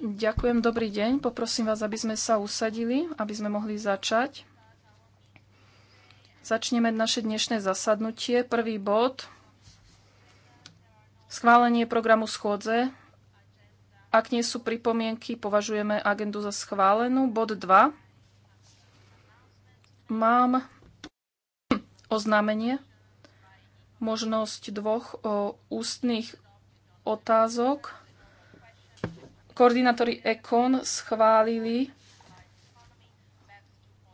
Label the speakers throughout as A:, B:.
A: Ďakujem, dobrý deň. Poprosím vás, aby sme sa usadili, aby sme mohli začať. Začneme naše dnešné zasadnutie. Prvý bod. Schválenie programu schôdze. Ak nie sú pripomienky, považujeme agendu za schválenú. Bod 2. Mám hm, oznámenie možnosť dvoch ústnych otázok. Koordinátori ECON schválili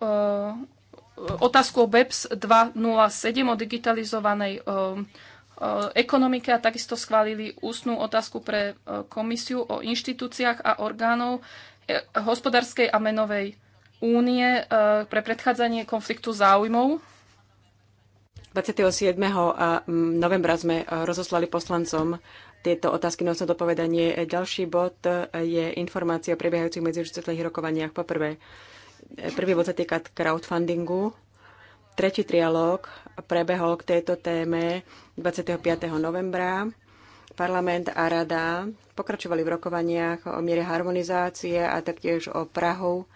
A: eh, otázku o BEPS 207 o digitalizovanej eh, eh, ekonomike a takisto schválili ústnú otázku pre komisiu o inštitúciách a orgánov hospodárskej a menovej únie pre predchádzanie konfliktu záujmov.
B: 27. novembra sme rozoslali poslancom tieto otázky nosno dopovedanie. Ďalší bod je informácia o prebiehajúcich medziúčtovných rokovaniach. Poprvé, prvý bod sa týka crowdfundingu. Tretí trialóg prebehol k tejto téme 25. novembra. Parlament a rada pokračovali v rokovaniach o miere harmonizácie a taktiež o Prahu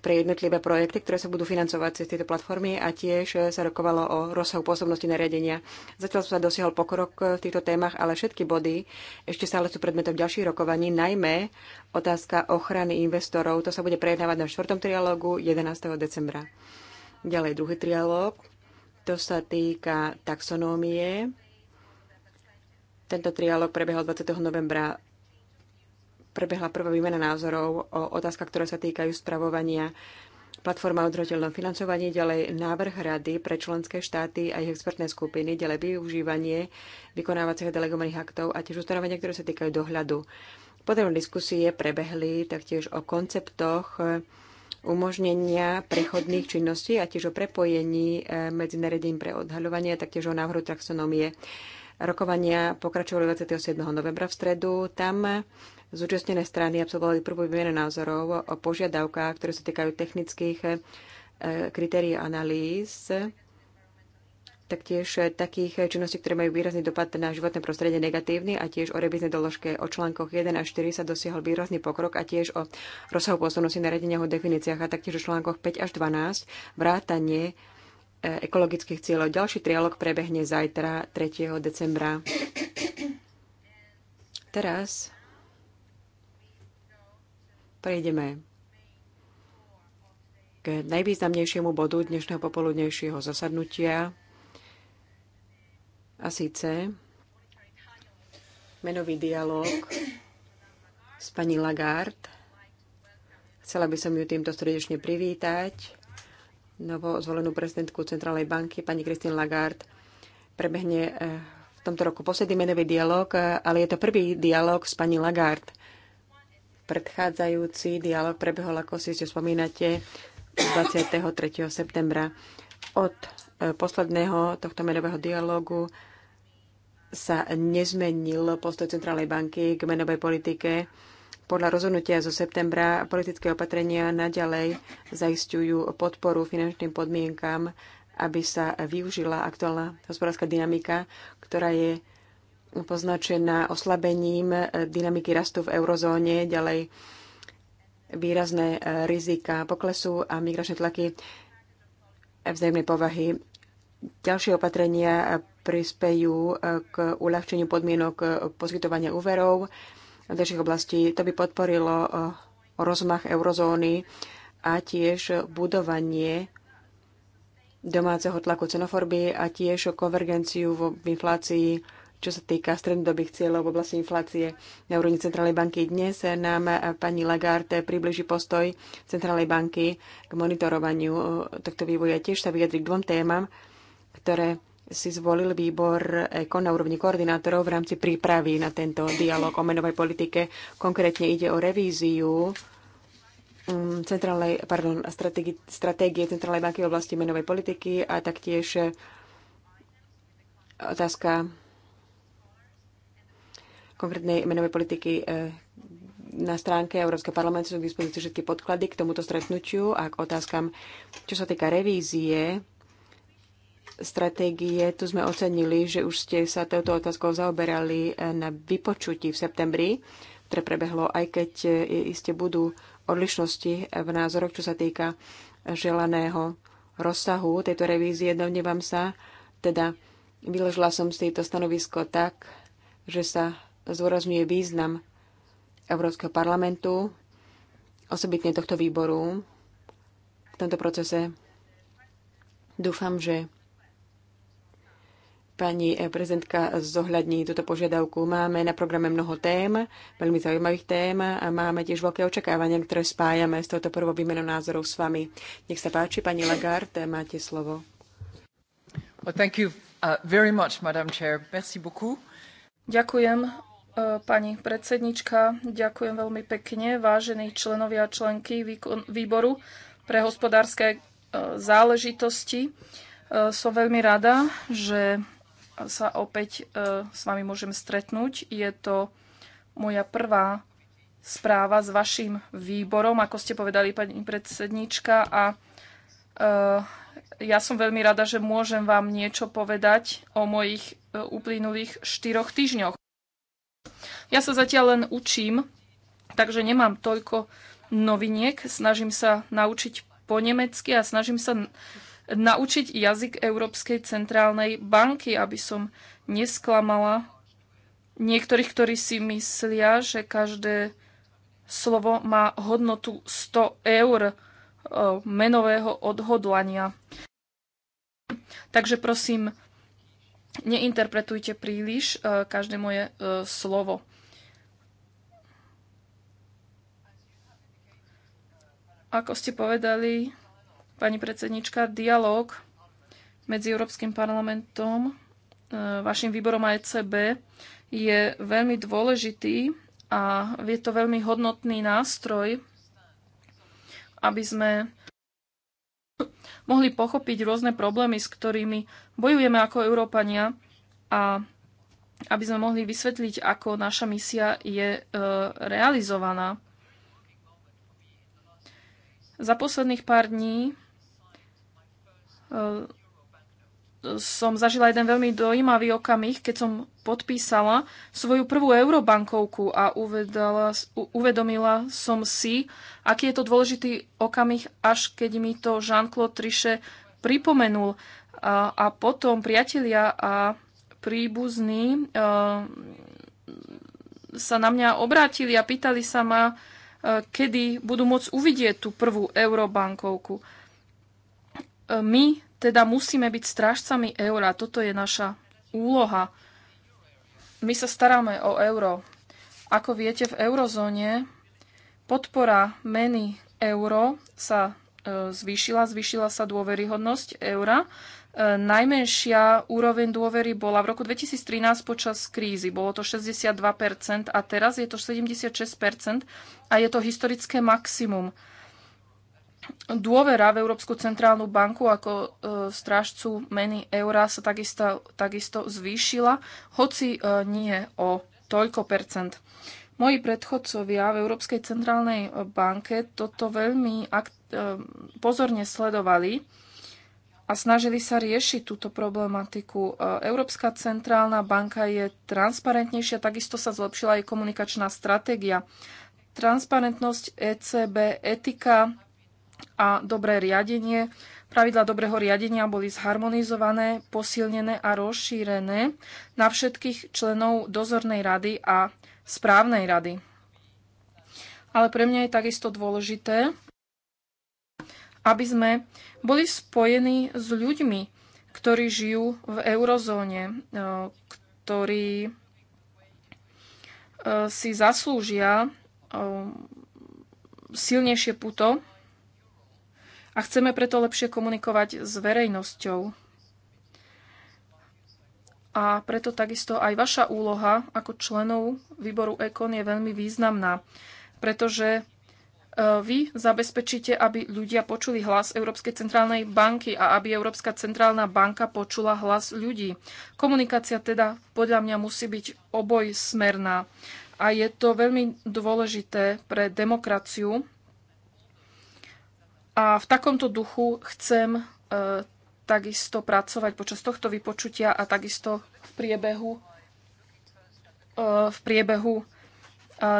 B: pre jednotlivé projekty, ktoré sa budú financovať cez tieto platformy a tiež sa rokovalo o rozsahu pôsobnosti nariadenia. Zatiaľ sa dosiahol pokrok v týchto témach, ale všetky body ešte stále sú predmetom ďalších rokovaní, najmä otázka ochrany investorov. To sa bude prejednávať na 4. trialógu 11. decembra. Ďalej druhý trialóg. To sa týka taxonómie tento trialog prebehol 20. novembra. Prebehla prvá výmena názorov o otázkach, ktoré sa týkajú spravovania platforma odhrateľnom financovaní, ďalej návrh rady pre členské štáty a ich expertné skupiny, ďalej využívanie vykonávacích delegovaných aktov a tiež ustanovenia, ktoré sa týkajú dohľadu. Potom diskusie prebehli taktiež o konceptoch eh, umožnenia prechodných činností a tiež o prepojení eh, medzi pre odhaľovanie a taktiež o návrhu taxonomie. Rokovania pokračovali 27. novembra v stredu. Tam zúčastnené strany absolvovali prvú výmenu názorov o požiadavkách, ktoré sa týkajú technických e, kritérií analýz, taktiež takých činností, ktoré majú výrazný dopad na životné prostredie negatívny a tiež o reviznej doložke o článkoch 1 až 4 sa dosiahol výrazný pokrok a tiež o rozsahu pôsobnosti nariadenia o definíciách a taktiež o článkoch 5 až 12 vrátanie E, ekologických cieľov. Ďalší trialog prebehne zajtra, 3. decembra. Teraz prejdeme k najvýznamnejšiemu bodu dnešného popoludnejšieho zasadnutia a síce menový dialog s pani Lagarde. Chcela by som ju týmto srdečne privítať novo zvolenú prezidentku Centrálnej banky, pani Christine Lagarde. Prebehne eh, v tomto roku posledný menový dialog, eh, ale je to prvý dialog s pani Lagarde. Predchádzajúci dialog prebehol, ako si ste spomínate, 23. septembra. Od eh, posledného tohto menového dialogu sa nezmenil postoj Centrálnej banky k menovej politike podľa rozhodnutia zo septembra politické opatrenia naďalej zaistujú podporu finančným podmienkam, aby sa využila aktuálna hospodárska dynamika, ktorá je poznačená oslabením dynamiky rastu v eurozóne, ďalej výrazné e, rizika poklesu a migračné tlaky vzájomnej povahy. Ďalšie opatrenia prispejú e, k uľahčeniu podmienok e, poskytovania úverov ďalších oblastí. To by podporilo eh, rozmach eurozóny a tiež budovanie domáceho tlaku cenoforby a tiež konvergenciu v inflácii, čo sa týka strednodobých cieľov v oblasti inflácie na úrovni Centrálnej banky. Dnes nám eh, pani Lagarde približí postoj Centrálnej banky k monitorovaniu eh, tohto vývoja. Tiež sa vyjadri k dvom témam, ktoré si zvolil výbor ECO na úrovni koordinátorov v rámci prípravy na tento dialog o menovej politike. Konkrétne ide o revíziu mm, centrálnej, pardon, stratégie, stratégie Centrálnej banky v oblasti menovej politiky a taktiež otázka konkrétnej menovej politiky e, na stránke Európskeho parlamentu sú k dispozícii všetky podklady k tomuto stretnutiu a k otázkam, čo sa týka revízie stratégie. Tu sme ocenili, že už ste sa touto otázkou zaoberali na vypočutí v septembri, ktoré prebehlo, aj keď iste budú odlišnosti v názoroch, čo sa týka želaného rozsahu tejto revízie. Domnievam sa, teda vyložila som si to stanovisko tak, že sa zdôrazňuje význam Európskeho parlamentu, osobitne tohto výboru v tomto procese. Dúfam, že pani eh, prezidentka zohľadní túto požiadavku. Máme na programe mnoho tém, veľmi zaujímavých tém a máme tiež veľké očakávania, ktoré spájame s touto prvou výmenou názorov s vami. Nech sa páči, pani Lagarde, máte slovo.
A: Well, thank you uh, very much, Madam Chair. Merci beaucoup. Ďakujem, eh, pani predsednička. Ďakujem veľmi pekne, vážení členovia a členky výboru pre hospodárske eh, záležitosti. Som veľmi rada, že sa opäť e, s vami môžem stretnúť. Je to moja prvá správa s vašim výborom, ako ste povedali, pani predsednička. A e, ja som veľmi rada, že môžem vám niečo povedať o mojich e, uplynulých štyroch týždňoch. Ja sa zatiaľ len učím, takže nemám toľko noviniek. Snažím sa naučiť po nemecky a snažím sa naučiť jazyk Európskej centrálnej banky, aby som nesklamala niektorých, ktorí si myslia, že každé slovo má hodnotu 100 eur e, menového odhodlania. Takže prosím, neinterpretujte príliš e, každé moje e, slovo. Ako ste povedali, pani predsednička, dialog medzi Európskym parlamentom, e, vašim výborom a ECB je veľmi dôležitý a je to veľmi hodnotný nástroj, aby sme mohli pochopiť rôzne problémy, s ktorými bojujeme ako Európania a aby sme mohli vysvetliť, ako naša misia je e, realizovaná. Za posledných pár dní som zažila jeden veľmi dojímavý okamih, keď som podpísala svoju prvú eurobankovku a uvedala, uvedomila som si, aký je to dôležitý okamih, až keď mi to Jean-Claude Triche pripomenul. A, a potom priatelia a príbuzní e, sa na mňa obrátili a pýtali sa ma, e, kedy budú môcť uvidieť tú prvú eurobankovku my teda musíme byť strážcami eura. Toto je naša úloha. My sa staráme o euro. Ako viete, v eurozóne podpora meny euro sa e, zvýšila, zvýšila sa dôveryhodnosť eura. E, najmenšia úroveň dôvery bola v roku 2013 počas krízy. Bolo to 62% a teraz je to 76% a je to historické maximum. Dôvera v Európsku centrálnu banku ako e, strážcu meny eura sa takisto, takisto zvýšila, hoci e, nie o toľko percent. Moji predchodcovia v Európskej centrálnej e, banke toto veľmi e, pozorne sledovali a snažili sa riešiť túto problematiku. E, Európska centrálna banka je transparentnejšia, takisto sa zlepšila aj komunikačná stratégia. Transparentnosť ECB, etika a dobré riadenie. Pravidla dobrého riadenia boli zharmonizované, posilnené a rozšírené na všetkých členov dozornej rady a správnej rady. Ale pre mňa je takisto dôležité, aby sme boli spojení s ľuďmi, ktorí žijú v eurozóne, e, ktorí e, si zaslúžia e, silnejšie puto a chceme preto lepšie komunikovať s verejnosťou. A preto takisto aj vaša úloha ako členov výboru EKON je veľmi významná, pretože e, vy zabezpečíte, aby ľudia počuli hlas Európskej centrálnej banky a aby Európska centrálna banka počula hlas ľudí. Komunikácia teda podľa mňa musí byť obojsmerná. A je to veľmi dôležité pre demokraciu, a v takomto duchu chcem e, takisto pracovať počas tohto vypočutia a takisto v priebehu, e, v priebehu e,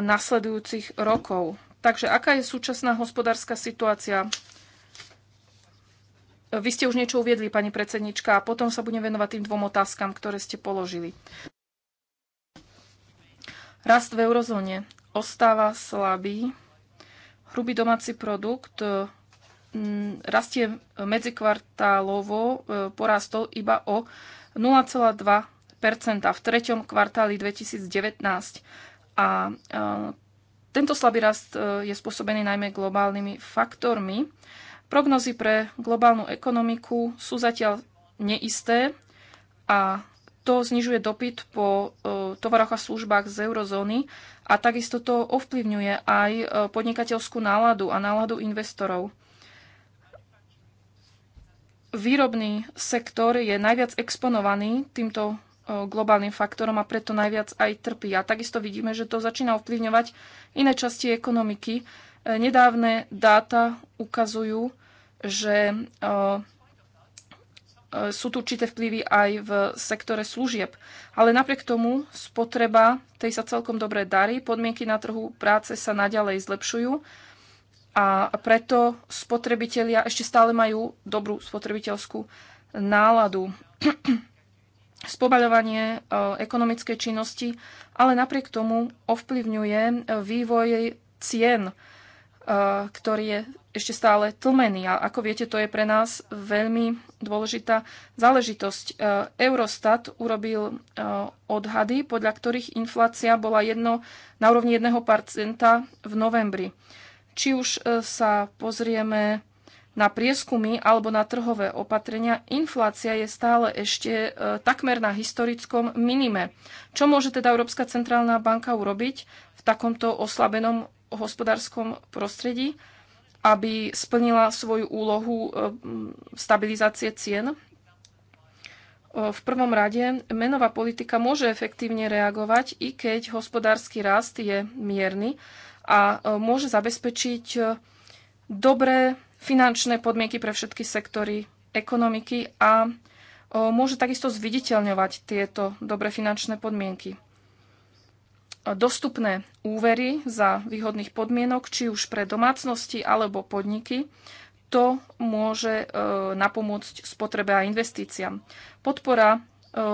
A: nasledujúcich rokov. Takže aká je súčasná hospodárska situácia? Vy ste už niečo uviedli, pani predsednička, a potom sa budem venovať tým dvom otázkam, ktoré ste položili. Rast v eurozóne ostáva slabý. Hrubý domáci produkt Mm, rastie medzikvartálovo e, porastol iba o 0,2 v treťom kvartáli 2019. A e, tento slabý rast e, je spôsobený najmä globálnymi faktormi. Prognozy pre globálnu ekonomiku sú zatiaľ neisté a to znižuje dopyt po tovaroch a službách z eurozóny a takisto to ovplyvňuje aj podnikateľskú náladu a náladu investorov výrobný sektor je najviac exponovaný týmto e, globálnym faktorom a preto najviac aj trpí. A takisto vidíme, že to začína ovplyvňovať iné časti ekonomiky. E, nedávne dáta ukazujú, že e, sú tu určité vplyvy aj v sektore služieb. Ale napriek tomu spotreba tej sa celkom dobre darí, podmienky na trhu práce sa naďalej zlepšujú a preto spotrebitelia ešte stále majú dobrú spotrebiteľskú náladu. Spobaľovanie ekonomickej činnosti ale napriek tomu ovplyvňuje vývoj cien, e, ktorý je ešte stále tlmený. A ako viete, to je pre nás veľmi dôležitá záležitosť. E, Eurostat urobil e, odhady, podľa ktorých inflácia bola jedno, na úrovni 1% v novembri. Či už e, sa pozrieme na prieskumy alebo na trhové opatrenia, inflácia je stále ešte e, takmer na historickom minime. Čo môže teda Európska centrálna banka urobiť v takomto oslabenom hospodárskom prostredí, aby splnila svoju úlohu e, stabilizácie cien? V prvom rade menová politika môže efektívne reagovať, i keď hospodársky rast je mierny, a e, môže zabezpečiť e, dobré finančné podmienky pre všetky sektory ekonomiky a e, môže takisto zviditeľňovať tieto dobré finančné podmienky. Dostupné úvery za výhodných podmienok, či už pre domácnosti alebo podniky, to môže napomôcť spotrebe a investíciám. Podpora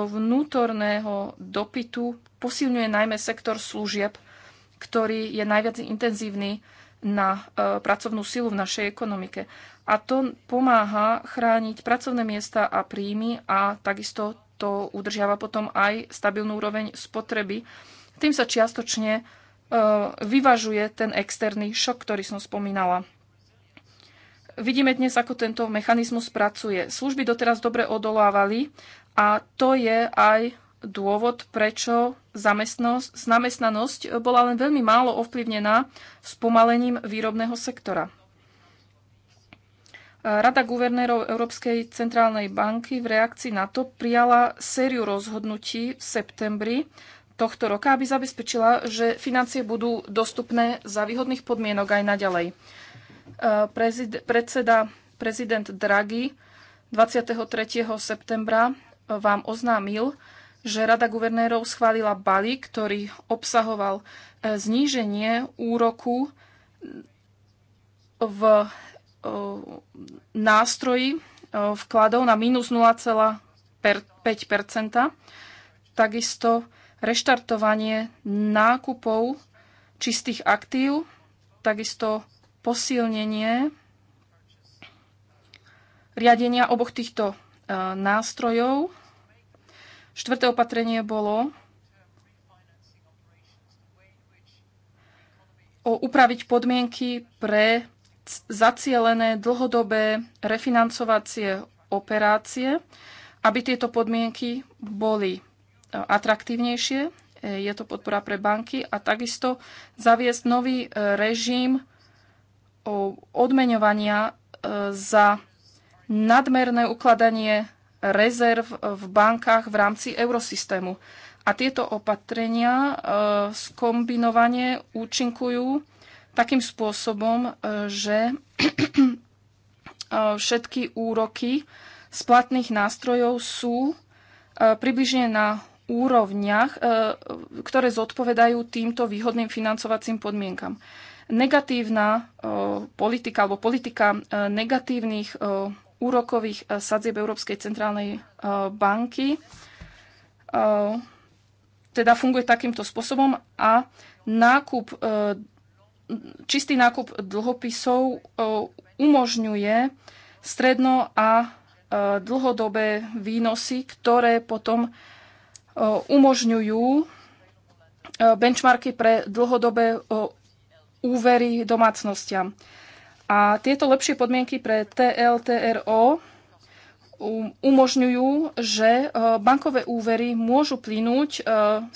A: vnútorného dopytu posilňuje najmä sektor služieb ktorý je najviac intenzívny na e, pracovnú silu v našej ekonomike. A to pomáha chrániť pracovné miesta a príjmy a takisto to udržiava potom aj stabilnú úroveň spotreby. Tým sa čiastočne e, vyvažuje ten externý šok, ktorý som spomínala. Vidíme dnes, ako tento mechanizmus pracuje. Služby doteraz dobre odolávali a to je aj dôvod, prečo zamestnanosť e, bola len veľmi málo ovplyvnená spomalením výrobného sektora. E, Rada guvernérov Európskej centrálnej banky v reakcii na to prijala sériu rozhodnutí v septembri tohto roka, aby zabezpečila, že financie budú dostupné za výhodných podmienok aj naďalej. E, prezid, predseda, prezident Draghi 23. septembra vám oznámil, že Rada guvernérov schválila balík, ktorý obsahoval e, zníženie úroku v e, nástroji e, vkladov na minus 0,5 takisto reštartovanie nákupov čistých aktív, takisto posilnenie riadenia oboch týchto nástrojov Štvrté opatrenie bolo o upraviť podmienky pre zacielené dlhodobé refinancovacie operácie, aby tieto podmienky boli e, atraktívnejšie. E, je to podpora pre banky a takisto zaviesť nový e, režim odmeňovania za nadmerné ukladanie rezerv v bankách v rámci eurosystému. A tieto opatrenia e, skombinovane účinkujú takým spôsobom, e, že e, všetky úroky z platných nástrojov sú približne na úrovniach, ktoré zodpovedajú týmto výhodným financovacím podmienkam. Negatívna politika alebo politika negatívnych úrokových eh, sadzieb Európskej centrálnej eh, banky. Eh, teda funguje takýmto spôsobom a nákup, čistý nákup dlhopisov umožňuje stredno a dlhodobé výnosy, ktoré potom umožňujú benchmarky pre dlhodobé úvery domácnostiam. A tieto lepšie podmienky pre TLTRO um, umožňujú, že e, bankové úvery môžu plynúť e,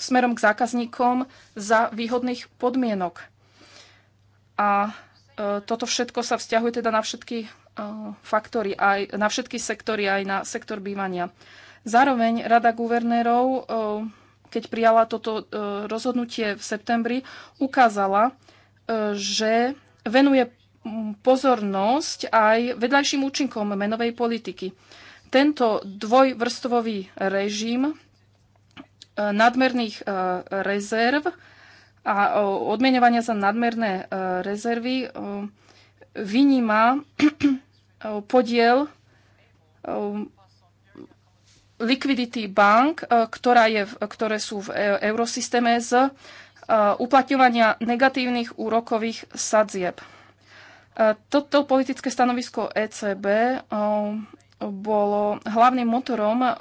A: smerom k zákazníkom za výhodných podmienok. A e, toto všetko sa vzťahuje teda na všetky faktory, aj na všetky sektory, aj na sektor bývania. Zároveň Rada guvernérov, keď prijala toto rozhodnutie v septembri, ukázala, že venuje pozornosť aj vedľajším účinkom menovej politiky. Tento dvojvrstvový režim e, nadmerných e, rezerv a odmienovania za nadmerné e, rezervy vyníma podiel likvidity bank, ktorá je, ktoré sú v eurosystéme z uplatňovania negatívnych úrokových sadzieb. Toto politické stanovisko ECB eh, bolo hlavným motorom eh,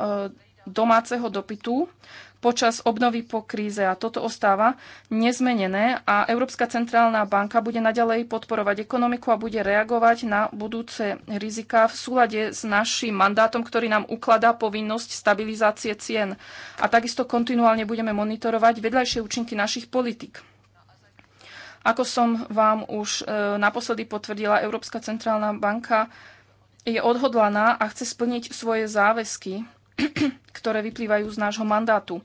A: domáceho dopytu počas obnovy po kríze a toto ostáva nezmenené a Európska centrálna banka bude naďalej podporovať ekonomiku a bude reagovať na budúce rizika v súlade s našim mandátom, ktorý nám ukladá povinnosť stabilizácie cien. A takisto kontinuálne budeme monitorovať vedľajšie účinky našich politik. Ako som vám už e, naposledy potvrdila, Európska centrálna banka je odhodlaná a chce splniť svoje záväzky, ktoré vyplývajú z nášho mandátu.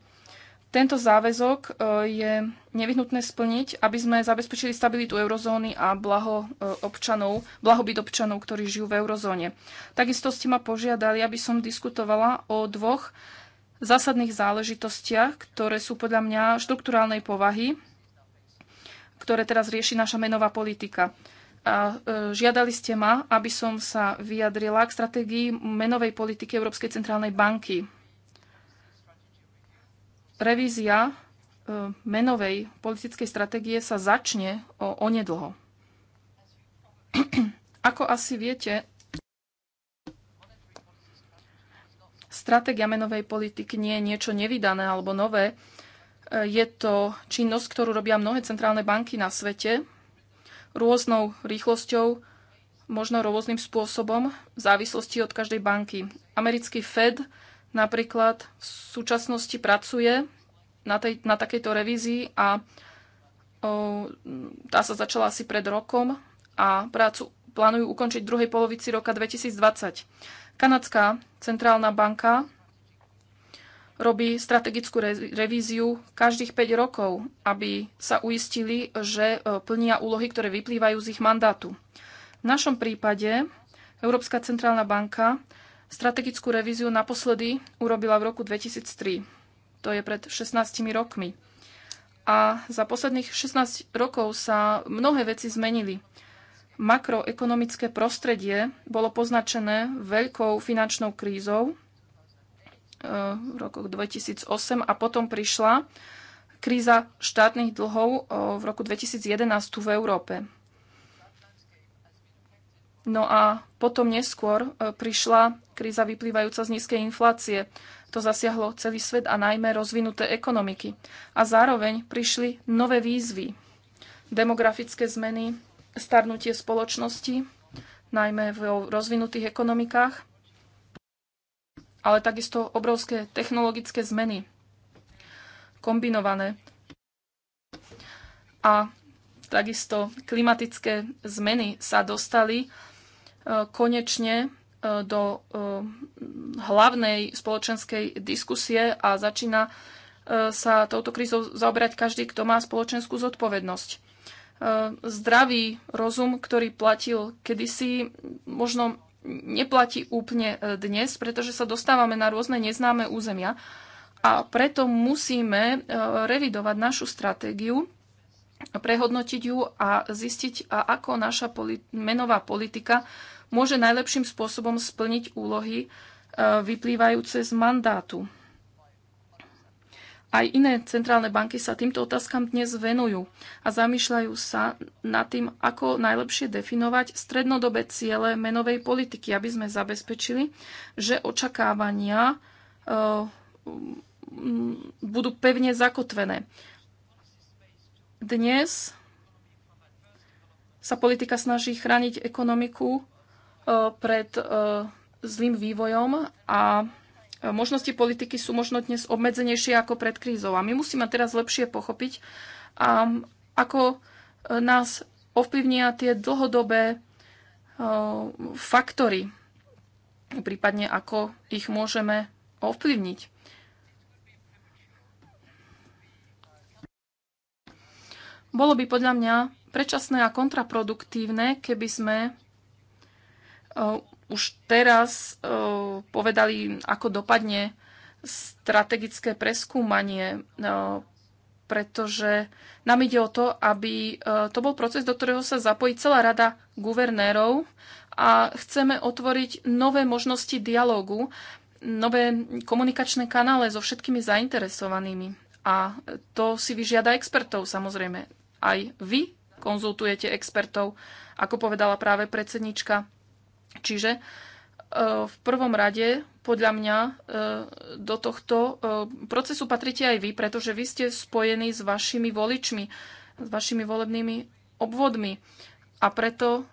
A: Tento záväzok e, je nevyhnutné splniť, aby sme zabezpečili stabilitu eurozóny a blaho e, občanov, blahobyt občanov, ktorí žijú v eurozóne. Takisto ste ma požiadali, aby som diskutovala o dvoch zásadných záležitostiach, ktoré sú podľa mňa štruktúrálnej povahy ktoré teraz rieši naša menová politika. A e, žiadali ste ma, aby som sa vyjadrila k stratégii menovej politiky Európskej centrálnej banky. Revízia e, menovej politickej stratégie sa začne o onedlho. Ako asi viete, stratégia menovej politiky nie je niečo nevydané alebo nové. Je to činnosť, ktorú robia mnohé centrálne banky na svete rôznou rýchlosťou, možno rôznym spôsobom, v závislosti od každej banky. Americký Fed napríklad v súčasnosti pracuje na, tej, na takejto revízii a o, tá sa začala asi pred rokom a prácu plánujú ukončiť v druhej polovici roka 2020. Kanadská centrálna banka robí strategickú revíziu každých 5 rokov, aby sa uistili, že e, plnia úlohy, ktoré vyplývajú z ich mandátu. V našom prípade Európska centrálna banka strategickú revíziu naposledy urobila v roku 2003. To je pred 16 rokmi. A za posledných 16 rokov sa mnohé veci zmenili makroekonomické prostredie bolo poznačené veľkou finančnou krízou v rokoch 2008 a potom prišla kríza štátnych dlhov e, v roku 2011 tu v Európe. No a potom neskôr e, prišla kríza vyplývajúca z nízkej inflácie. To zasiahlo celý svet a najmä rozvinuté ekonomiky. A zároveň prišli nové výzvy. Demografické zmeny, starnutie spoločnosti, najmä v rozvinutých ekonomikách ale takisto obrovské technologické zmeny kombinované. A takisto klimatické zmeny sa dostali e, konečne e, do e, hlavnej spoločenskej diskusie a začína sa touto krízou zaoberať každý, kto má spoločenskú zodpovednosť zdravý rozum, ktorý platil kedysi, možno neplatí úplne e, dnes, pretože sa dostávame na rôzne neznáme územia a preto musíme e, revidovať našu stratégiu, prehodnotiť ju a zistiť, ako naša menová politika môže najlepším spôsobom splniť úlohy e, vyplývajúce z mandátu. Aj iné centrálne banky sa týmto otázkam dnes venujú a zamýšľajú sa nad tým, ako najlepšie definovať strednodobé ciele menovej politiky, aby sme zabezpečili, že očakávania e, budú pevne zakotvené. Dnes sa politika snaží chrániť ekonomiku e, pred e, zlým vývojom a možnosti politiky sú možno dnes obmedzenejšie ako pred krízou. A my musíme teraz lepšie pochopiť, um, ako e, nás ovplyvnia tie dlhodobé e, faktory, prípadne ako ich môžeme ovplyvniť. Bolo by podľa mňa predčasné a kontraproduktívne, keby sme e, už teraz e, povedali, ako dopadne strategické preskúmanie, e, pretože nám ide o to, aby e, to bol proces, do ktorého sa zapojí celá rada guvernérov a chceme otvoriť nové možnosti dialogu, nové komunikačné kanále so všetkými zainteresovanými. A to si vyžiada expertov samozrejme. Aj vy konzultujete expertov, ako povedala práve predsednička Čiže e, v prvom rade, podľa mňa, e, do tohto e, procesu patrite aj vy, pretože vy ste spojení s vašimi voličmi, s vašimi volebnými obvodmi. A preto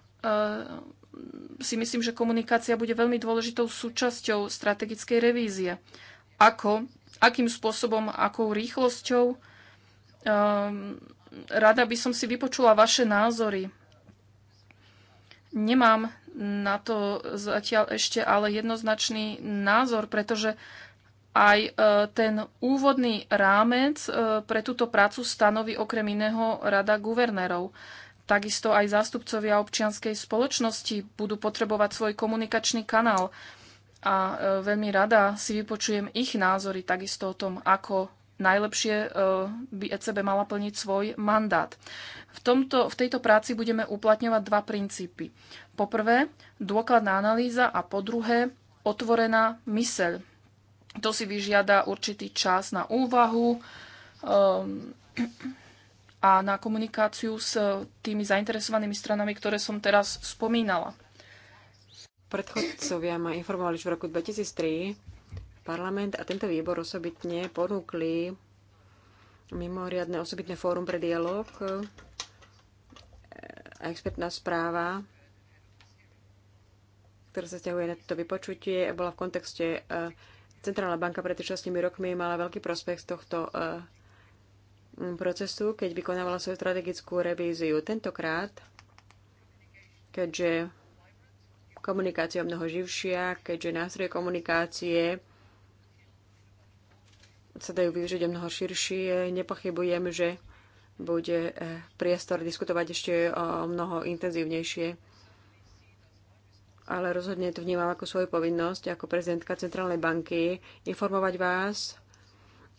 A: si myslím, že komunikácia bude veľmi dôležitou súčasťou strategickej revízie. Ako, akým spôsobom, akou rýchlosťou. Rada by som si vypočula vaše názory Nemám na to zatiaľ ešte ale jednoznačný názor, pretože aj e, ten úvodný rámec e, pre túto prácu stanoví okrem iného Rada guvernérov. Takisto aj zástupcovia občianskej spoločnosti budú potrebovať svoj komunikačný kanál a e, veľmi rada si vypočujem ich názory takisto o tom, ako najlepšie eh, by ECB mala plniť svoj mandát. V, tomto, v tejto práci budeme uplatňovať dva princípy. Po prvé, dôkladná analýza a po druhé, otvorená myseľ. To si vyžiada určitý čas na úvahu ehm, a na komunikáciu s tými zainteresovanými stranami, ktoré som teraz spomínala.
B: Predchodcovia ma informovali, že v roku 2003 Parlament a tento výbor osobitne ponúkli mimoriadne osobitné fórum pre dialog e, a expertná správa, ktorá sa ťahuje na toto vypočutie, bola v kontexte e, Centrálna banka pred 6 rokmi mala veľký prospech z tohto e, procesu, keď vykonávala svoju strategickú revíziu. Tentokrát, keďže komunikácia je mnoho živšia, keďže nástroje komunikácie sa dajú využiť o mnoho širšie. Nepochybujem, že bude eh, priestor diskutovať ešte o mnoho intenzívnejšie. Ale rozhodne to vnímam ako svoju povinnosť ako prezidentka Centrálnej banky informovať vás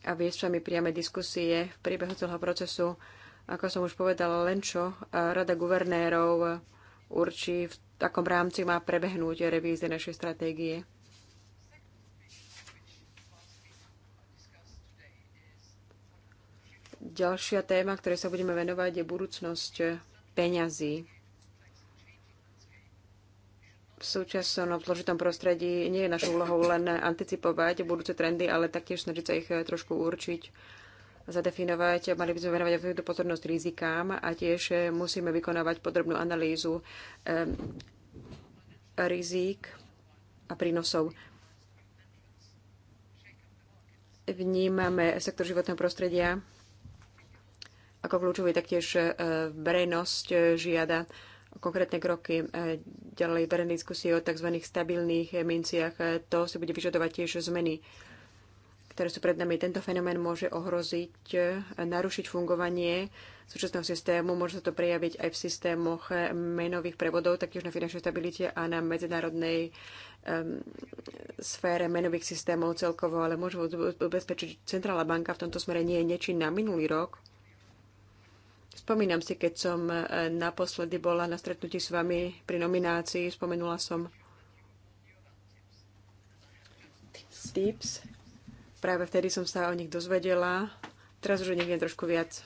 B: a viesť s vami priame diskusie v priebehu celého procesu. Ako som už povedala, len čo eh, Rada guvernérov určí, v takom rámci má prebehnúť revízie našej stratégie. Ďalšia téma, ktorej sa budeme venovať, je budúcnosť peňazí. V súčasnom zložitom prostredí nie je našou úlohou len anticipovať budúce trendy, ale taktiež snažiť sa ich trošku určiť zadefinovať, mali by sme venovať túto pozornosť rizikám a tiež musíme vykonávať podrobnú analýzu um, rizík a prínosov. Vnímame sektor životného prostredia ako kľúčový taktiež e, verejnosť e, žiada konkrétne kroky e, ďalej verejnej diskusie o tzv. stabilných minciach. To si bude vyžadovať tiež zmeny, ktoré sú pred nami. Tento fenomén môže ohroziť, narušiť fungovanie súčasného systému. Môže sa to prejaviť aj v systémoch menových prevodov, taktiež na finančnej stabilite a na medzinárodnej um, sfére menových systémov celkovo. Ale môžu ubezpečiť, Centrálna banka v tomto smere nie je nečinná minulý rok Spomínam si, keď som e, naposledy bola na stretnutí s vami pri nominácii, spomenula som tips. Práve vtedy som sa o nich dozvedela. Teraz už neviem trošku viac.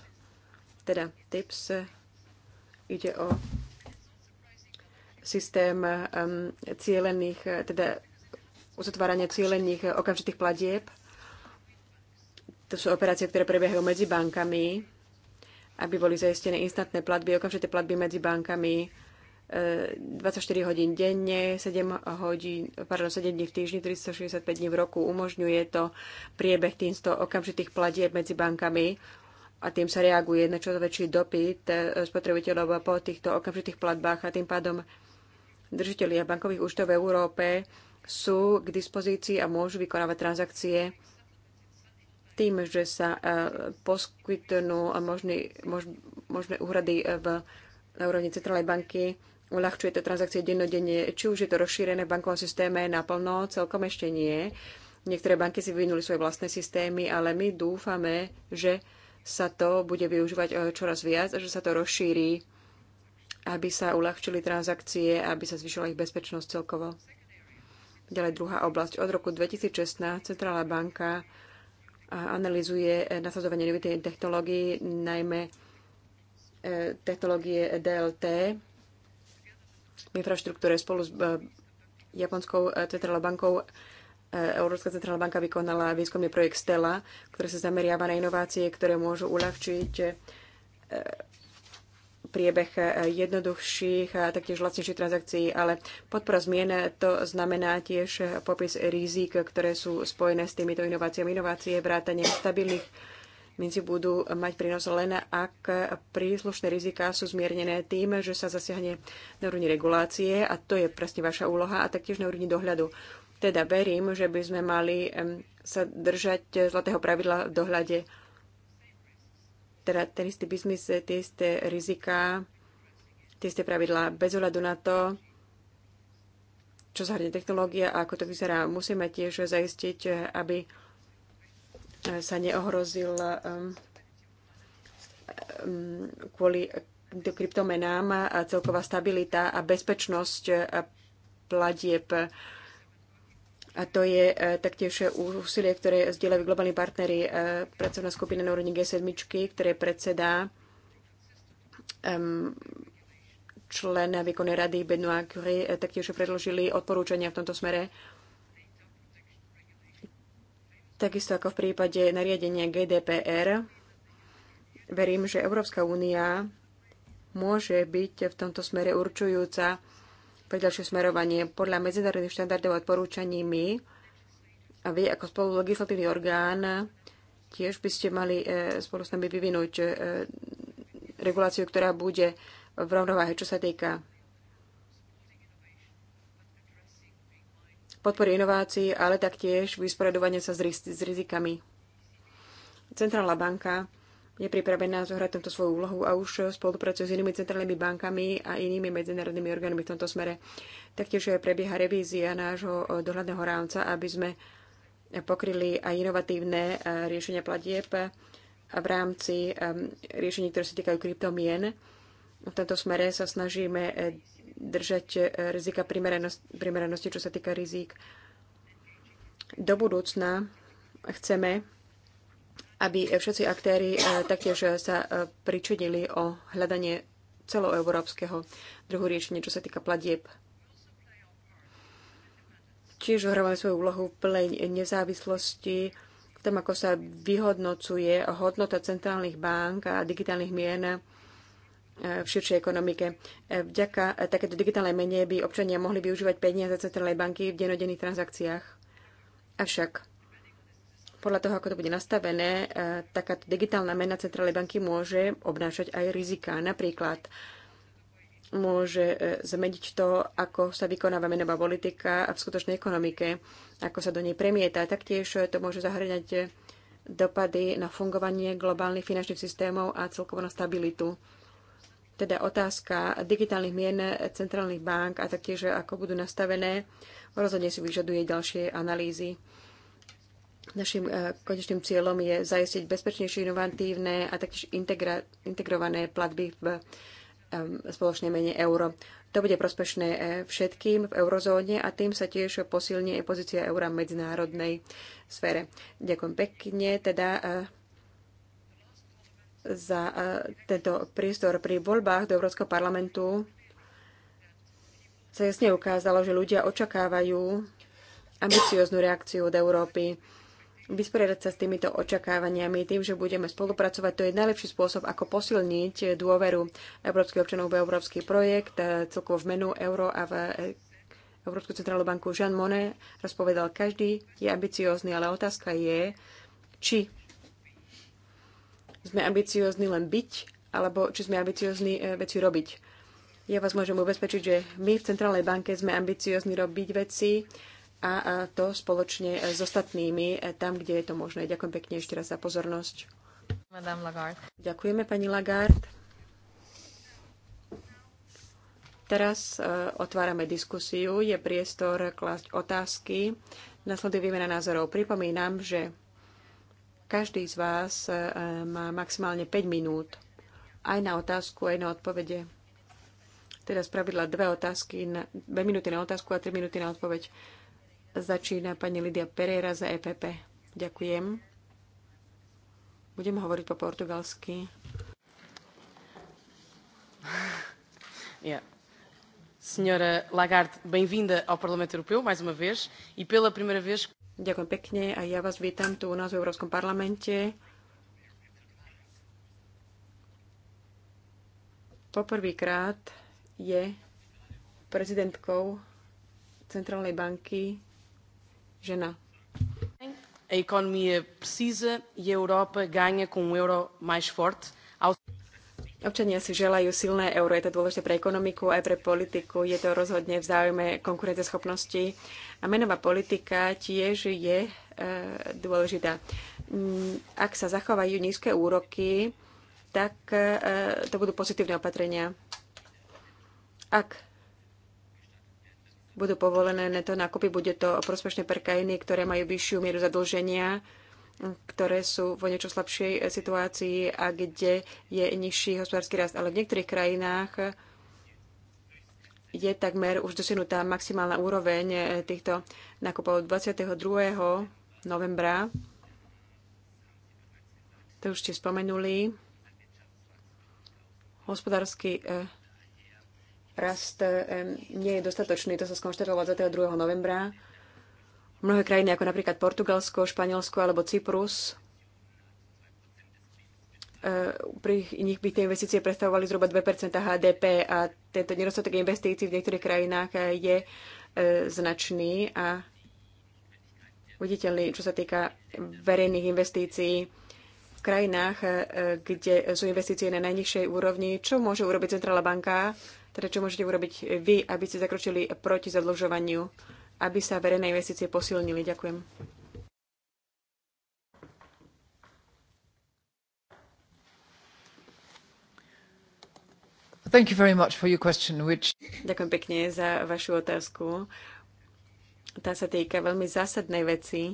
B: Teda tips e, ide o systém um, cielených, teda uzatvárania cielených okamžitých platieb. To sú operácie, ktoré prebiehajú medzi bankami aby boli zaistené instantné platby, okamžité platby medzi bankami 24 eh, hodín denne, 7, hodín, pardon, 7 dní v týždni, 365 dní v roku. Umožňuje to priebeh týmto okamžitých platieb medzi bankami a tým sa reaguje na čo väčší dopyt eh, spotrebiteľov po týchto okamžitých platbách a tým pádom držitelia bankových účtov v Európe sú k dispozícii a môžu vykonávať transakcie tým, že sa e, poskytnú možný, mož, možné úhrady v, na úrovni Centrálnej banky, uľahčuje to transakcie dennodenne, či už je to rozšírené v bankovom systéme naplno, celkom ešte nie. Niektoré banky si vyvinuli svoje vlastné systémy, ale my dúfame, že sa to bude využívať e, čoraz viac a že sa to rozšíri, aby sa uľahčili transakcie, aby sa zvyšila ich bezpečnosť celkovo. Ďalej druhá oblasť. Od roku 2016 Centrálna banka a analizuje eh, nasadzovanie nových technológií, najmä eh, technológie DLT v infraštruktúre spolu s eh, Japonskou centrálnou bankou. Európska centrálna banka vykonala výskumný projekt Stella, ktorý sa zameriava na inovácie, ktoré môžu uľahčiť priebeh eh, jednoduchších a taktiež lacnejších transakcií, ale podpora zmien eh, to znamená tiež eh, popis rizik, ktoré sú spojené s týmito inováciami. Inovácie, vrátanie stabilných minci budú mať prínos len ak príslušné riziká sú zmiernené tým, že sa zasiahne na úrovni regulácie a to je presne vaša úloha a taktiež na úrovni dohľadu. Teda verím, že by sme mali sa držať zlatého pravidla v dohľade teda ten istý biznis, e, tie isté rizika, tie isté pravidlá bez ohľadu na to, čo zahrne technológia a ako to vyzerá. Musíme tiež zaistiť, e, aby e, sa neohrozil um, um, kvôli kryptomenám a celková stabilita a bezpečnosť a platieb. A to je e, taktiež úsilie, ktoré zdieľajú globálni partnery, e, pracovná skupina na úrovni G7, ktoré predsedá člena výkonnej rady Benoit Curie, e, taktiež predložili odporúčania v tomto smere. Takisto ako v prípade nariadenia GDPR, verím, že Európska únia môže byť v tomto smere určujúca pre ďalšie smerovanie. Podľa medzinárodných štandardov a odporúčaní my a vy ako spolu legislatívny orgán tiež by ste mali e, spolu s nami vyvinúť e, reguláciu, ktorá bude v rovnováhe, čo sa týka podpory inovácií, ale taktiež vysporadovanie sa s rizikami. Centrálna banka je pripravená zohrať tomto svoju úlohu a už spolupracuje s inými centrálnymi bankami a inými medzinárodnými orgánmi v tomto smere. Taktiež prebieha revízia nášho eh, dohľadného rámca, aby sme pokryli aj inovatívne eh, riešenia platieb v rámci riešení, ktoré sa týkajú kryptomien. V tomto smere sa snažíme eh, držať rizika primeranosti, čo sa týka rizík. Do budúcna chceme aby všetci aktéry e, taktiež sa e, pričudili o hľadanie celoeurópskeho druhu riešenia, čo sa týka platieb. Čiže hrávame svoju úlohu v nezávislosti, v tom, ako sa vyhodnocuje hodnota centrálnych bank a digitálnych mien e, v širšej ekonomike. Vďaka takéto digitálnej mene by občania mohli využívať peniaze centrálnej banky v denodenných transakciách. Avšak podľa toho, ako to bude nastavené, e, takáto digitálna mena centrálnej banky môže obnášať aj rizika. Napríklad môže e, zmeniť to, ako sa vykonáva menová politika v skutočnej ekonomike, ako sa do nej premieta. Taktiež to môže zahrňať dopady na fungovanie globálnych finančných systémov a celkovo na stabilitu. Teda otázka digitálnych mien centrálnych bank a taktiež ako budú nastavené, rozhodne si vyžaduje ďalšie analýzy. Našim eh, konečným cieľom je zajistiť bezpečnejšie, inovatívne a taktiež integrované platby v spoločnej mene euro. To bude prospešné eh, všetkým v eurozóne a tým sa tiež posilní aj pozícia eura v medzinárodnej sfére. Ďakujem pekne teda eh, za tento priestor pri voľbách do Európskeho parlamentu. Sa jasne ukázalo, že ľudia očakávajú ambicioznú reakciu od Európy vysporiadať sa s týmito očakávaniami tým, že budeme spolupracovať. To je najlepší spôsob, ako posilniť dôveru európskych občanov v európsky projekt, eh, celkovo v menu euro a v eh, Európsku centrálnu banku. Jean Monnet rozpovedal, každý je ambiciózny, ale otázka je, či sme ambiciózni len byť, alebo či sme ambiciózni eh, veci robiť. Ja vás môžem ubezpečiť, že my v Centrálnej banke sme ambiciózni robiť veci, a to spoločne s ostatnými e, tam, kde je to možné. Ďakujem pekne ešte raz za pozornosť. Ďakujeme pani Lagarde. Teraz e, otvárame diskusiu. Je priestor klásť otázky. Nasledujú výmena názorov. Pripomínam, že každý z vás e, má maximálne 5 minút aj na otázku, aj na odpovede. Teda spravidla dve otázky, dve minúty na otázku a tri minúty na odpoveď. Začína pani Lidia Pereira za EPP. Ďakujem. Budem hovoriť po portugalsky. Yeah. Senhora Lagarde, bem-vinda ao Parlamento Europeu mais uma vez e pela primeira vez. Ďakujem pekne a ja vás vítam tu u nás v Európskom parlamente. Poprvýkrát je prezidentkou Centrálnej banky žena. A economia precisa e a Europa ganha com um euro mais forte. Občania si želajú silné euro. Je to dôležité pre ekonomiku aj pre politiku. Je to rozhodne v záujme konkurenceschopnosti. A menová politika tiež je e, dôležitá. Mm, ak sa zachovajú nízke úroky, tak e, to budú pozitívne opatrenia. Ak budú povolené neto nákupy, bude to prospešné pre krajiny, ktoré majú vyššiu mieru zadlženia, ktoré sú vo niečo slabšej situácii a kde je nižší hospodársky rast. Ale v niektorých krajinách je takmer už dosiahnutá maximálna úroveň eh, týchto nákupov 22. novembra. To už ste spomenuli. Hospodársky eh, rast nie je dostatočný. To sa skonštatovalo 22. novembra. Mnohé krajiny, ako napríklad Portugalsko, Španielsko alebo Cyprus, e, pri nich by tie investície predstavovali zhruba 2 HDP a tento nedostatok investícií v niektorých krajinách je e, značný a viditeľný, čo sa týka verejných investícií v krajinách, e, kde sú investície na najnižšej úrovni. Čo môže urobiť Centrálna banka? Teda čo môžete urobiť vy, aby ste zakročili proti zadlžovaniu, aby sa verejné investície posilnili? Ďakujem.
A: Thank you very much for your question, which...
B: Ďakujem pekne za vašu otázku. Tá sa týka veľmi zásadnej veci,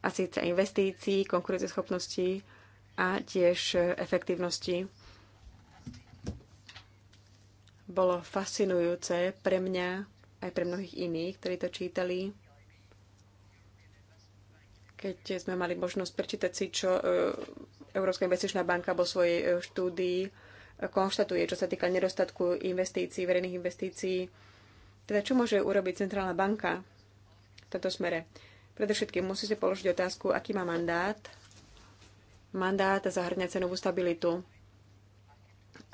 B: a síce investícií, konkurenceschopnosti a tiež efektívnosti bolo fascinujúce pre mňa, aj pre mnohých iných, ktorí to čítali, keď sme mali možnosť prečítať si, čo e, Európska investičná banka vo svojej e, štúdii konštatuje, čo sa týka nedostatku investícií, verejných investícií. Teda čo môže urobiť Centrálna banka v tomto smere? Predovšetkým musíte položiť otázku, aký má mandát. Mandát zahrňa cenovú stabilitu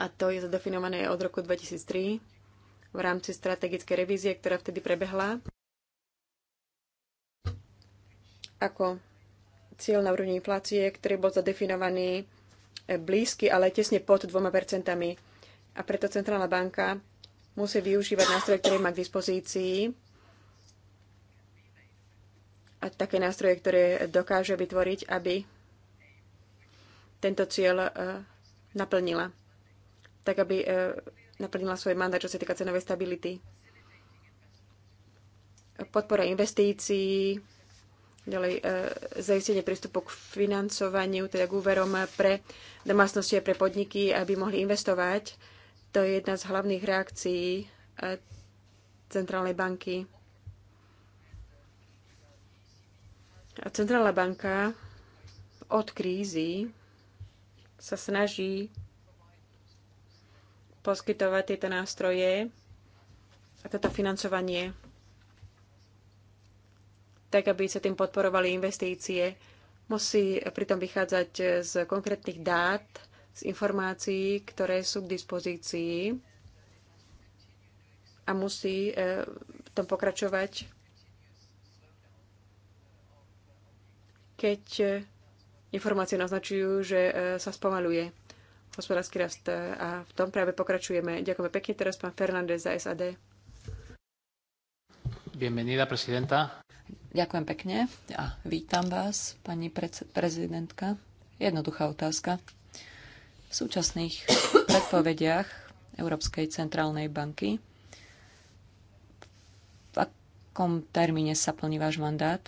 B: a to je zadefinované od roku 2003 v rámci strategickej revízie, ktorá vtedy prebehla. Ako cieľ na úrovni inflácie, ktorý bol zadefinovaný eh, blízky, ale tesne pod 2%. A preto Centrálna banka musí využívať nástroje, ktoré má k dispozícii a také nástroje, ktoré dokáže vytvoriť, aby tento cieľ eh, naplnila tak aby e, naplnila svoj mandát, čo sa týka cenovej stability. Podpora investícií, ďalej e, zaistenie prístupu k financovaniu, teda k úverom pre domácnosti a pre podniky, aby mohli investovať. To je jedna z hlavných reakcií e, Centrálnej banky. A Centrálna banka od krízy sa snaží poskytovať tieto nástroje a toto financovanie, tak aby sa tým podporovali investície. Musí pritom vychádzať z konkrétnych dát, z informácií, ktoré sú k dispozícii a musí e, v tom pokračovať, keď informácie naznačujú, že e, sa spomaluje hospodársky rast e, a v tom práve pokračujeme. Ďakujeme pekne teraz pán Fernández za SAD.
C: Bienvenida, prezidenta. Ďakujem pekne a vítam vás, pani prezidentka. Jednoduchá otázka. V súčasných predpovediach Európskej centrálnej banky v akom termíne sa plní váš mandát?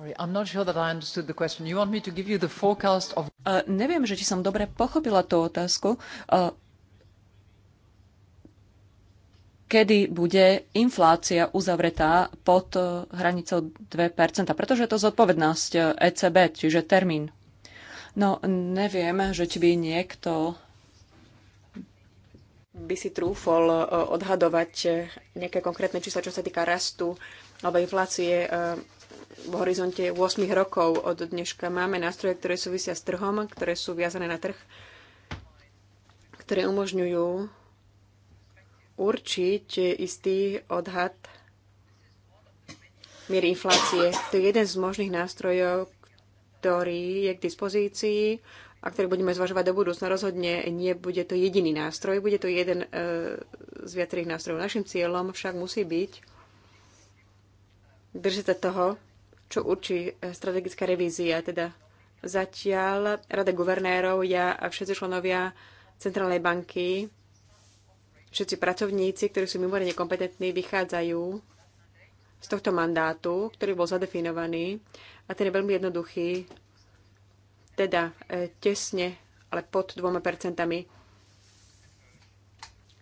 C: Uh, neviem, že či som dobre pochopila tú otázku. Uh, kedy bude inflácia uzavretá pod uh, hranicou 2%, pretože je to zodpovednosť ECB, čiže termín. No,
B: neviem, že či by niekto by si trúfol odhadovať nejaké konkrétne čísla, čo sa týka rastu alebo inflácie v horizonte 8 rokov od dneška. Máme nástroje, ktoré súvisia s trhom, ktoré sú viazané na trh, ktoré umožňujú určiť istý odhad miery inflácie. To je jeden z možných nástrojov, ktorý je k dispozícii a ktorý budeme zvažovať do budúcna. Rozhodne nebude to jediný nástroj, bude to jeden e, z viacerých nástrojov. Našim cieľom však musí byť držete toho, čo určí e, strategická revízia. Teda zatiaľ Rada guvernérov, ja a všetci členovia Centrálnej banky, všetci pracovníci, ktorí sú mimoriadne kompetentní, vychádzajú z tohto mandátu, ktorý bol zadefinovaný a ten je veľmi jednoduchý, teda e, tesne, ale pod dvoma percentami.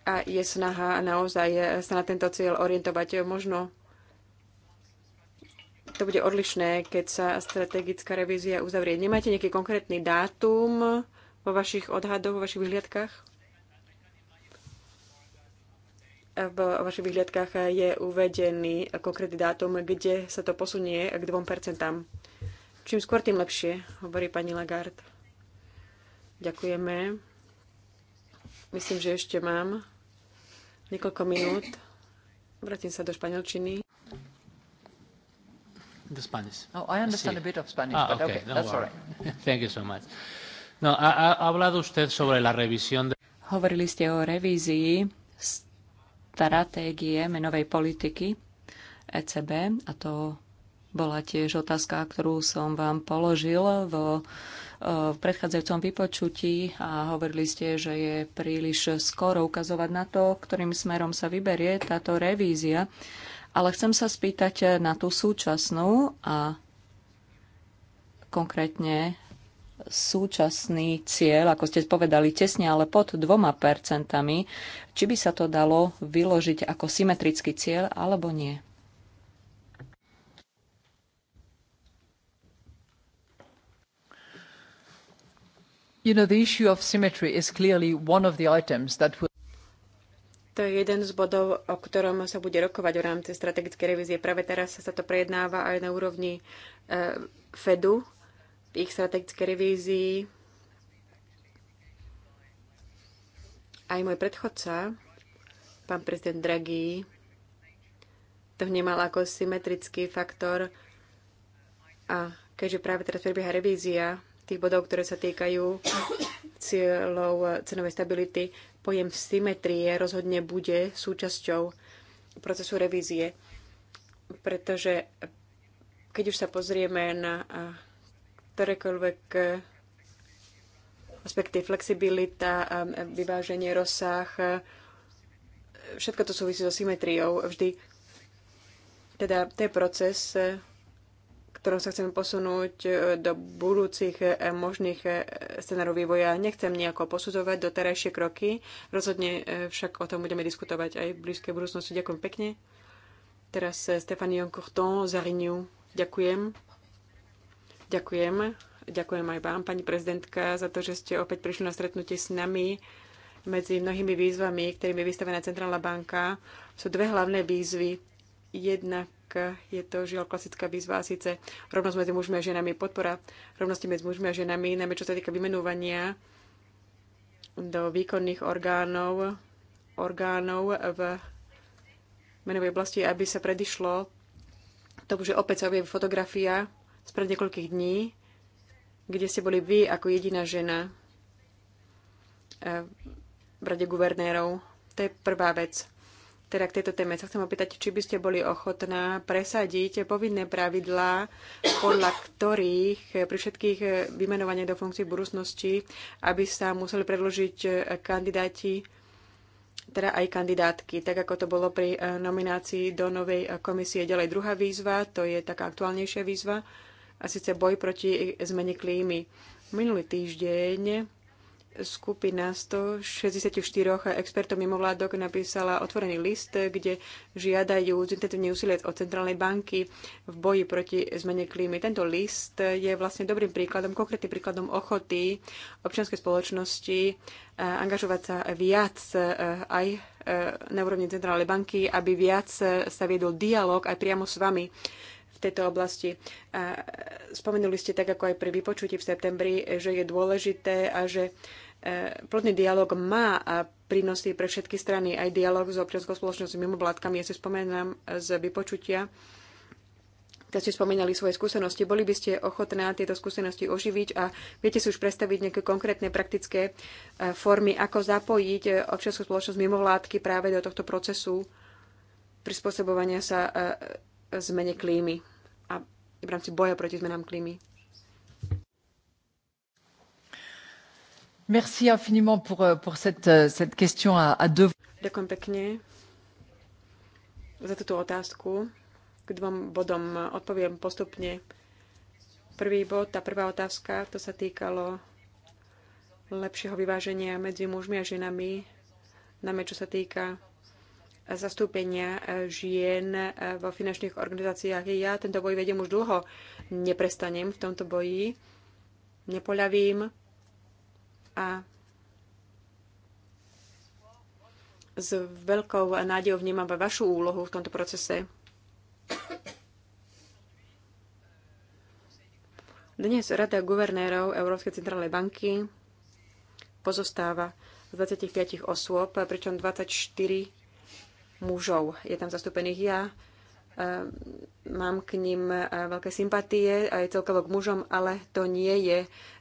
B: A je snaha naozaj e, sa na tento cieľ orientovať možno to bude odlišné, keď sa strategická revízia uzavrie. Nemáte nejaký konkrétny dátum vo vašich odhadoch, vo vašich vyhliadkách? V vašich vyhliadkách je uvedený konkrétny dátum, kde sa to posunie k 2%. Čím skôr, tým lepšie, hovorí pani Lagarde. Ďakujeme. Myslím, že ešte mám niekoľko minút. Vrátim sa do španielčiny
C: the Spanish. Oh, I understand sí. a bit of Spanish, ah, but okay, okay no that's worry. all right. Thank you so much. No, ha, ha hablado usted sobre la revisión de... Hovorili ste o revízii stratégie menovej politiky ECB a to bola tiež otázka, ktorú som vám položil vo v predchádzajúcom vypočutí a hovorili ste, že je príliš skoro ukazovať na to, ktorým smerom sa vyberie táto revízia ale chcem sa spýtať eh, na tú súčasnú a konkrétne súčasný cieľ, ako ste povedali, tesne, ale pod dvoma percentami, či by sa to dalo vyložiť ako symetrický cieľ alebo nie?
A: You know, the issue of symmetry is clearly one of the items that will
B: to je jeden z bodov, o ktorom sa bude rokovať v rámci strategickej revízie. Práve teraz sa to prejednáva aj na úrovni e, Fedu v ich strategickej revízii. Aj môj predchodca, pán prezident Draghi, to vnímal ako symetrický faktor. A keďže práve teraz prebieha revízia tých bodov, ktoré sa týkajú cieľov cenovej stability, Pojem symetrie rozhodne bude súčasťou procesu revízie, pretože keď už sa pozrieme na ktorékoľvek e, aspekty flexibilita, vyváženie, rozsah, e, všetko to súvisí so symetriou vždy. Teda to je proces, e, ktorom sa chcem posunúť e, do budúcich e, možných e, scenárov vývoja. Nechcem nejako posudzovať doterajšie kroky, rozhodne však o tom budeme diskutovať aj v blízkej budúcnosti. Ďakujem pekne. Teraz Stefanie Courton za Renew. Ďakujem. Ďakujem. Ďakujem aj vám, pani prezidentka, za to, že ste opäť prišli na stretnutie s nami. Medzi mnohými výzvami, ktorými je vystavená Centrálna banka, sú dve hlavné výzvy. Jednak tak je to žiaľ klasická výzva a síce rovnosť medzi mužmi a ženami, podpora rovnosti medzi mužmi a ženami, najmä čo sa týka vymenovania do výkonných orgánov, orgánov v menovej oblasti, aby sa predišlo tomu, že opäť sa objaví fotografia spred niekoľkých dní, kde ste boli vy ako jediná žena eh, v rade guvernérov. To je prvá vec teda k tejto téme sa chcem opýtať, či by ste boli ochotná presadiť povinné pravidlá, podľa ktorých pri všetkých vymenovaniach do funkcií budúcnosti, aby sa museli predložiť kandidáti, teda aj kandidátky, tak ako to bolo pri eh, nominácii do novej komisie. Ďalej druhá výzva, to je taká aktuálnejšia výzva, a síce boj proti zmene klímy. Minulý týždeň skupina 164 expertov mimovládok napísala otvorený list, kde žiadajú zintetívne úsilie od Centrálnej banky v boji proti zmene klímy. Tento list je vlastne dobrým príkladom, konkrétnym príkladom ochoty občianskej spoločnosti eh, angažovať sa viac eh, aj eh, na úrovni Centrálnej banky, aby viac sa viedol dialog aj priamo s vami v tejto oblasti. spomenuli ste tak ako aj pri vypočutí v septembri, že je dôležité a že E, plodný dialog má prínosy pre všetky strany. Aj dialog s občianskou spoločnosťou mimo vládkami, ja si spomenám z vypočutia, keď ste spomínali svoje skúsenosti, boli by ste ochotná tieto skúsenosti oživiť a viete si už predstaviť nejaké konkrétne praktické e, formy, ako zapojiť e, občianskú spoločnosť mimo vládky práve do tohto procesu prispôsobovania sa zmene klímy a v rámci boja proti zmenám klímy.
A: Merci infiniment pour, euh, pour cette, euh, cette
C: question à, à deux.
B: Ďakujem pekne za túto otázku. K dvom bodom odpoviem postupne. Prvý bod, tá prvá otázka, to sa týkalo lepšieho vyváženia medzi mužmi a ženami, najmä čo sa týka zastúpenia e, žien e, vo finančných organizáciách. Ja tento boj vediem už dlho. Neprestanem v tomto boji, nepoľavím a s veľkou nádejou vnímam vašu úlohu v tomto procese. Dnes Rada guvernérov Európskej centrálnej banky pozostáva z 25 osôb, pričom 24 mužov. Je tam zastúpených ja, Ehm, mám k ním e, veľké sympatie aj celkovo k mužom, ale to nie je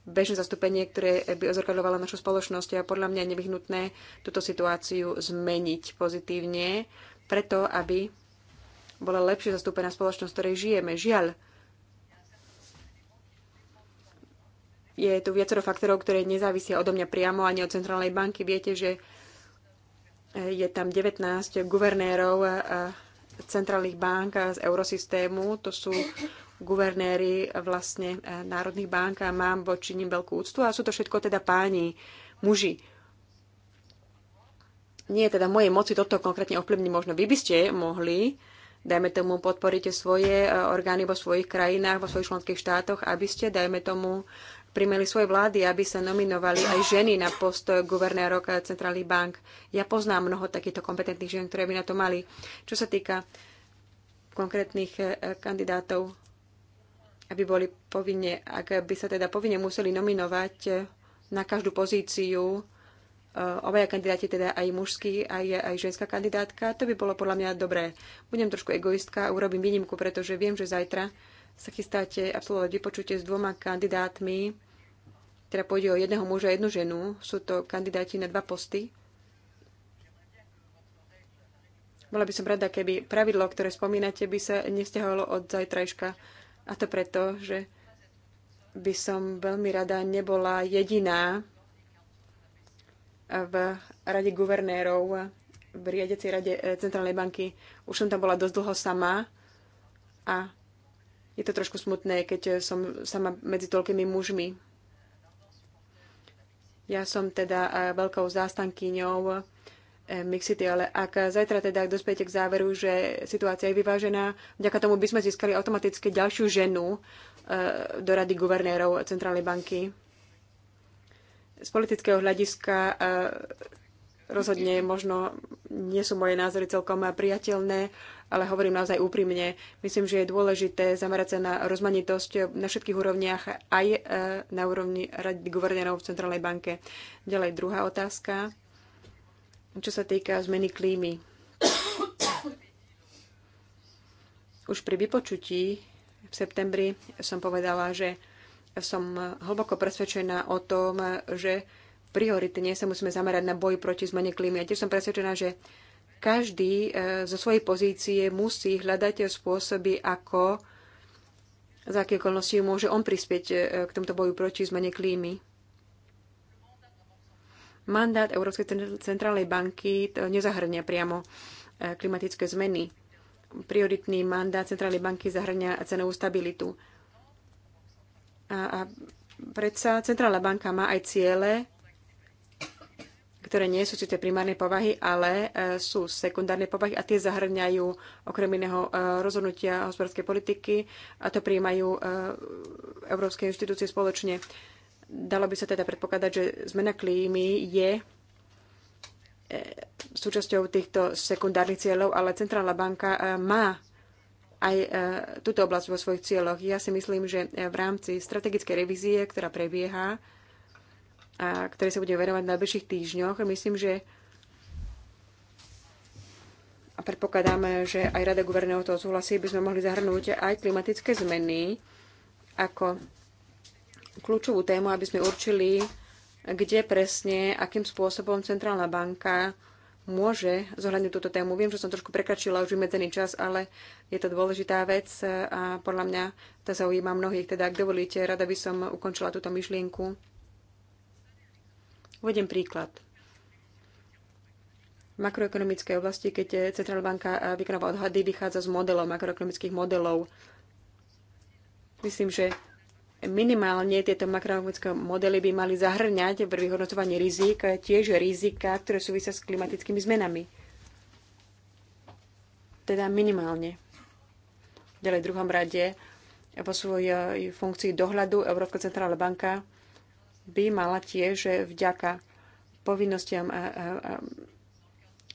B: bežné zastúpenie, ktoré by ozrkadlovalo našu spoločnosť a podľa mňa je nevyhnutné túto situáciu zmeniť pozitívne, preto aby bola lepšie zastúpená spoločnosť, v ktorej žijeme. Žiaľ, je tu viacero faktorov, ktoré nezávisia odo mňa priamo ani od Centrálnej banky. Viete, že e, je tam 19 guvernérov e, centrálnych bank z eurosystému. To sú guvernéry vlastne e, národných bank a mám voči nim veľkú úctu. A sú to všetko teda páni, muži. Nie je teda mojej moci toto konkrétne ovplyvniť. Možno vy by ste mohli, dajme tomu, podporíte svoje e, orgány vo svojich krajinách, vo svojich členských štátoch, aby ste, dajme tomu, primeli svoje vlády, aby sa nominovali aj ženy na post guvernérok centrálnych bank. Ja poznám mnoho takýchto kompetentných žien, ktoré by na to mali. Čo sa týka konkrétnych e, kandidátov, aby boli povinne, ak by sa teda povinne museli nominovať e, na každú pozíciu, e, obaja kandidáti, teda aj mužský, aj, aj ženská kandidátka, to by bolo podľa mňa dobré. Budem trošku egoistka a urobím výnimku, pretože viem, že zajtra sa chystáte absolvovať vypočutie s dvoma kandidátmi teda pôjde o jedného muža a jednu ženu. Sú to kandidáti na dva posty. Bola by som rada, keby pravidlo, ktoré spomínate, by sa nestiahalo od zajtrajška. A to preto, že by som veľmi rada nebola jediná v rade guvernérov, v riadecej rade eh, Centrálnej banky. Už som tam bola dosť dlho sama a je to trošku smutné, keď eh, som sama medzi toľkými mužmi. Ja som teda eh, veľkou zástankyňou eh, Mixity, ale ak zajtra teda dospiete k záveru, že situácia je vyvážená, vďaka tomu by sme získali automaticky ďalšiu ženu eh, do rady guvernérov Centrálnej banky. Z politického hľadiska rozhodne možno nie sú moje názory celkom priateľné ale hovorím naozaj úprimne. Myslím, že je dôležité zamerať sa na rozmanitosť na všetkých úrovniach, aj e, na úrovni rady guvernérov v Centrálnej banke. Ďalej druhá otázka, čo sa týka zmeny klímy. Už pri vypočutí v septembri som povedala, že som hlboko presvedčená o tom, že prioritne sa musíme zamerať na boj proti zmene klímy. A tiež som presvedčená, že každý e, zo svojej pozície musí hľadať spôsoby, ako za aké okolnosti môže on prispieť e, k tomuto boju proti zmene klímy. Mandát Európskej centrálnej banky to nezahrňa priamo e, klimatické zmeny. Prioritný mandát centrálnej banky zahrňa cenovú stabilitu. A, a predsa centrálna banka má aj ciele, ktoré nie sú síce primárnej povahy, ale e, sú sekundárne povahy a tie zahrňajú okrem iného e, rozhodnutia hospodárskej politiky a to prijímajú e, európske inštitúcie spoločne. Dalo by sa teda predpokladať, že zmena klímy je súčasťou týchto sekundárnych cieľov, ale Centrálna banka má aj túto oblasť vo svojich cieľoch. Ja si myslím, že v rámci strategickej revízie, ktorá prebieha, a ktoré sa bude venovať v najbližších týždňoch. Myslím, že a predpokladáme, že aj Rada guvernérov to súhlasí, by sme mohli zahrnúť aj klimatické zmeny ako kľúčovú tému, aby sme určili, kde presne, akým spôsobom Centrálna banka môže zohľadniť túto tému. Viem, že som trošku prekračila už vymedzený čas, ale je to dôležitá vec a podľa mňa to zaujíma mnohých. Teda, ak dovolíte, rada by som ukončila túto myšlienku. Uvediem príklad. V makroekonomickej oblasti, keď Centrálna banka eh, vykonáva odhady, vychádza z modelov, makroekonomických modelov. Myslím, že minimálne tieto makroekonomické modely by mali zahrňať v vyhodnocovaní rizik eh, tiež rizika, ktoré súvisia s klimatickými zmenami. Teda minimálne. Ďalej v druhom rade eh, vo svojej funkcii dohľadu Európska centrálna banka by mala tiež vďaka povinnostiam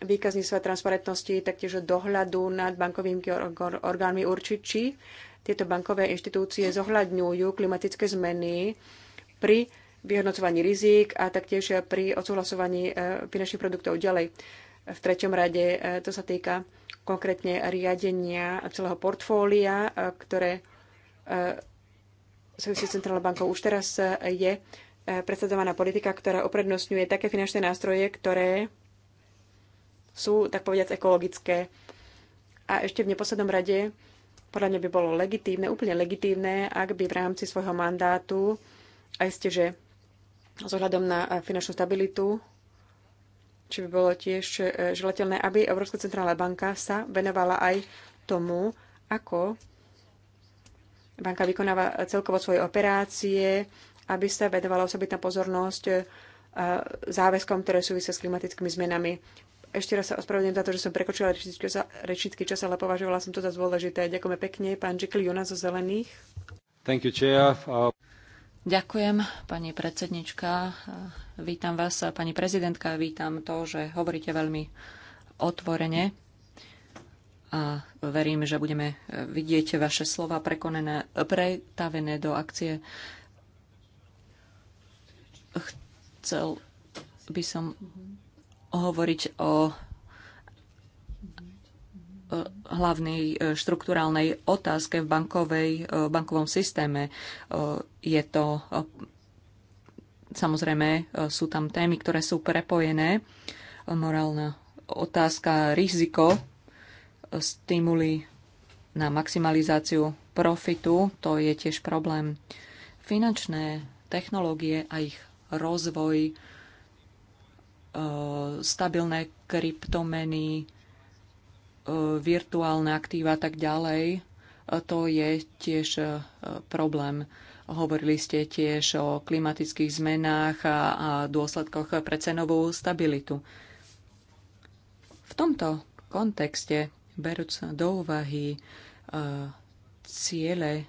B: výkazníctva transparentnosti, taktiež dohľadu nad bankovými orgánmi určiť, či tieto bankové inštitúcie zohľadňujú klimatické zmeny pri vyhodnocovaní rizik a taktiež pri odsúhlasovaní e, finančných produktov ďalej. V treťom rade e, to sa týka konkrétne riadenia celého portfólia, e, ktoré súvisí s Centrálnou bankou už teraz je Eh, presadzovaná politika, ktorá oprednostňuje také finančné nástroje, ktoré sú, tak povediac, ekologické. A ešte v neposlednom rade, podľa mňa by bolo legitívne, úplne legitívne, ak by v rámci svojho mandátu, a ste, že s ohľadom na eh, finančnú stabilitu, či by bolo tiež eh, želateľné, aby Európska centrálna banka sa venovala aj tomu, ako banka vykonáva celkovo svoje operácie, aby sa vedovala osobitná pozornosť e, záväzkom, ktoré súvisia s klimatickými zmenami. Ešte raz sa ospravedlňujem za to, že som prekočila rečnícky čas, ale považovala som to za dôležité. Ďakujeme pekne, pán Žikl Juna zo Zelených.
C: Thank you, Chair. Uh... Ďakujem, pani predsednička. Vítam vás, pani prezidentka. Vítam to, že hovoríte veľmi otvorene a verím, že budeme vidieť vaše slova prekonené, pretavené do akcie Chcel by som hovoriť o hlavnej e, štruktúrálnej otázke v bankovej, e, bankovom systéme. E, je to, samozrejme, sú tam témy, ktoré sú prepojené. Morálna otázka, riziko, stimuli na maximalizáciu profitu, to je tiež problém. Finančné technológie a ich rozvoj, e, stabilné kryptomeny, e, virtuálne aktíva a tak ďalej, e, to je tiež problém. Hovorili ste tiež o klimatických zmenách a, a dôsledkoch pre cenovú stabilitu. V tomto kontexte, berúc do úvahy ciele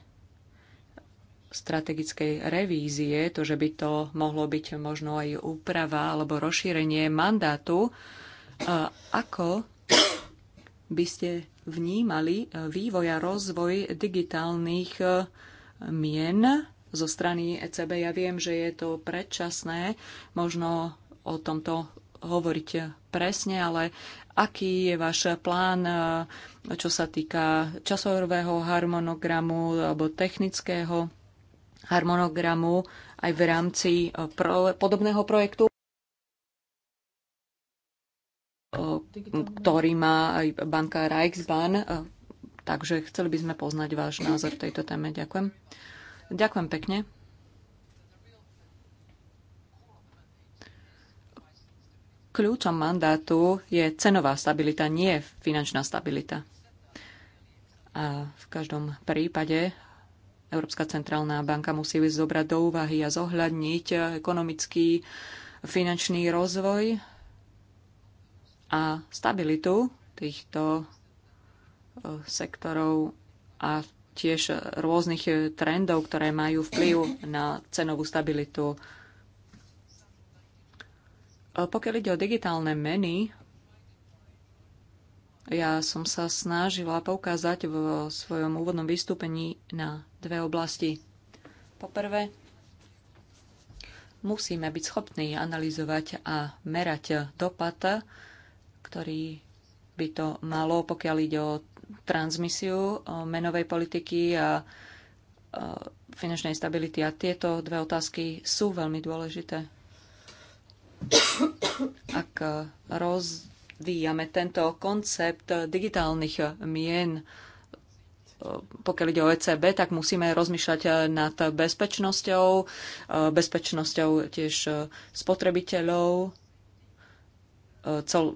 C: strategickej revízie, to, že by to mohlo byť možno aj úprava alebo rozšírenie mandátu. Ako by ste vnímali vývoj a rozvoj digitálnych e, mien zo strany ECB? Ja viem, že je to predčasné, možno o tomto hovoriť presne, ale aký je váš plán, e, čo sa týka časového harmonogramu alebo technického harmonogramu aj v rámci e, podobného projektu, e, ktorý má aj banka Reichsbahn. E, takže chceli by sme poznať váš názor v tejto téme. Ďakujem. Ďakujem pekne. Kľúčom mandátu je cenová stabilita, nie finančná stabilita. A v každom prípade Európska centrálna banka musí zobrať do úvahy a zohľadniť ekonomický finančný rozvoj a stabilitu týchto e, sektorov a tiež rôznych trendov, ktoré majú vplyv na cenovú stabilitu. E, pokiaľ ide o digitálne meny, ja som sa snažila poukázať v svojom úvodnom vystúpení na dve oblasti. Poprvé, musíme byť schopní analyzovať a merať dopad, ktorý by to malo, pokiaľ ide o transmisiu o menovej politiky a finančnej stability. A tieto dve otázky sú veľmi dôležité. Ak rozvíjame tento koncept digitálnych mien, pokiaľ ide o ECB, tak musíme rozmýšľať eh, nad bezpečnosťou, eh, bezpečnosťou tiež eh, spotrebiteľov, cel,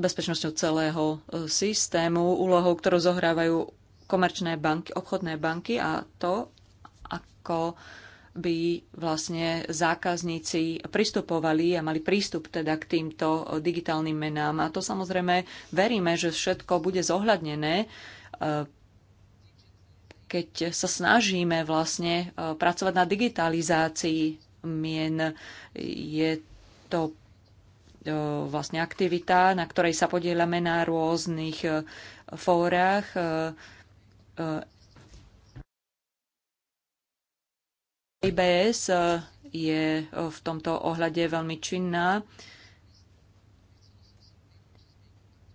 C: bezpečnosťou celého systému, úlohou, ktorú zohrávajú komerčné banky, obchodné banky a to, ako by vlastne zákazníci pristupovali a mali prístup teda k týmto digitálnym menám. A to samozrejme veríme, že všetko bude zohľadnené keď sa snažíme vlastne e, pracovať na digitalizácii mien, je to e, vlastne aktivita, na ktorej sa podielame na rôznych e, fórach. IBS je v tomto ohľade veľmi činná.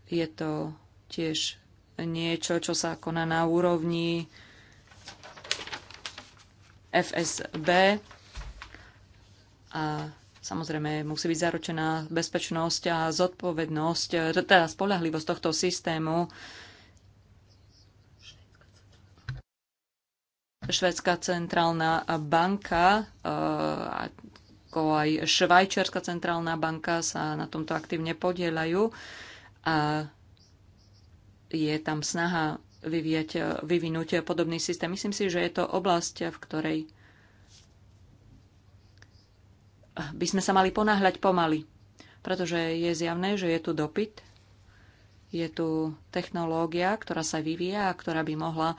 C: Je to tiež niečo, čo sa koná na úrovni FSB. A samozrejme musí byť zaručená bezpečnosť a zodpovednosť, e, teda spolahlivosť tohto systému. Švedská centrálna banka e, ako aj Švajčiarska centrálna banka sa na tomto aktívne podielajú a je tam snaha vyvíjať, vyvinúť podobný systém. Myslím si, že je to oblasť, v ktorej by sme sa mali ponáhľať pomaly, pretože je zjavné, že je tu dopyt, je tu technológia, ktorá sa vyvíja a ktorá by mohla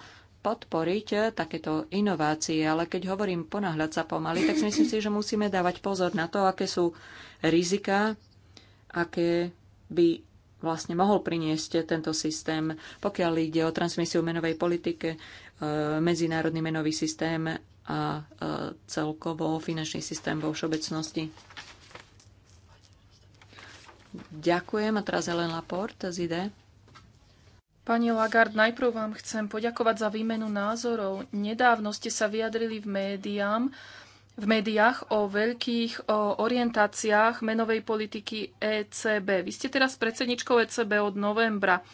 C: podporiť takéto inovácie, ale keď hovorím ponáhľať sa pomaly, tak si myslím si, že musíme dávať pozor na to, aké sú rizika, aké by vlastne mohol priniesť tento systém, pokiaľ ide o transmisiu menovej politike, e, medzinárodný menový systém a e, celkovo finančný systém vo všeobecnosti. Ďakujem a teraz Ellen Laporte z IDE.
A: Pani Lagarde, najprv vám chcem poďakovať za výmenu názorov. Nedávno ste sa vyjadrili v médiám, v médiách o veľkých o orientáciách menovej politiky ECB. Vy ste teraz predsedničkou ECB od novembra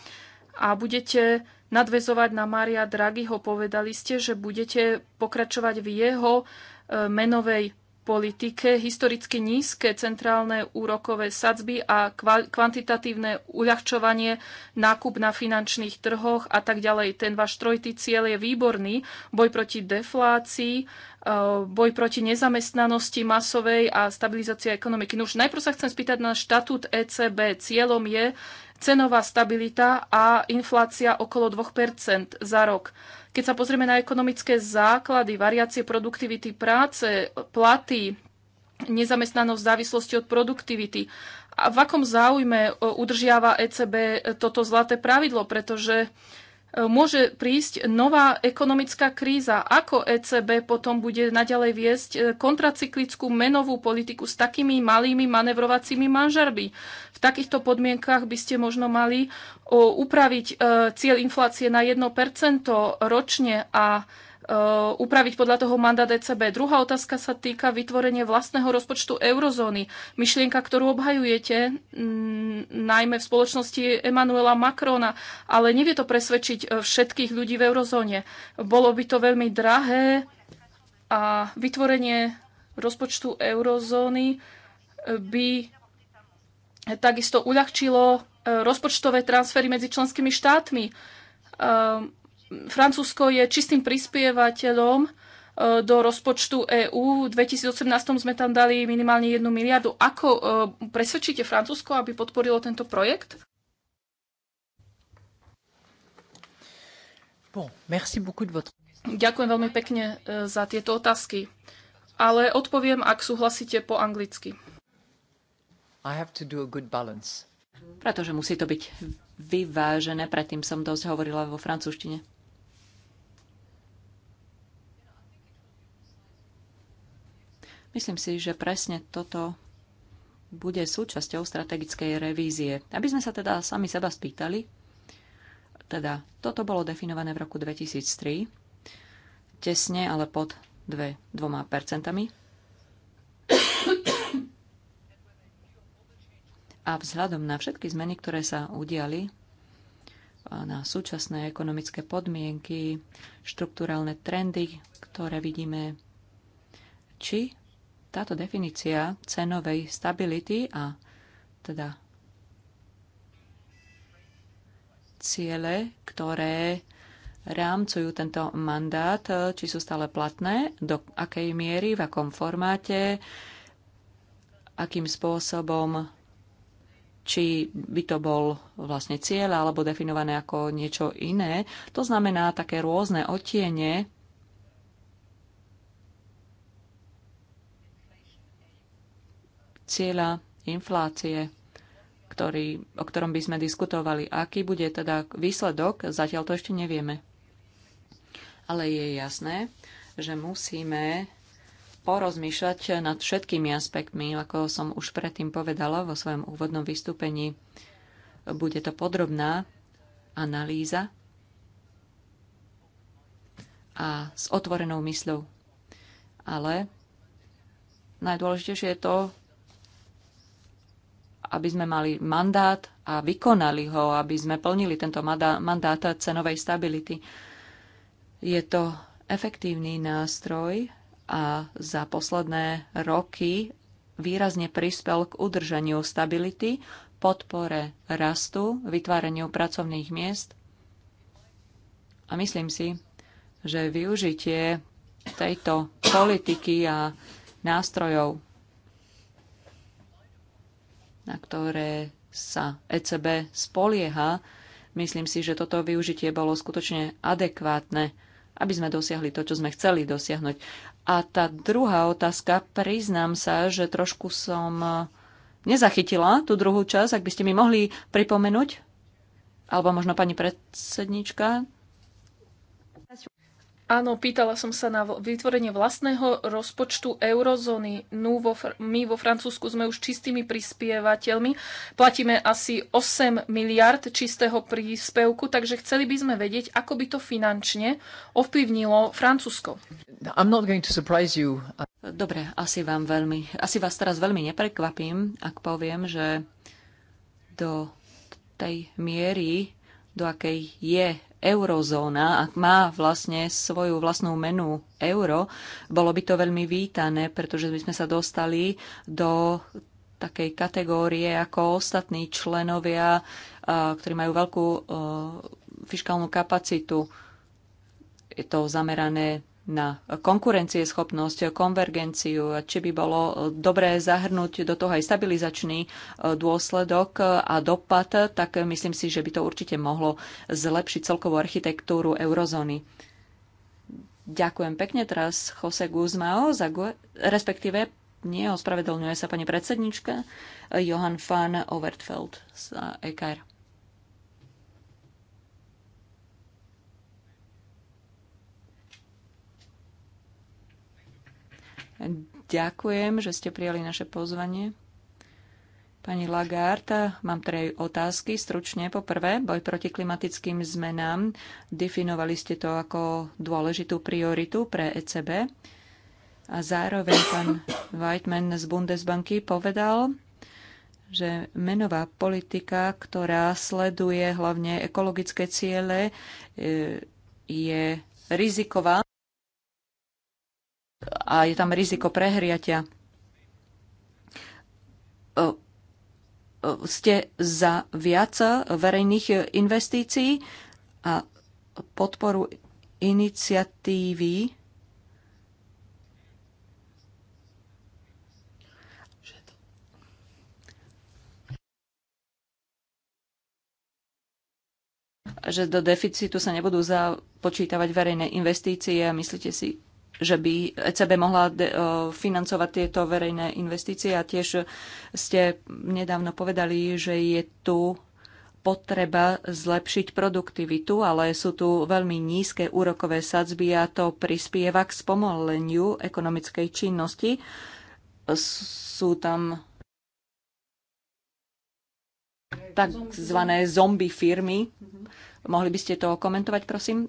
A: a budete nadvezovať na Maria Draghiho. Povedali ste, že budete pokračovať v jeho e, menovej politike historicky nízke centrálne úrokové sadzby a kvantitatívne uľahčovanie nákup na finančných trhoch a tak ďalej. Ten váš trojitý cieľ je výborný. Boj proti deflácii, e, boj proti nezamestnanosti masovej a stabilizácia ekonomiky. No už najprv sa chcem spýtať na štatút ECB. Cieľom je cenová stabilita a inflácia okolo 2% za rok. Keď sa pozrieme na ekonomické základy, variácie produktivity práce, platy, nezamestnanosť v závislosti od produktivity. A v akom záujme e, udržiava ECB toto zlaté pravidlo, pretože e, môže prísť nová ekonomická kríza. Ako ECB potom bude naďalej viesť e, kontracyklickú menovú politiku s takými malými manevrovacími manžarby? V takýchto podmienkach by ste možno mali upraviť e, cieľ inflácie na 1% ročne a e, upraviť podľa toho mandát ECB. Druhá otázka sa týka vytvorenie vlastného rozpočtu eurozóny. Myšlienka, ktorú obhajujete, najmä v spoločnosti Emanuela Macrona, ale nevie to presvedčiť e, všetkých ľudí v eurozóne. Bolo by to veľmi drahé a vytvorenie rozpočtu eurozóny by takisto uľahčilo e, rozpočtové transfery medzi členskými štátmi. E, Francúzsko je čistým prispievateľom e, do rozpočtu EÚ. V 2018 sme tam dali minimálne 1 miliardu. Ako presvedčíte Francúzsko, aby podporilo tento projekt? Bon, merci beaucoup de votre... Ďakujem veľmi pekne za tieto otázky, ale odpoviem, ak súhlasíte po anglicky.
C: Pretože musí to byť vyvážené, predtým som dosť hovorila vo francúzštine. Myslím si, že presne toto bude súčasťou strategickej revízie. Aby sme sa teda sami seba spýtali, teda toto bolo definované v roku 2003, tesne ale pod 2, 2 percentami A vzhľadom na všetky zmeny, ktoré sa udiali, e, na súčasné ekonomické podmienky, štruktúralne trendy, ktoré vidíme, či táto definícia cenovej stability a teda ciele, ktoré rámcujú tento mandát, e, či sú stále platné, do akej miery, v akom formáte, akým spôsobom či by to bol vlastne cieľ alebo definované ako niečo iné. To znamená také rôzne otiene cieľa inflácie, ktorý, o ktorom by sme diskutovali. Aký bude teda výsledok, zatiaľ to ešte nevieme. Ale je jasné, že musíme porozmýšľať nad všetkými aspektmi, ako som už predtým povedala vo svojom úvodnom vystúpení. Bude to podrobná analýza a s otvorenou mysľou. Ale najdôležitejšie je to, aby sme mali mandát a vykonali ho, aby sme plnili tento mandát cenovej stability. Je to efektívny nástroj, a za posledné roky výrazne prispel k udržaniu stability, podpore rastu, vytváraniu pracovných miest. A myslím si, že využitie tejto politiky a nástrojov, na ktoré sa ECB spolieha, myslím si, že toto využitie bolo skutočne adekvátne, aby sme dosiahli to, čo sme chceli dosiahnuť. A tá druhá otázka, priznám sa, že trošku som eh, nezachytila tú druhú časť, ak by ste mi mohli pripomenúť, alebo možno pani predsednička,
A: Áno, pýtala som sa na vytvorenie vlastného rozpočtu eurozóny. No, vo, my vo Francúzsku sme už čistými prispievateľmi. Platíme asi 8 miliard čistého príspevku, takže chceli by sme vedieť, ako by to finančne ovplyvnilo Francúzsko.
C: Dobre, asi, vám veľmi, asi vás teraz veľmi neprekvapím, ak poviem, že do tej miery, do akej je eurozóna, ak má vlastne svoju vlastnú menu euro, bolo by to veľmi vítané, pretože by sme sa dostali do takej kategórie ako ostatní členovia, ktorí majú veľkú e, fiskálnu kapacitu. Je to zamerané na konkurencieschopnosť, konvergenciu, či by bolo dobré zahrnúť do toho aj stabilizačný e, dôsledok a dopad, tak myslím si, že by to určite mohlo zlepšiť celkovú architektúru eurozóny. Ďakujem pekne teraz Jose Guzmao, za, respektíve nie, ospravedlňuje sa pani predsednička, Johan van Overtfeld z EKR. Ďakujem, že ste prijali naše pozvanie. Pani Lagarde, mám tri otázky stručne. Po prvé, boj proti klimatickým zmenám. Definovali ste to ako dôležitú prioritu pre ECB. A zároveň pán Whiteman z Bundesbanky povedal, že menová politika, ktorá sleduje hlavne ekologické ciele, e, je riziková a je tam riziko prehriatia. E, e, ste za viac verejných investícií a podporu iniciatívy že do deficitu sa nebudú započítavať verejné investície a myslíte si, že by ECB mohla e, financovať tieto verejné investície a tiež ste nedávno povedali, že je tu potreba zlepšiť produktivitu, ale sú tu veľmi nízke úrokové sadzby a to prispieva k spomoleniu ekonomickej činnosti. Sú tam
A: takzvané
C: zombie firmy. Mohli by ste to komentovať, prosím?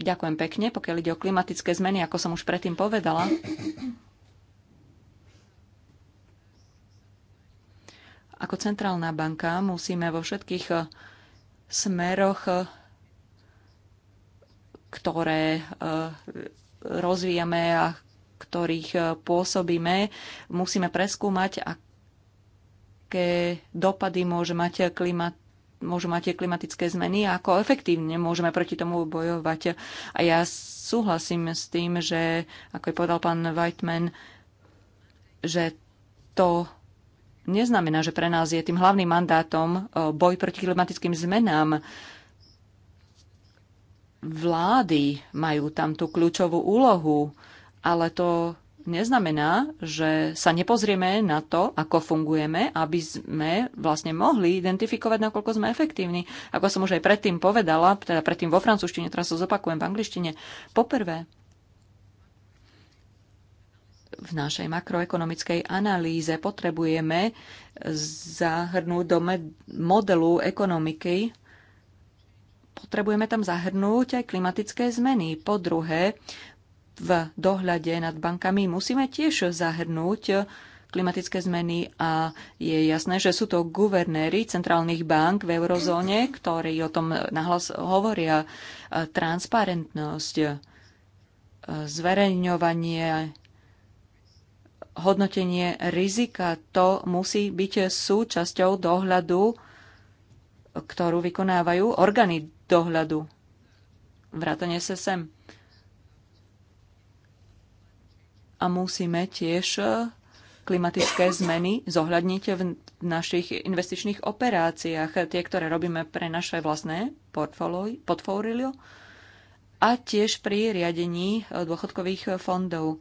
C: Ďakujem pekne, pokiaľ ide o klimatické zmeny, ako som už predtým povedala. Ako centrálna banka musíme vo všetkých eh, smeroch, eh, ktoré eh, rozvíjame a ktorých pôsobíme, musíme preskúmať, aké dopady môže mať klimat môžu mať tie klimatické zmeny a ako efektívne môžeme proti tomu bojovať. A ja súhlasím s tým, že, ako je povedal pán Whiteman, že to neznamená, že pre nás je tým hlavným mandátom e, boj proti klimatickým zmenám vlády majú tam tú kľúčovú úlohu, ale to neznamená, že sa nepozrieme na to, ako fungujeme, aby sme vlastne mohli identifikovať, nakoľko sme efektívni. Ako som už aj predtým povedala, teda predtým vo francúzštine, teraz to zopakujem v angličtine. Poprvé, v našej makroekonomickej analýze potrebujeme zahrnúť do modelu ekonomiky potrebujeme tam zahrnúť aj klimatické zmeny. Po druhé, v dohľade nad bankami musíme tiež zahrnúť klimatické zmeny a je jasné, že sú to guvernéry centrálnych bank v eurozóne, ktorí o tom nahlas hovoria. Transparentnosť, zverejňovanie, hodnotenie rizika, to musí byť súčasťou dohľadu, ktorú vykonávajú orgány dohľadu. Vrátane SSM. sem a musíme tiež e, klimatické zmeny zohľadniť v našich investičných operáciách, tie, ktoré robíme pre naše vlastné portfólio a tiež pri riadení e, dôchodkových fondov.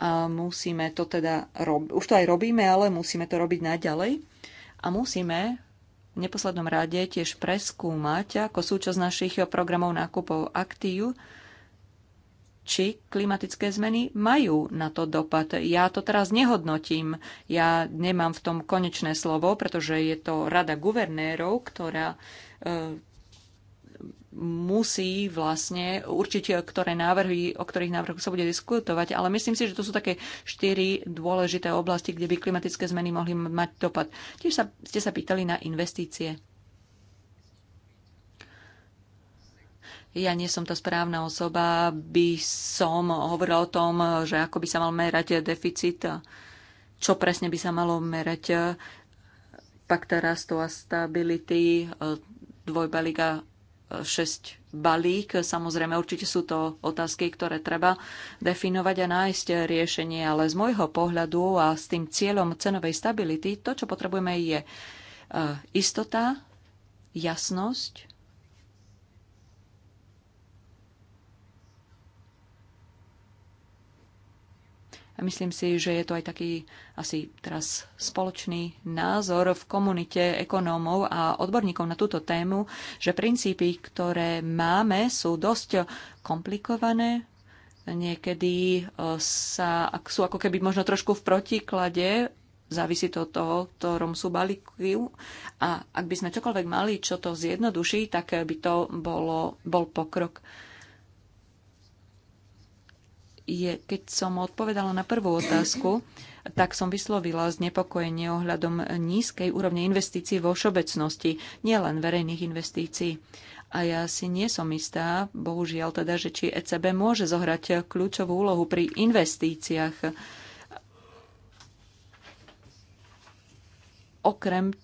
C: A musíme to teda, robiť. už to aj robíme, ale musíme to robiť naďalej a musíme v neposlednom rade tiež preskúmať ako súčasť našich programov nákupov aktív, či klimatické zmeny majú na to dopad. Ja to teraz nehodnotím. Ja nemám v tom konečné slovo, pretože je to rada guvernérov, ktorá e, musí vlastne určiť, ktoré návrhy, o ktorých návrhoch sa bude diskutovať, ale myslím si, že to sú také štyri dôležité oblasti, kde by klimatické zmeny mohli mať dopad. Tiež sa, ste sa pýtali na investície. ja nie som tá správna osoba, by som hovorila o tom, že ako by sa mal merať deficit, čo presne by sa malo merať, pakta rastu a stability, dvojbalík a šesť balík. Samozrejme, určite sú to otázky, ktoré treba definovať a nájsť riešenie, ale z môjho pohľadu a s tým cieľom cenovej stability, to, čo potrebujeme, je e, istota, jasnosť Myslím si, že je to aj taký asi teraz spoločný názor v komunite ekonómov a odborníkov na túto tému, že princípy, ktoré máme, sú dosť komplikované, niekedy e, sa, sú ako keby možno trošku v protiklade, závisí to od toho, ktorom sú balíky. A ak by sme čokoľvek mali, čo to zjednoduší, tak by to bolo, bol pokrok je, keď som odpovedala na prvú otázku, tak som vyslovila znepokojenie ohľadom nízkej úrovne investícií vo všeobecnosti, nielen verejných investícií. A ja si nie som istá, bohužiaľ teda, že či ECB môže zohrať kľúčovú úlohu pri investíciách. Okrem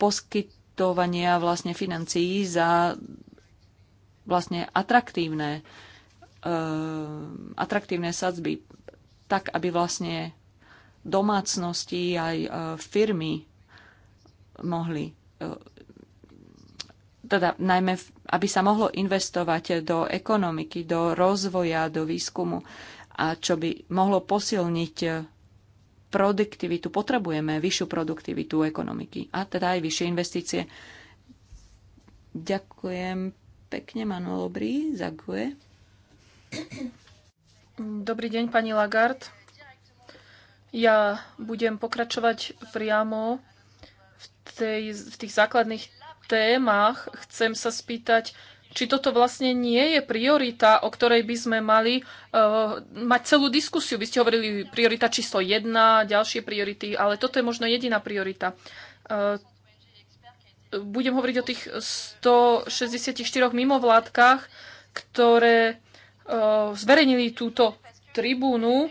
C: poskytovania vlastne financií za vlastne atraktívne Ehm, atraktívne sadzby tak, aby vlastne domácnosti aj e, firmy mohli e, teda najmä, aby sa mohlo investovať do ekonomiky, do rozvoja, do výskumu a čo by mohlo posilniť e, produktivitu. Potrebujeme vyššiu produktivitu ekonomiky a teda aj vyššie investície. Ďakujem pekne Manuel Obrý, za GUE.
A: Dobrý deň, pani Lagarde. Ja budem pokračovať priamo v, tej, v tých základných témach. Chcem sa spýtať, či toto vlastne nie je priorita, o ktorej by sme mali uh, mať celú diskusiu. Vy ste hovorili priorita číslo jedna, ďalšie priority, ale toto je možno jediná priorita. Uh, budem hovoriť o tých 164 mimovládkach, ktoré zverejnili túto tribúnu,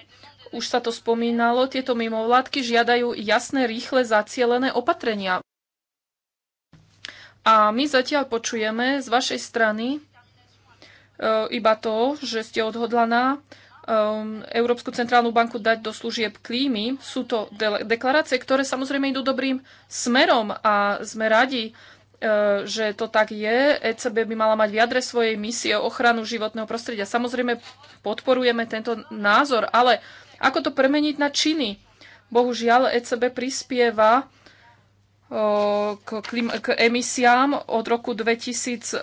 A: už sa to spomínalo, tieto mimovládky žiadajú jasné, rýchle, zacielené opatrenia. A my zatiaľ počujeme z vašej strany iba to, že ste odhodlaná Európsku centrálnu banku dať do služieb klímy. Sú to deklarácie, ktoré samozrejme idú dobrým smerom a sme radi, Eh, že to tak je. ECB by mala mať v jadre svojej misie ochranu životného prostredia. Samozrejme, podporujeme tento názor, ale ako to premeniť na činy? Bohužiaľ, ECB prispieva eh, k, klim- k emisiám. Od roku 2016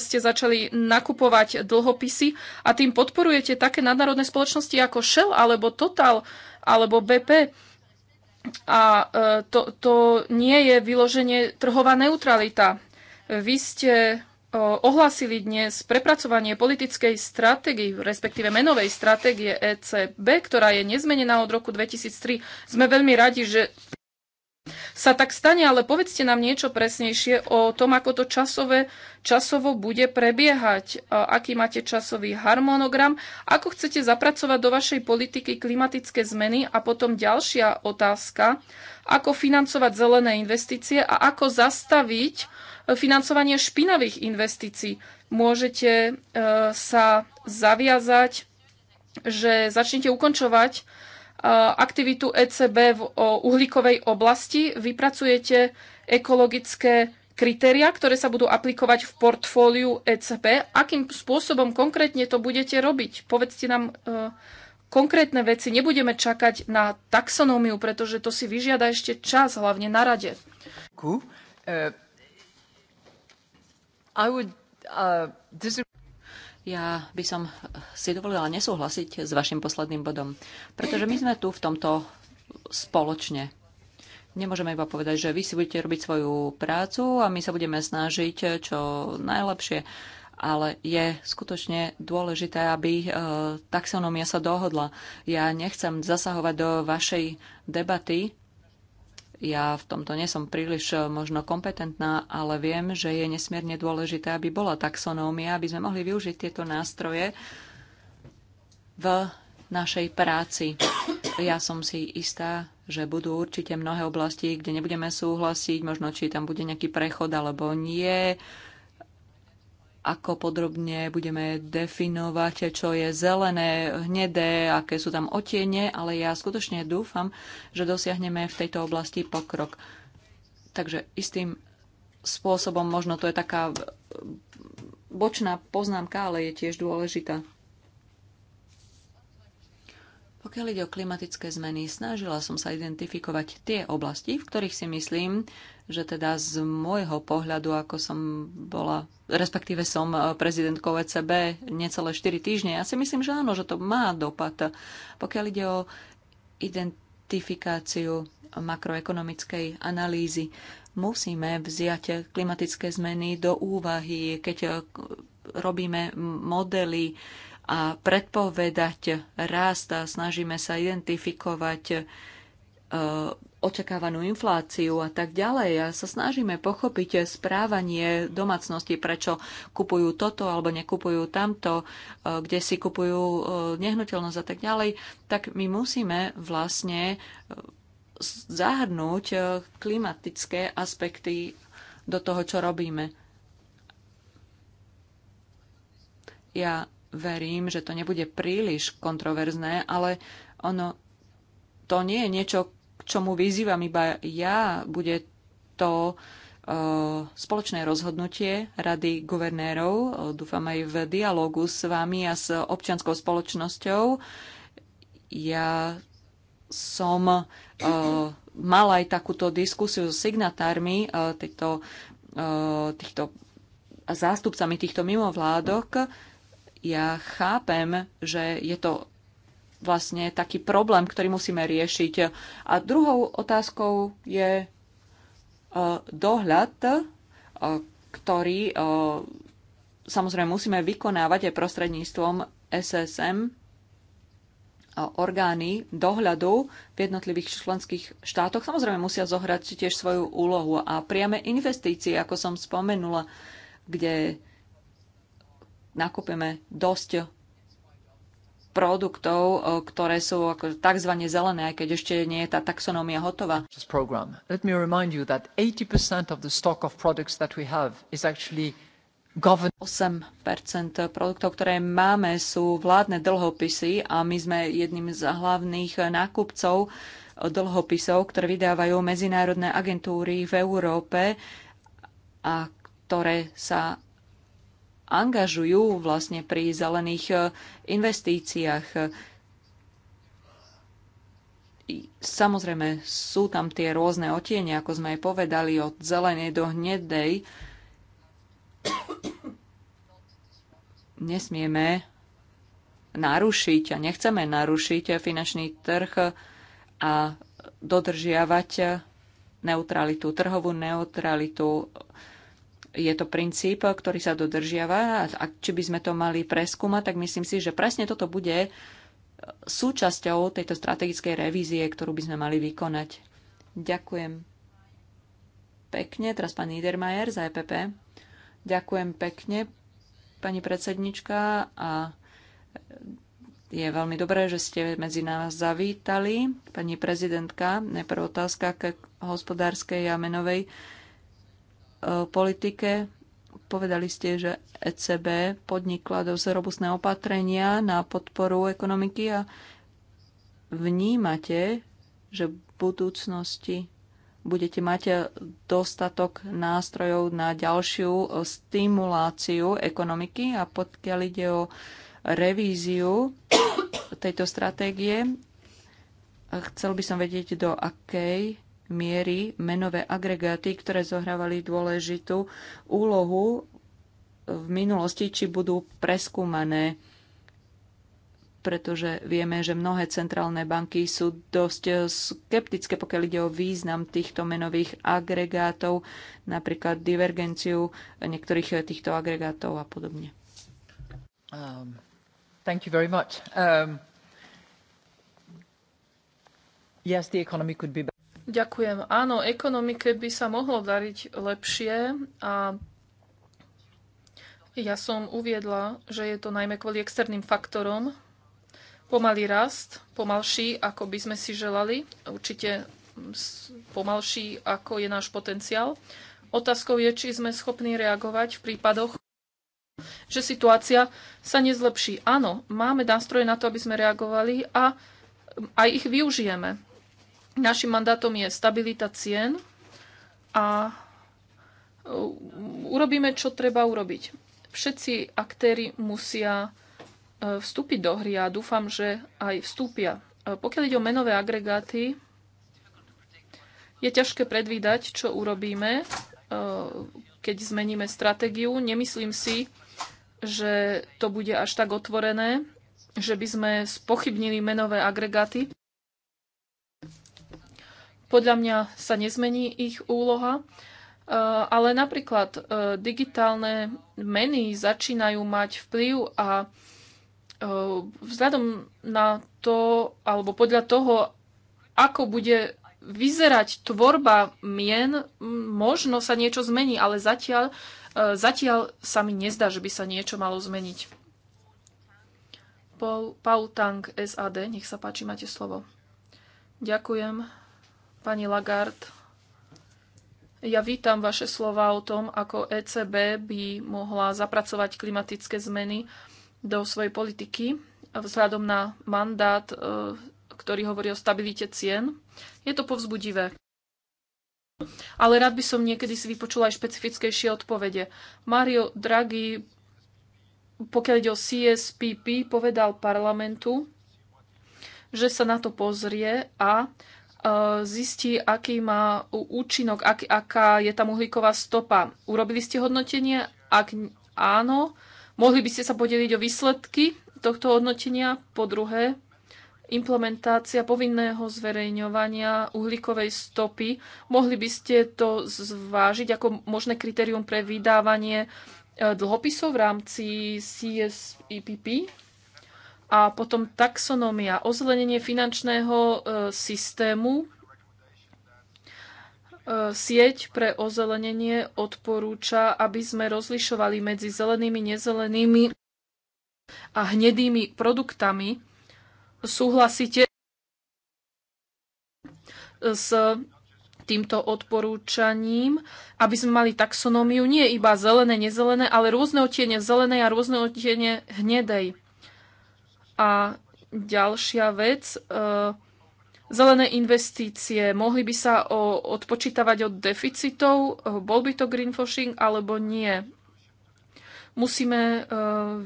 A: ste začali nakupovať dlhopisy a tým podporujete také nadnárodné spoločnosti ako Shell alebo Total alebo BP. A e, to, to nie je vyloženie trhová neutralita. Vy ste e, ohlasili dnes prepracovanie politickej stratégie, respektíve menovej stratégie ECB, ktorá je nezmenená od roku 2003. Sme veľmi radi, že sa tak stane, ale povedzte nám niečo presnejšie o tom, ako to časové, časovo bude prebiehať, aký máte časový harmonogram, ako chcete zapracovať do vašej politiky klimatické zmeny a potom ďalšia otázka, ako financovať zelené investície a ako zastaviť e, financovanie špinavých investícií. Môžete e, sa zaviazať, že začnete ukončovať aktivitu ECB v uhlíkovej oblasti. Vypracujete ekologické kritéria, ktoré sa budú aplikovať v portfóliu ECB. Akým spôsobom konkrétne to budete robiť? Povedzte nám e, konkrétne veci. Nebudeme čakať na taxonómiu, pretože to si vyžiada ešte čas, hlavne na rade.
B: E,
C: I would, uh, ja by som si dovolila nesúhlasiť s vašim posledným bodom, pretože my sme tu v tomto spoločne. Nemôžeme iba povedať, že vy si budete robiť svoju prácu a my sa budeme snažiť čo najlepšie. Ale je skutočne dôležité, aby e, taxonomia sa dohodla. Ja nechcem zasahovať do vašej debaty, ja v tomto nesom príliš eh, možno kompetentná, ale viem, že je nesmierne dôležité, aby bola taxonómia, aby sme mohli využiť tieto nástroje v našej práci. Ja som si istá, že budú určite mnohé oblasti, kde nebudeme súhlasiť, možno či tam bude nejaký prechod alebo nie ako podrobne budeme definovať, čo je zelené, hnedé, aké sú tam otiene, ale ja skutočne dúfam, že dosiahneme v tejto oblasti pokrok. Takže istým spôsobom, možno to je taká bočná poznámka, ale je tiež dôležitá. Pokiaľ ide o klimatické zmeny, snažila som sa identifikovať tie oblasti, v ktorých si myslím, že teda z môjho pohľadu, ako som bola, respektíve som e, prezidentkou ECB necelé 4 týždne, ja si myslím, že áno, že to má dopad. Pokiaľ ide o identifikáciu makroekonomickej analýzy, musíme vziať klimatické zmeny do úvahy, keď e, robíme modely a predpovedať rast a snažíme sa identifikovať Eh, očakávanú infláciu a tak ďalej. A sa snažíme pochopiť správanie domácnosti, prečo kupujú toto alebo nekupujú tamto, eh, kde si kupujú eh, nehnuteľnosť a tak ďalej, tak my musíme vlastne zahrnúť klimatické aspekty do toho, čo robíme. Ja verím, že to nebude príliš kontroverzné, ale ono to nie je niečo, k čomu vyzývam iba ja, bude to e, spoločné rozhodnutie Rady guvernérov, dúfam aj v dialogu s vami a s občianskou spoločnosťou. Ja som uh, e, mala aj takúto diskusiu s signatármi uh, týchto, uh, týchto zástupcami týchto mimovládok. Ja chápem, že je to vlastne taký problém, ktorý musíme riešiť. A druhou otázkou je e, dohľad, e, ktorý e, samozrejme musíme vykonávať aj prostredníctvom SSM orgány dohľadu v jednotlivých členských štátoch samozrejme musia zohrať tiež svoju úlohu a priame investície, ako som spomenula, kde nakúpime dosť produktov, e, ktoré sú tzv. zelené, aj keď ešte nie je tá taxonómia hotová. Program.
A: Let me remind you that 80% of the stock of products that we have is actually
C: 8 produktov, ktoré máme, sú vládne dlhopisy a my sme jedným z hlavných nákupcov dlhopisov, ktoré vydávajú medzinárodné agentúry v Európe a ktoré sa angažujú vlastne pri zelených e, investíciách. E, samozrejme, sú tam tie rôzne otiene, ako sme aj povedali, od zelenej do hnedej. Nesmieme narušiť a nechceme narušiť finančný trh a dodržiavať neutralitu, trhovú neutralitu je to princíp, ktorý sa dodržiava a či by sme to mali preskúmať, tak myslím si, že presne toto bude súčasťou tejto strategickej revízie, ktorú by sme mali vykonať. Ďakujem pekne. Teraz pán Niedermayer za EPP. Ďakujem pekne, pani predsednička. A je veľmi dobré, že ste medzi nás zavítali. Pani prezidentka, najprv otázka k hospodárskej a menovej Eh, politike. Povedali ste, že ECB podnikla dosť robustné opatrenia na podporu ekonomiky a vnímate, že v budúcnosti budete mať dostatok nástrojov na ďalšiu eh, stimuláciu ekonomiky a pokiaľ ide o revíziu tejto stratégie, chcel by som vedieť, do akej miery menové agregáty, ktoré zohrávali dôležitú úlohu v minulosti, či budú preskúmané pretože vieme, že mnohé centrálne banky sú dosť skeptické, pokiaľ ide o význam týchto menových agregátov, napríklad divergenciu niektorých týchto agregátov a podobne.
A: Um, thank you very much. Um,
C: yes, the economy could be
A: Ďakujem. Áno, ekonomike by sa mohlo dariť lepšie a ja som uviedla, že je to najmä kvôli externým faktorom. Pomalý rast, pomalší, ako by sme si želali, určite pomalší, ako je náš potenciál. Otázkou je, či sme schopní reagovať v prípadoch, že situácia sa nezlepší. Áno, máme nástroje na to, aby sme reagovali a aj ich využijeme Našim mandátom je stabilita cien a uh, urobíme, čo treba urobiť. Všetci aktéry musia uh, vstúpiť do hry a dúfam, že aj vstúpia. Uh, pokiaľ ide o menové agregáty, je ťažké predvídať, čo urobíme, keď zmeníme stratégiu. Nemyslím si, že to bude až tak otvorené, že by sme spochybnili menové agregáty. Podľa mňa sa nezmení ich úloha, e, ale napríklad e, digitálne meny začínajú mať vplyv a e, vzhľadom na to, alebo podľa toho, ako bude vyzerať tvorba mien, možno sa niečo zmení, ale zatiaľ, zatiaľ sa mi nezdá, že by sa niečo malo zmeniť. Paul, Paul Tang, SAD, nech sa páči, máte slovo. Ďakujem Pani Lagarde, ja vítam vaše slova o tom, ako ECB by mohla zapracovať klimatické zmeny do svojej politiky vzhľadom na mandát, e, ktorý hovorí o stabilite cien. Je to povzbudivé. Ale rád by som niekedy si vypočula aj špecifickejšie odpovede. Mario Draghi, pokiaľ ide o CSPP, povedal parlamentu, že sa na to pozrie a E, zistí, aký má účinok, ak, aká je tam uhlíková stopa. Urobili ste hodnotenie? Ak áno, mohli by ste sa podeliť o výsledky tohto hodnotenia? Po druhé, implementácia povinného zverejňovania uhlíkovej stopy. Mohli by ste to zvážiť ako možné kritérium pre vydávanie e, dlhopisov v rámci CSIPP? a potom taxonomia, ozelenenie finančného e, systému, e, sieť pre ozelenenie odporúča, aby sme rozlišovali medzi zelenými, nezelenými a hnedými produktami. Súhlasíte s týmto odporúčaním, aby sme mali taxonómiu nie iba zelené, nezelené, ale rôzne odtiene zelenej a rôzne odtiene hnedej. A ďalšia vec, e, zelené investície, mohli by sa odpočítavať od deficitov, bol by to greenwashing alebo nie. Musíme e,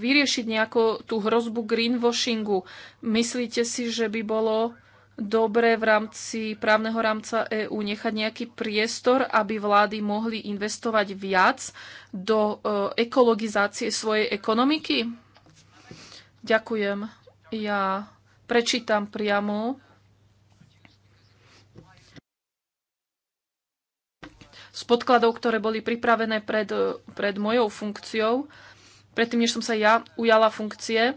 A: vyriešiť nejako tú hrozbu greenwashingu. Myslíte si, že by bolo dobré v rámci právneho rámca EÚ nechať nejaký priestor, aby vlády mohli investovať viac do e, ekologizácie svojej ekonomiky? Ďakujem. Ja prečítam priamo. Z podkladov, ktoré boli pripravené pred, pred mojou funkciou, predtým, než som sa ja ujala funkcie, e,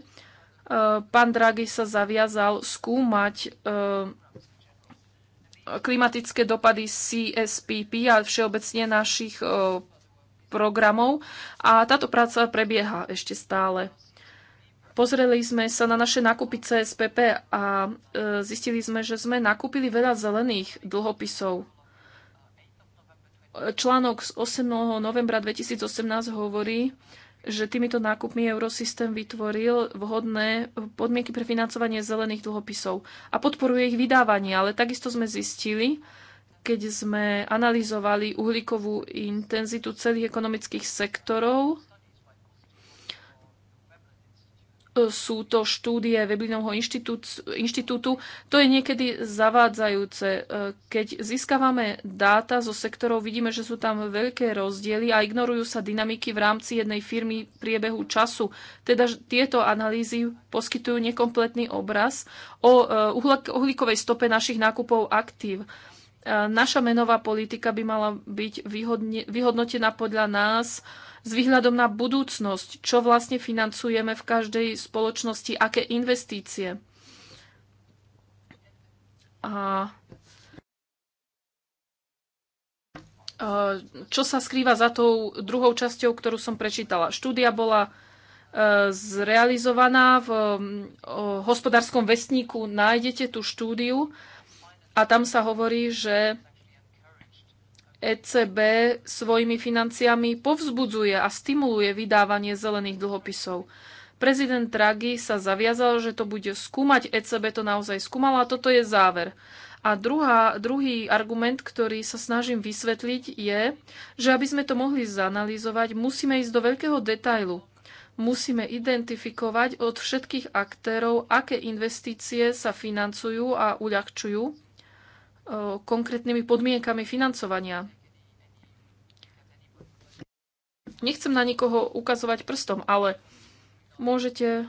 A: pán Draghi sa zaviazal skúmať e, klimatické dopady CSPP a všeobecne našich e, programov a táto práca prebieha ešte stále. Pozreli sme sa na naše nákupy CSPP a e, zistili sme, že sme nakúpili veľa zelených dlhopisov. Článok z 8. novembra 2018 hovorí, že týmito nákupmi Eurosystém vytvoril vhodné podmienky pre financovanie zelených dlhopisov a podporuje ich vydávanie, ale takisto sme zistili, keď sme analyzovali uhlíkovú intenzitu celých ekonomických sektorov, E, sú to štúdie Veblinovho inštitútu. To je niekedy zavádzajúce. E, keď získavame dáta zo sektorov, vidíme, že sú tam veľké rozdiely a ignorujú sa dynamiky v rámci jednej firmy priebehu času. Teda tieto analýzy poskytujú nekompletný obraz o e, uhlíkovej stope našich nákupov aktív. E, naša menová politika by mala byť vyhodnotená podľa nás s výhľadom na budúcnosť, čo vlastne financujeme v každej spoločnosti, aké investície. A e, čo sa skrýva za tou druhou časťou, ktorú som prečítala. Štúdia bola e, zrealizovaná v hospodárskom vestníku. Nájdete tú štúdiu a tam sa hovorí, že ECB svojimi financiami povzbudzuje a stimuluje vydávanie zelených dlhopisov. Prezident Draghi sa zaviazal, že to bude skúmať, ECB to naozaj skúmala a toto je záver. A druhá, druhý argument, ktorý sa snažím vysvetliť, je, že aby sme to mohli zanalýzovať, musíme ísť do veľkého detailu. Musíme identifikovať od všetkých aktérov, aké investície sa financujú a uľahčujú Eh, konkrétnymi podmienkami financovania. Nechcem na nikoho ukazovať prstom, ale môžete eh,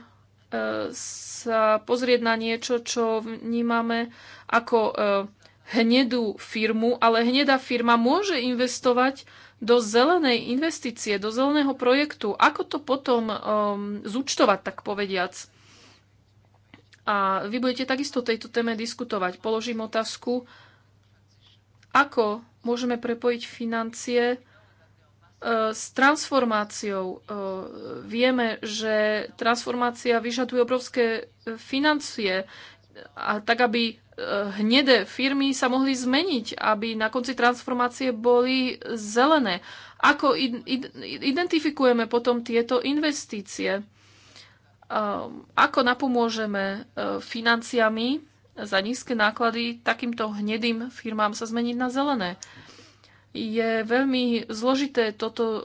A: sa pozrieť na niečo, čo vnímame ako eh, hnedú firmu, ale hnedá firma môže investovať do zelenej investície, do zeleného projektu. Ako to potom um, zúčtovať, tak povediac? A vy budete takisto o tejto téme diskutovať. Položím otázku, ako môžeme prepojiť financie e, s transformáciou. E, vieme, že transformácia vyžaduje obrovské e, financie, a tak aby hnedé firmy sa mohli zmeniť, aby na konci transformácie boli zelené. Ako identifikujeme potom tieto investície? Ehm, ako napomôžeme e, financiami za nízke náklady takýmto hnedým firmám sa zmeniť na zelené. Je veľmi zložité toto e,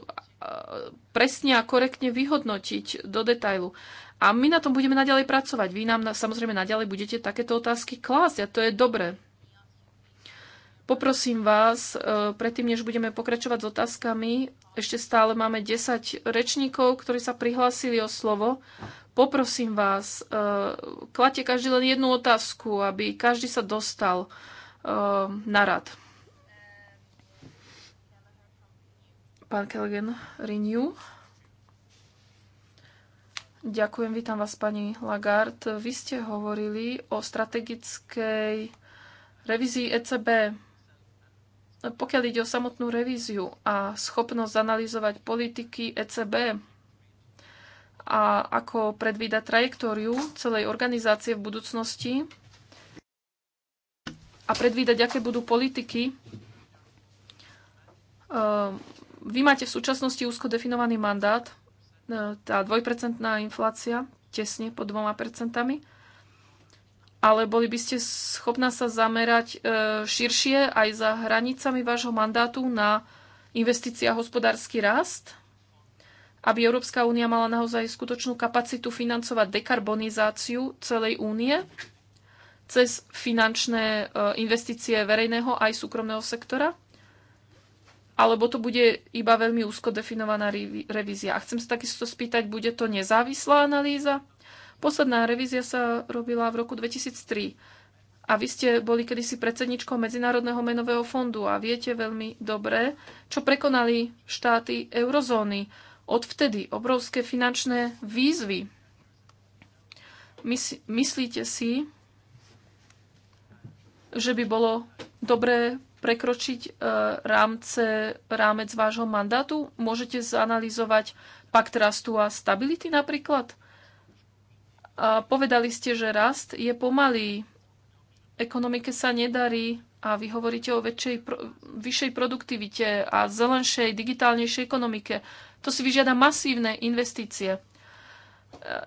A: presne a korektne vyhodnotiť do detailu. A my na tom budeme naďalej pracovať. Vy nám samozrejme naďalej budete takéto otázky klásť a to je dobre. Poprosím vás, e, predtým, než budeme pokračovať s otázkami, ešte stále máme 10 rečníkov, ktorí sa prihlásili o slovo. Poprosím vás, eh, kladte každý len jednu otázku, aby každý sa dostal eh, na rad. Pán Kelgen, Renew. Ďakujem, vítam vás, pani Lagarde. Vy ste hovorili o strategickej revízii ECB. Pokiaľ ide o samotnú revíziu a schopnosť analyzovať politiky ECB, a ako predvídať trajektóriu celej organizácie v budúcnosti a predvídať, aké budú politiky. Ehm, vy máte v súčasnosti úzko definovaný mandát, e, tá dvojpercentná inflácia, tesne pod dvoma percentami, ale boli by ste schopná sa zamerať e, širšie aj za hranicami vášho mandátu na investícia a hospodársky rast? aby Európska únia mala naozaj skutočnú kapacitu financovať dekarbonizáciu celej únie cez finančné e, investície verejného aj súkromného sektora? Alebo to bude iba veľmi úzko definovaná revízia? A chcem sa takisto spýtať, bude to nezávislá analýza? Posledná revízia sa robila v roku 2003. A vy ste boli kedysi predsedničkou Medzinárodného menového fondu a viete veľmi dobre, čo prekonali štáty eurozóny odvtedy obrovské finančné výzvy. Mys- myslíte si, že by bolo dobré prekročiť e, rámce, rámec vášho mandátu? Môžete zanalizovať pakt rastu a stability napríklad? A povedali ste, že rast je pomalý, ekonomike sa nedarí a vy hovoríte o väčšej, vyššej produktivite a zelenšej, digitálnejšej ekonomike. To si vyžiada masívne investície. E,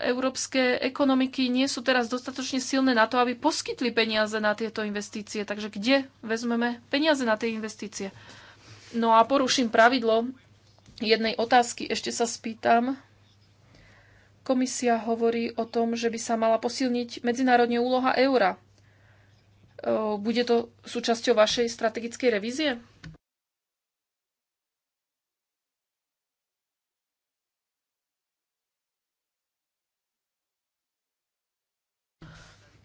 A: európske ekonomiky nie sú teraz dostatočne silné na to, aby poskytli peniaze na tieto investície. Takže kde vezmeme peniaze na tie investície? No a poruším pravidlo jednej otázky. Ešte sa spýtam, Komisia hovorí o tom, že by sa mala posilniť medzinárodne úloha eura. E, bude to súčasťou vašej strategickej revízie?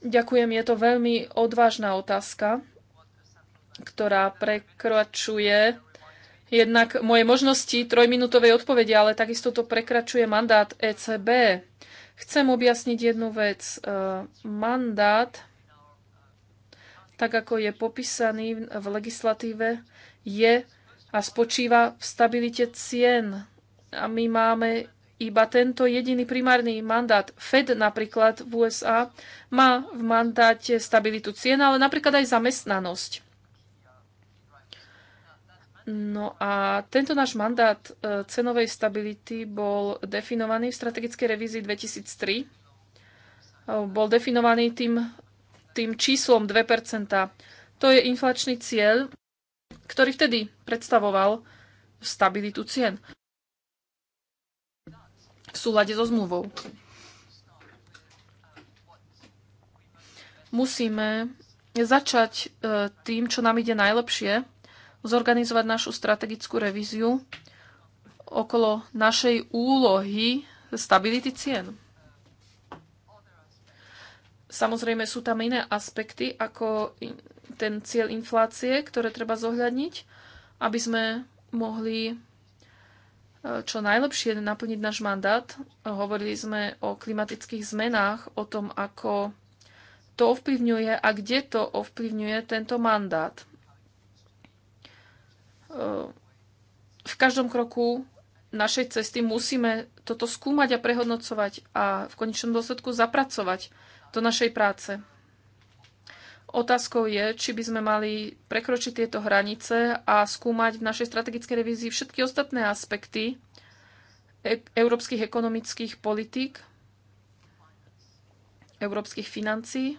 A: Ďakujem, je to veľmi odvážna otázka, ktorá prekračuje jednak moje možnosti trojminútovej odpovede, ale takisto to prekračuje mandát ECB. Chcem objasniť jednu vec. E, mandát, tak ako je popísaný v legislatíve, je a spočíva v stabilite cien. A my máme iba tento jediný primárny mandát. Fed napríklad v USA má v mandáte stabilitu cien, ale napríklad aj zamestnanosť. No a tento náš mandát e, cenovej stability bol definovaný v strategickej revízii 2003. E, bol definovaný tým, tým číslom 2 To je inflačný cieľ, ktorý vtedy predstavoval stabilitu cien v súlade so zmluvou. Musíme začať e, tým, čo nám ide najlepšie, zorganizovať našu strategickú revíziu okolo našej úlohy stability cien. Samozrejme sú tam iné aspekty ako ten cieľ inflácie, ktoré treba zohľadniť, aby sme mohli čo najlepšie naplniť náš mandát. Hovorili sme o klimatických zmenách, o tom, ako to ovplyvňuje a kde to ovplyvňuje tento mandát. V každom kroku našej cesty musíme toto skúmať a prehodnocovať a v konečnom dôsledku zapracovať do našej práce. Otázkou je, či by sme mali prekročiť tieto hranice a skúmať v našej strategickej revízii všetky ostatné aspekty e európskych ekonomických politík, európskych financí. E,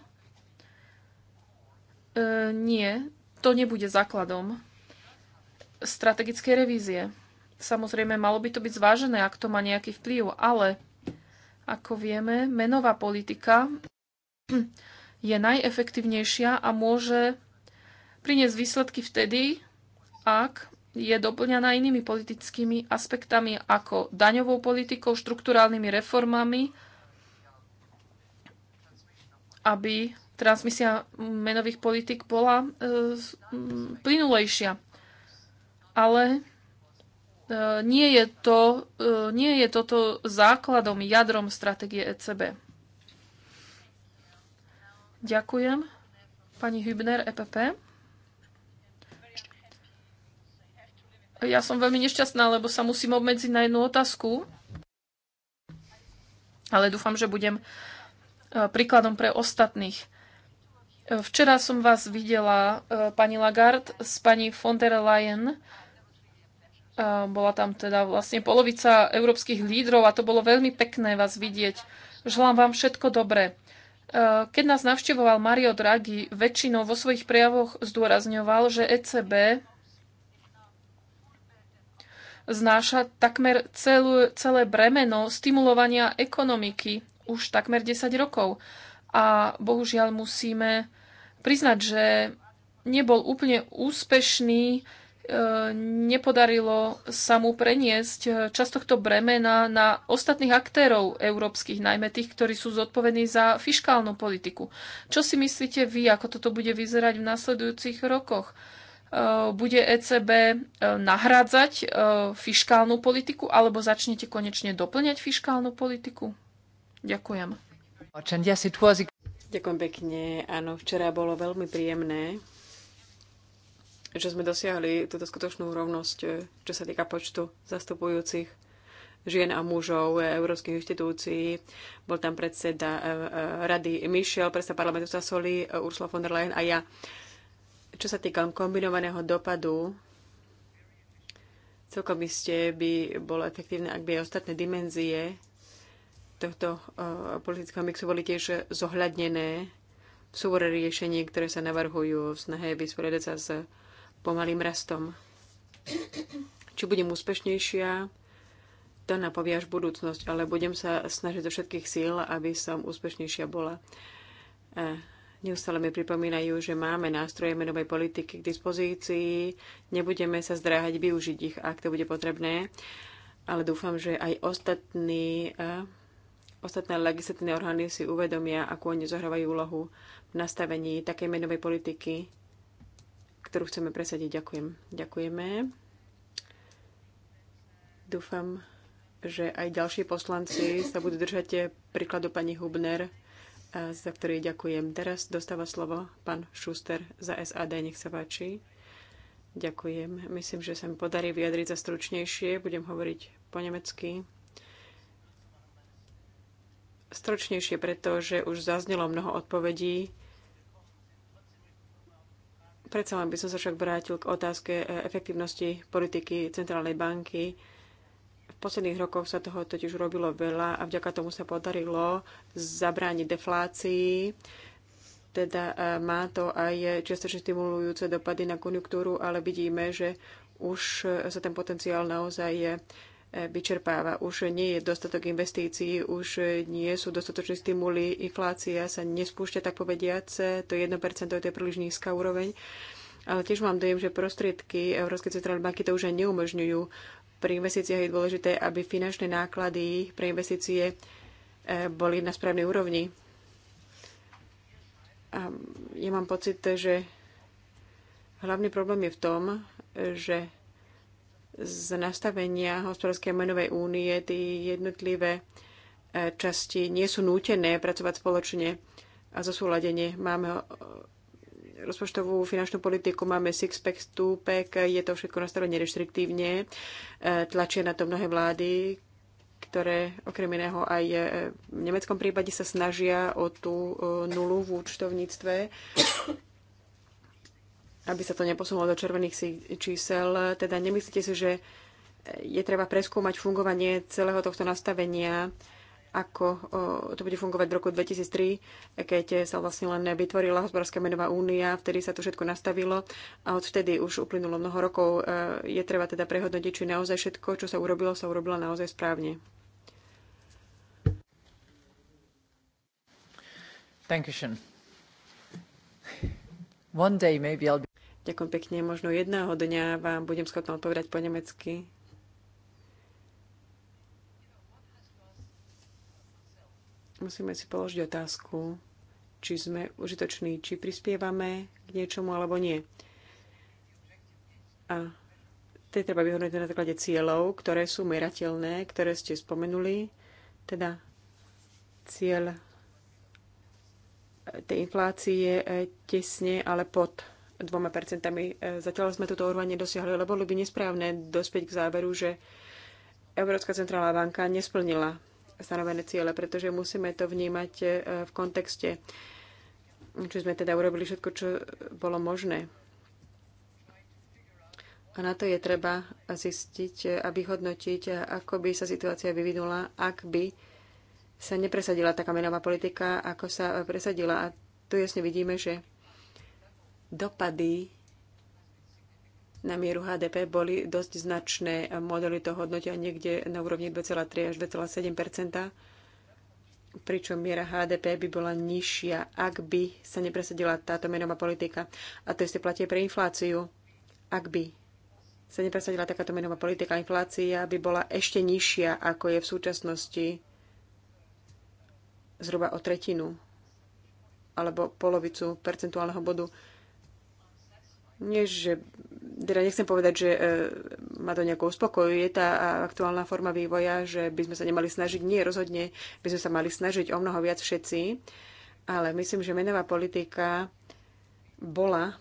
A: nie, to nebude základom strategickej revízie. Samozrejme, malo by to byť zvážené, ak to má nejaký vplyv, ale ako vieme, menová politika je najefektívnejšia a môže priniesť výsledky vtedy, ak je doplňaná inými politickými aspektami ako daňovou politikou, štruktúrálnymi reformami, aby transmisia menových politik bola e, plynulejšia. Ale e, nie, je to, e, nie je toto základom, jadrom stratégie ECB. Ďakujem. Pani Hübner, EPP. Ja som veľmi nešťastná, lebo sa musím obmedziť na jednu otázku. Ale dúfam, že budem e, príkladom pre ostatných. Včera som vás videla, e, pani Lagarde, s pani von der Leyen. E, bola tam teda vlastne polovica európskych lídrov a to bolo veľmi pekné vás vidieť. Želám vám všetko dobré. Eh, keď nás navštevoval Mario Draghi, väčšinou vo svojich prejavoch zdôrazňoval, že ECB znáša takmer celú, celé bremeno stimulovania ekonomiky už takmer 10 rokov. A bohužiaľ musíme priznať, že nebol úplne úspešný nepodarilo sa mu preniesť eh, časť tohto bremena na ostatných aktérov európskych, najmä tých, ktorí sú zodpovední za fiškálnu politiku. Čo si myslíte vy, ako toto bude vyzerať v nasledujúcich rokoch? Eh, bude ECB eh, nahrádzať fiškálnu politiku alebo začnete konečne doplňať fiskálnu politiku? Ďakujem. Ďakujem pekne.
B: Áno, včera bolo veľmi príjemné že sme dosiahli túto skutočnú rovnosť, eh, čo sa týka počtu zastupujúcich žien a mužov eh, európskych inštitúcií. Bol tam predseda eh, rady Michel, predseda parlamentu Sassoli, Ursula von der Leyen a ja. Čo sa týka kombinovaného dopadu, celkom iste by bolo efektívne, ak by aj ostatné dimenzie tohto politického mixu boli tiež zohľadnené v súbore riešení, ktoré sa navrhujú v snahe vysporiadať sa s pomalým rastom. Či budem úspešnejšia, to napoviaš až budúcnosť, ale budem sa snažiť do všetkých síl, aby som úspešnejšia bola. E, neustále mi pripomínajú, že máme nástroje menovej politiky k dispozícii, nebudeme sa zdráhať využiť ich, ak to bude potrebné, ale dúfam, že aj ostatní, e, ostatné legislatívne orgány si uvedomia, akú oni zohrávajú úlohu v nastavení takej menovej politiky, ktorú chceme presadiť. Ďakujem. Ďakujeme. Dúfam, že aj ďalší poslanci sa budú držať príkladu pani Hubner, za ktorý ďakujem. Teraz dostáva slovo pán Šuster za SAD. Nech sa páči. Ďakujem. Myslím, že sa mi podarí vyjadriť za stručnejšie. Budem hovoriť po nemecky. Stručnejšie, pretože už zaznelo mnoho odpovedí Predsa len by som sa však vrátil k otázke e, efektívnosti politiky Centrálnej banky. V posledných rokoch sa toho totiž robilo veľa a vďaka tomu sa podarilo zabrániť deflácii. Teda e, má to aj čiastočne stimulujúce dopady na konjunktúru, ale vidíme, že už e, sa ten potenciál naozaj E, vyčerpáva. Už nie je dostatok investícií, už nie sú dostatočné stimuly, inflácia sa nespúšťa, tak povediac, to 1% to je príliš nízka úroveň. Ale tiež mám dojem, že prostriedky Európskej centrálnej banky to už aj neumožňujú. Pri investíciách je dôležité, aby finančné náklady pre investície e, boli na správnej úrovni. A ja mám pocit, že hlavný problém je v tom, že z nastavenia hospodárskej menovej únie tie jednotlivé e, časti nie sú nútené pracovať spoločne a zosúladenie. Máme e, rozpočtovú finančnú politiku, máme six-pack, two-pack, je to všetko nastavené reštriktívne. E, tlačia na to mnohé vlády, ktoré okrem iného aj v nemeckom prípade sa snažia o tú nulu v účtovníctve aby sa to neposunulo do červených čísel. Teda nemyslíte si, že je treba preskúmať fungovanie celého tohto nastavenia, ako to bude fungovať v roku 2003, keď sa vlastne len vytvorila hospodárska menová únia, vtedy sa to všetko nastavilo a odvtedy už uplynulo mnoho rokov. E, je treba teda prehodnotiť, či naozaj všetko, čo sa urobilo, sa urobilo naozaj správne. Dankeschön. One day maybe I'll be... Ďakujem pekne. Možno jedného dňa vám budem schopná odpovedať po nemecky. Musíme si položiť otázku, či sme užitoční, či prispievame k niečomu alebo nie. A tie treba vyhodnotiť na základe cieľov, ktoré sú merateľné, ktoré ste spomenuli, teda cieľ e, tej inflácie e, tesne, ale pod dvoma percentami. E, zatiaľ sme toto úroveň dosiahli, lebo bolo by nesprávne dospieť k záveru, že Európska centrálna banka nesplnila stanovené ciele, pretože musíme to vnímať e, v kontexte, či sme teda urobili všetko, čo bolo možné. A na to je treba zistiť e, a vyhodnotiť, ako by sa situácia vyvinula, ak by sa nepresadila taká menová politika, ako sa presadila. A tu jasne vidíme, že Dopady na mieru HDP boli dosť značné. Modely to hodnotia niekde na úrovni 2,3 až 2,7 pričom miera HDP by bola nižšia, ak by sa nepresadila táto menová politika. A to isté platí pre infláciu. Ak by sa nepresadila takáto menová politika, inflácia by bola ešte nižšia, ako je v súčasnosti zhruba o tretinu alebo polovicu percentuálneho bodu. Nie, že, teda nechcem povedať, že e, ma to nejako uspokojuje tá aktuálna forma vývoja, že by sme sa nemali snažiť. Nie, rozhodne by sme sa mali snažiť o mnoho viac všetci, ale myslím, že menová politika bola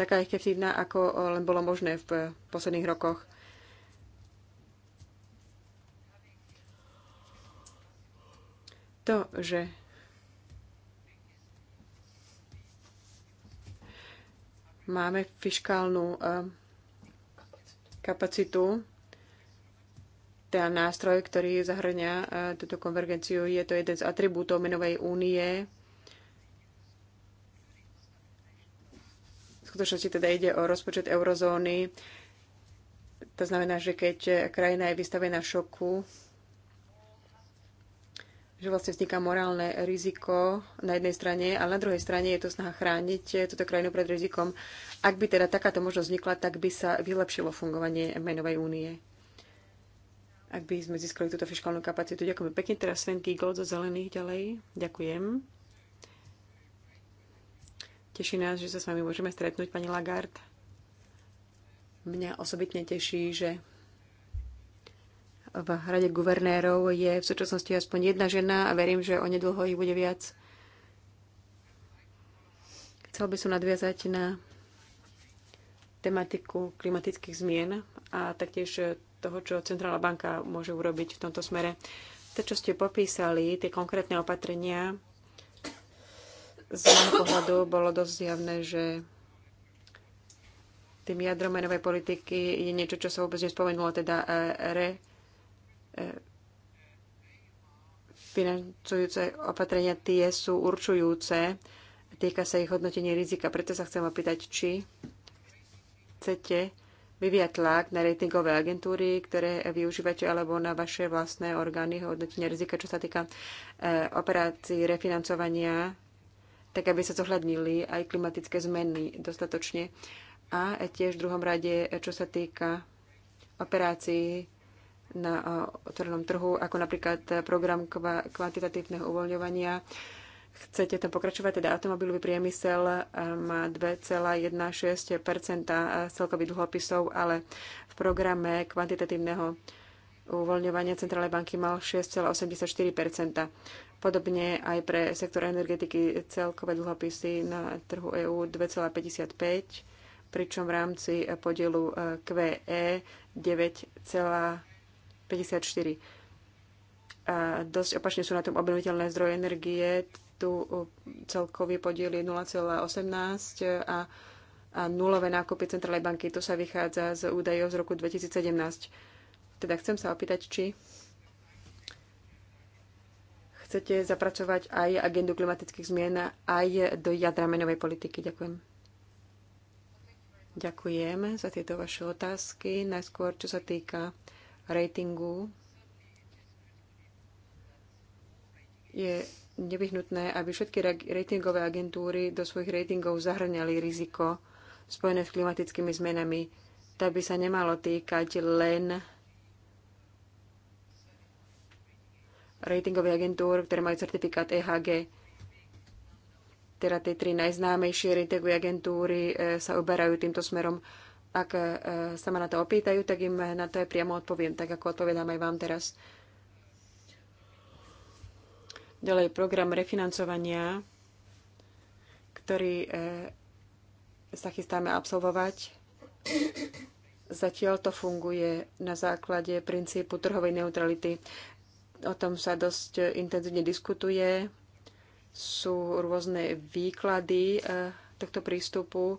B: taká efektívna, ako len bolo možné v posledných rokoch. To, že máme fiskálnu ehm, kapacitu, teda nástroj, ktorý zahrňa e, túto konvergenciu. Je to jeden z atribútov menovej únie. V skutočnosti teda ide o rozpočet eurozóny. To znamená, že keď e, krajina je vystavená šoku, že vlastne vzniká morálne riziko na jednej strane, ale na druhej strane je to snaha chrániť túto krajinu pred rizikom. Ak by teda takáto možnosť vznikla, tak by sa vylepšilo fungovanie menovej únie. Ak by sme získali túto fiskálnu kapacitu. Ďakujem pekne. Teraz Sven Giegold zo Zelených ďalej. Ďakujem. Teší nás, že sa s vami môžeme stretnúť, pani Lagarde. Mňa osobitne teší, že v hrade guvernérov je v súčasnosti aspoň jedna žena a verím, že onedlho ich bude viac. Chcel by som nadviazať na tematiku klimatických zmien a taktiež toho, čo Centrálna banka môže urobiť v tomto smere. To, čo ste popísali, tie konkrétne opatrenia, z môjho pohľadu bolo dosť zjavné, že tým jadrom menovej politiky je niečo, čo sa vôbec nespomenulo, teda e, re financujúce opatrenia tie sú určujúce, týka sa ich hodnotenie rizika. Preto sa chcem opýtať, či chcete vyvíjať tlak na ratingové agentúry, ktoré využívate, alebo na vaše vlastné orgány hodnotenia rizika, čo sa týka e, operácií refinancovania, tak aby sa zohľadnili aj klimatické zmeny dostatočne. A tiež v druhom rade, čo sa týka operácií na otvorenom trhu, ako napríklad program kvantitatívneho uvoľňovania. Chcete tam pokračovať, teda automobilový priemysel má 2,16 celkových dlhopisov, ale v programe kvantitatívneho uvoľňovania Centrálnej banky mal 6,84 Podobne aj pre sektor energetiky celkové dlhopisy na trhu EÚ 2,55 pričom v rámci podielu QE 54. A dosť opačne sú na tom obnoviteľné zdroje energie. Tu celkový podiel je 0,18 a, a nulové nákupy Centrálnej banky. To sa vychádza z údajov z roku 2017. Teda chcem sa opýtať, či chcete zapracovať aj agendu klimatických zmien aj do jadra menovej politiky. Ďakujem. Ďakujem za tieto vaše otázky. Najskôr, čo sa týka ratingu je nevyhnutné, aby všetky ratingové agentúry do svojich ratingov zahrňali riziko spojené s klimatickými zmenami. To by sa nemalo týkať len ratingových agentúr, ktoré majú certifikát EHG. Teda tie tri najznámejšie ratingové agentúry eh, sa uberajú týmto smerom. Ak e, sa ma na to opýtajú, tak im na to aj priamo odpoviem, tak ako odpovedám aj vám teraz. Ďalej program refinancovania, ktorý e, sa chystáme absolvovať. Zatiaľ to funguje na základe princípu trhovej neutrality. O tom sa dosť intenzívne diskutuje. Sú rôzne výklady e, tohto prístupu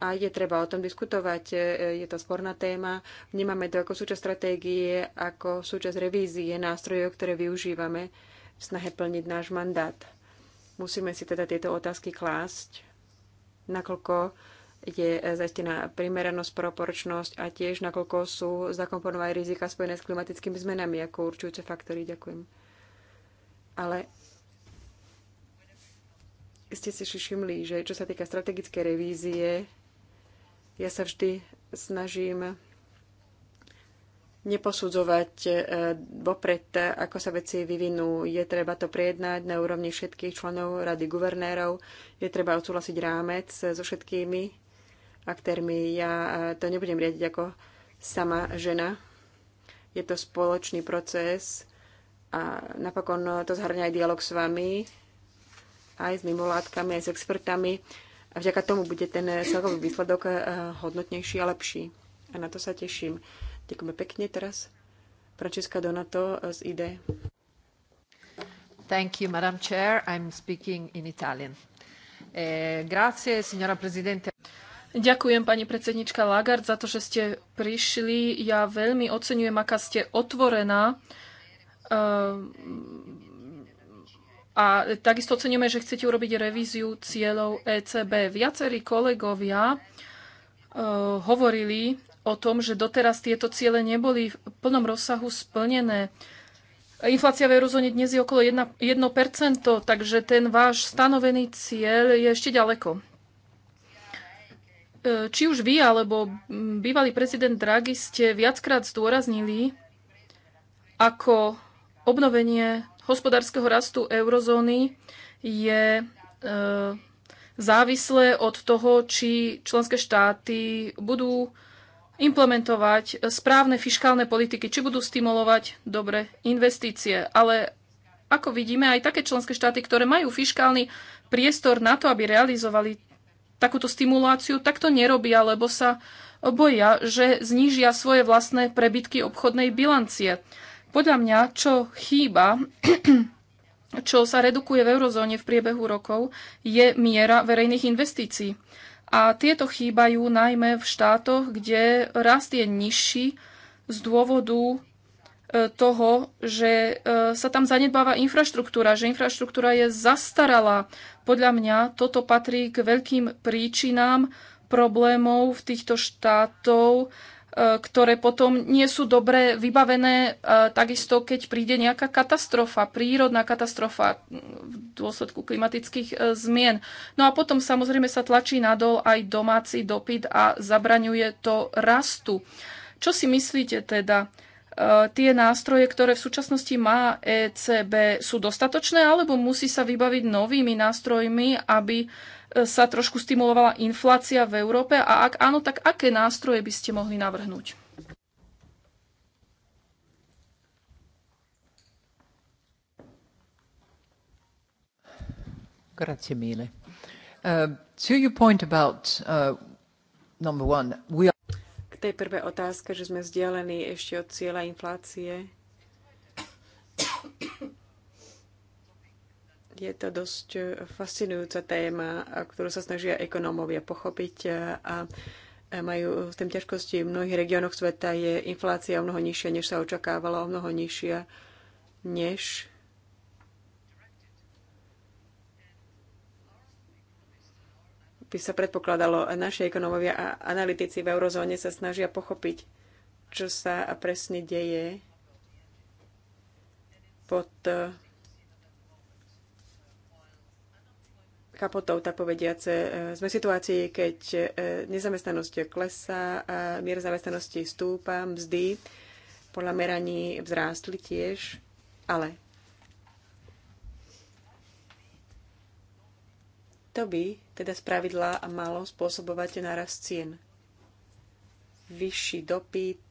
B: a je treba o tom diskutovať. E, je to sporná téma. Vnímame to ako súčasť stratégie, ako súčasť revízie nástrojov, ktoré využívame v snahe plniť náš mandát. Musíme si teda tieto otázky klásť, nakoľko je zaistená primeranosť, proporčnosť a tiež nakoľko sú zakomponované rizika spojené s klimatickými zmenami ako určujúce faktory. Ďakujem. Ale ste si všimli, že čo sa týka strategickej revízie, ja sa vždy snažím neposudzovať e, vopred, e, ako sa veci vyvinú. Je treba to prijednať na úrovni všetkých členov rady guvernérov. Je treba odsúhlasiť rámec so všetkými aktérmi. Ja e, to nebudem riadiť ako sama žena. Je to spoločný proces a napokon to zhrňa aj dialog s vami, aj s mimovládkami, aj s expertami a vďaka tomu bude ten celkový výsledok eh, hodnotnejší a lepší. A na to sa teším. Ďakujeme pekne teraz. Francesca Donato eh, z IDE. Thank you, Madam Chair. I'm speaking in
A: Italian. Eh, grazie, signora Presidente. Ďakujem pani predsednička Lagarde za to, že ste prišli. Ja veľmi oceňujem, aká ste otvorená eh, a takisto ceníme, že chcete urobiť revíziu cieľov ECB. Viacerí kolegovia uh, hovorili o tom, že doteraz tieto ciele neboli v plnom rozsahu splnené. Inflácia v eurozóne dnes je okolo 1, 1%, takže ten váš stanovený cieľ je ešte ďaleko. E, či už vy, alebo bývalý prezident Draghi ste viackrát zdôraznili, ako obnovenie hospodárskeho rastu eurozóny je e, závislé od toho, či členské štáty budú implementovať správne fiskálne politiky, či budú stimulovať dobre investície. Ale ako vidíme, aj také členské štáty, ktoré majú fiškálny priestor na to, aby realizovali takúto stimuláciu, tak to nerobia, lebo sa boja, že znížia svoje vlastné prebytky obchodnej bilancie. Podľa mňa, čo chýba, čo sa redukuje v eurozóne v priebehu rokov, je miera verejných investícií. A tieto chýbajú najmä v štátoch, kde rast je nižší z dôvodu e, toho, že e, sa tam zanedbáva infraštruktúra, že infraštruktúra je zastaralá. Podľa mňa toto patrí k veľkým príčinám problémov v týchto štátov E, ktoré potom nie sú dobre vybavené, e, takisto keď príde nejaká katastrofa, prírodná katastrofa v dôsledku klimatických e, zmien. No a potom samozrejme sa tlačí nadol aj domáci dopyt a zabraňuje to rastu. Čo si myslíte teda? Tie nástroje, ktoré v súčasnosti má ECB, sú dostatočné alebo musí sa vybaviť novými nástrojmi, aby sa trošku stimulovala inflácia v Európe a ak áno, tak aké nástroje by ste mohli navrhnúť?
C: Grazie mille. Uh, to your point about uh, number one, we are...
B: K tej prvej otázke, že sme vzdialení ešte od cieľa inflácie, Je to dosť eh, fascinujúca téma, ktorú sa snažia ekonómovia pochopiť eh, a eh, majú v tým ťažkosti. V mnohých regiónoch sveta je inflácia o mnoho nižšia, než sa očakávalo, o mnoho nižšia, než by sa predpokladalo. Naši ekonómovia a analytici v eurozóne sa snažia pochopiť, čo sa presne deje pod kapotou, tak povediac. E, sme v situácii, keď e, nezamestnanosť klesá, mier zamestnanosti stúpa, mzdy podľa meraní vzrástli tiež, ale to by teda z pravidla malo spôsobovať nárast cien. Vyšší dopyt,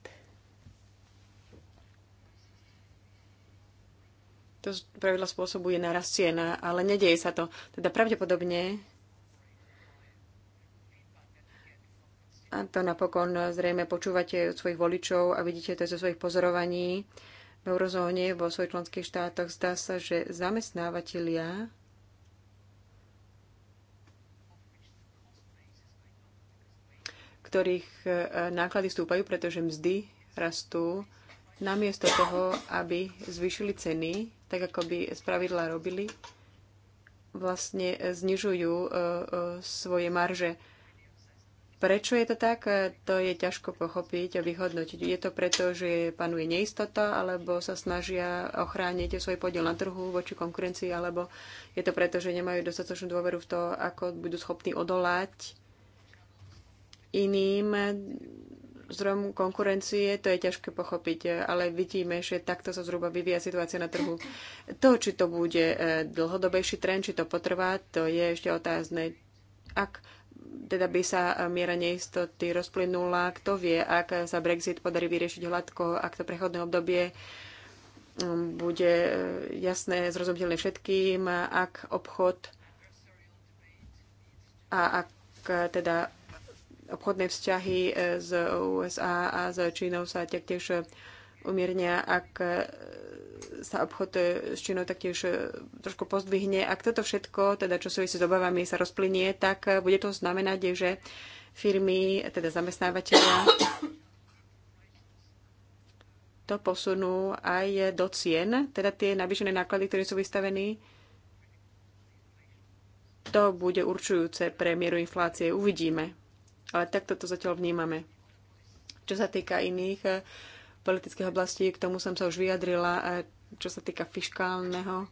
B: To pravidla spôsobuje naraz cien, ale nedieje sa to. Teda pravdepodobne a to napokon zrejme počúvate od svojich voličov a vidíte to zo svojich pozorovaní v eurozóne, vo svojich členských štátoch. Zdá sa, že zamestnávateľia ktorých e, náklady stúpajú, pretože mzdy rastú, namiesto toho, aby zvýšili ceny, tak ako by spravidla robili, vlastne znižujú e, e, svoje marže. Prečo je to tak? E, to je ťažko pochopiť a vyhodnotiť. Je to preto, že panuje neistota, alebo sa snažia ochrániť svoj podiel na trhu voči konkurencii, alebo je to preto, že nemajú dostatočnú dôveru v to, ako budú schopní odolať iným zdrojom konkurencie, to je ťažké pochopiť, e, ale vidíme, že takto sa zhruba vyvíja situácia na trhu. To, či to bude e, dlhodobejší trend, či to potrvá, to je ešte otázne. Ak teda by sa e, miera neistoty rozplynula, kto vie, ak sa Brexit podarí vyriešiť hladko, ak to prechodné obdobie bude jasné, zrozumiteľné všetkým, ak obchod a ak teda obchodné vzťahy e, z USA a s Čínou sa taktiež e, umiernia, ak e, sa obchod s Čínou taktiež trošku pozdvihne. Ak toto všetko, teda čo súvisí s obavami, sa rozplynie, tak bude to znamenať, že firmy, teda zamestnávateľia, to posunú aj do cien, teda tie navýšené náklady, ktoré sú vystavení, to bude určujúce pre mieru inflácie. Uvidíme. Ale takto to zatiaľ vnímame. Čo sa týka iných eh, politických oblastí, k tomu som sa už vyjadrila, eh, čo sa týka fiskálneho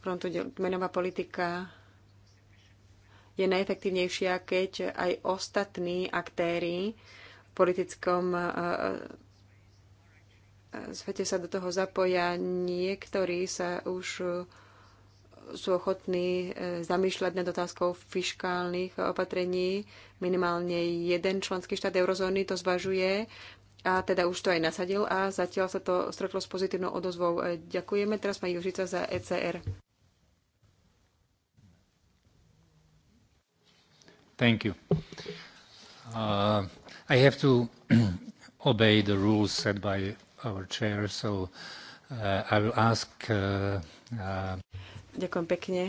B: frontu, menová politika je najefektívnejšia, keď aj ostatní aktéry v politickom eh, svete sa do toho zapoja. Niektorí sa už sú ochotní e, zamýšľať nad otázkou fiskálnych opatrení. Minimálne jeden členský štát eurozóny to zvažuje a teda už to aj nasadil a zatiaľ sa to stretlo s pozitívnou odozvou. E, ďakujeme teraz pani Južica za ECR.
A: Thank you. Uh, I have to obey the rules set by our chair, so uh, I will ask... Uh, uh...
B: Ďakujem pekne.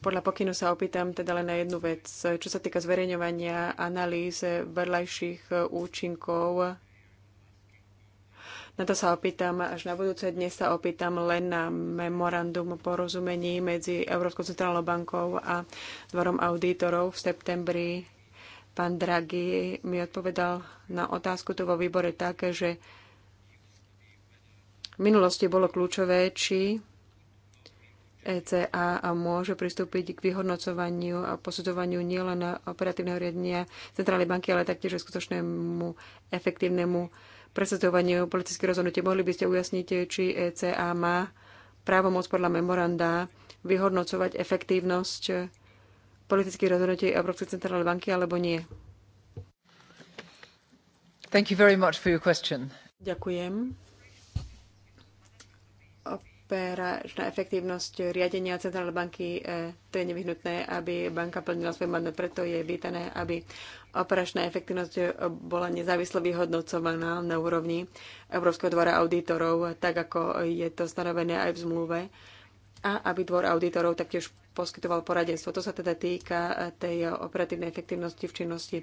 B: Podľa pokynu sa opýtam teda len na jednu vec. Čo sa týka zverejňovania analýz vedľajších eh, účinkov, na to sa opýtam až na budúce. Dnes sa opýtam len na memorandum o porozumení medzi Európskou centrálnou bankou a dvorom auditorov v septembri. Pán Draghi mi odpovedal na otázku tu vo výbore tak, že v minulosti bolo kľúčové, či ECA môže pristúpiť k vyhodnocovaniu a posudzovaniu nielen operatívneho riadenia Centrálnej banky, ale taktiež skutočnému efektívnemu presadzovaniu politických rozhodnutí. Mohli by ste ujasniť, či ECA má právomoc podľa memoranda vyhodnocovať efektívnosť politických rozhodnutí Európskej centrálnej banky alebo nie?
A: Thank you very much for your question.
B: Ďakujem operačná efektívnosť riadenia Centrálnej banky, e, to je nevyhnutné, aby banka plnila svoj mandát, preto je vítané, aby operačná efektívnosť bola nezávisle vyhodnocovaná na úrovni Európskeho dvora auditorov, tak ako je to stanovené aj v zmluve a aby dvor auditorov taktiež poskytoval poradenstvo. To sa teda týka tej operatívnej efektívnosti v činnosti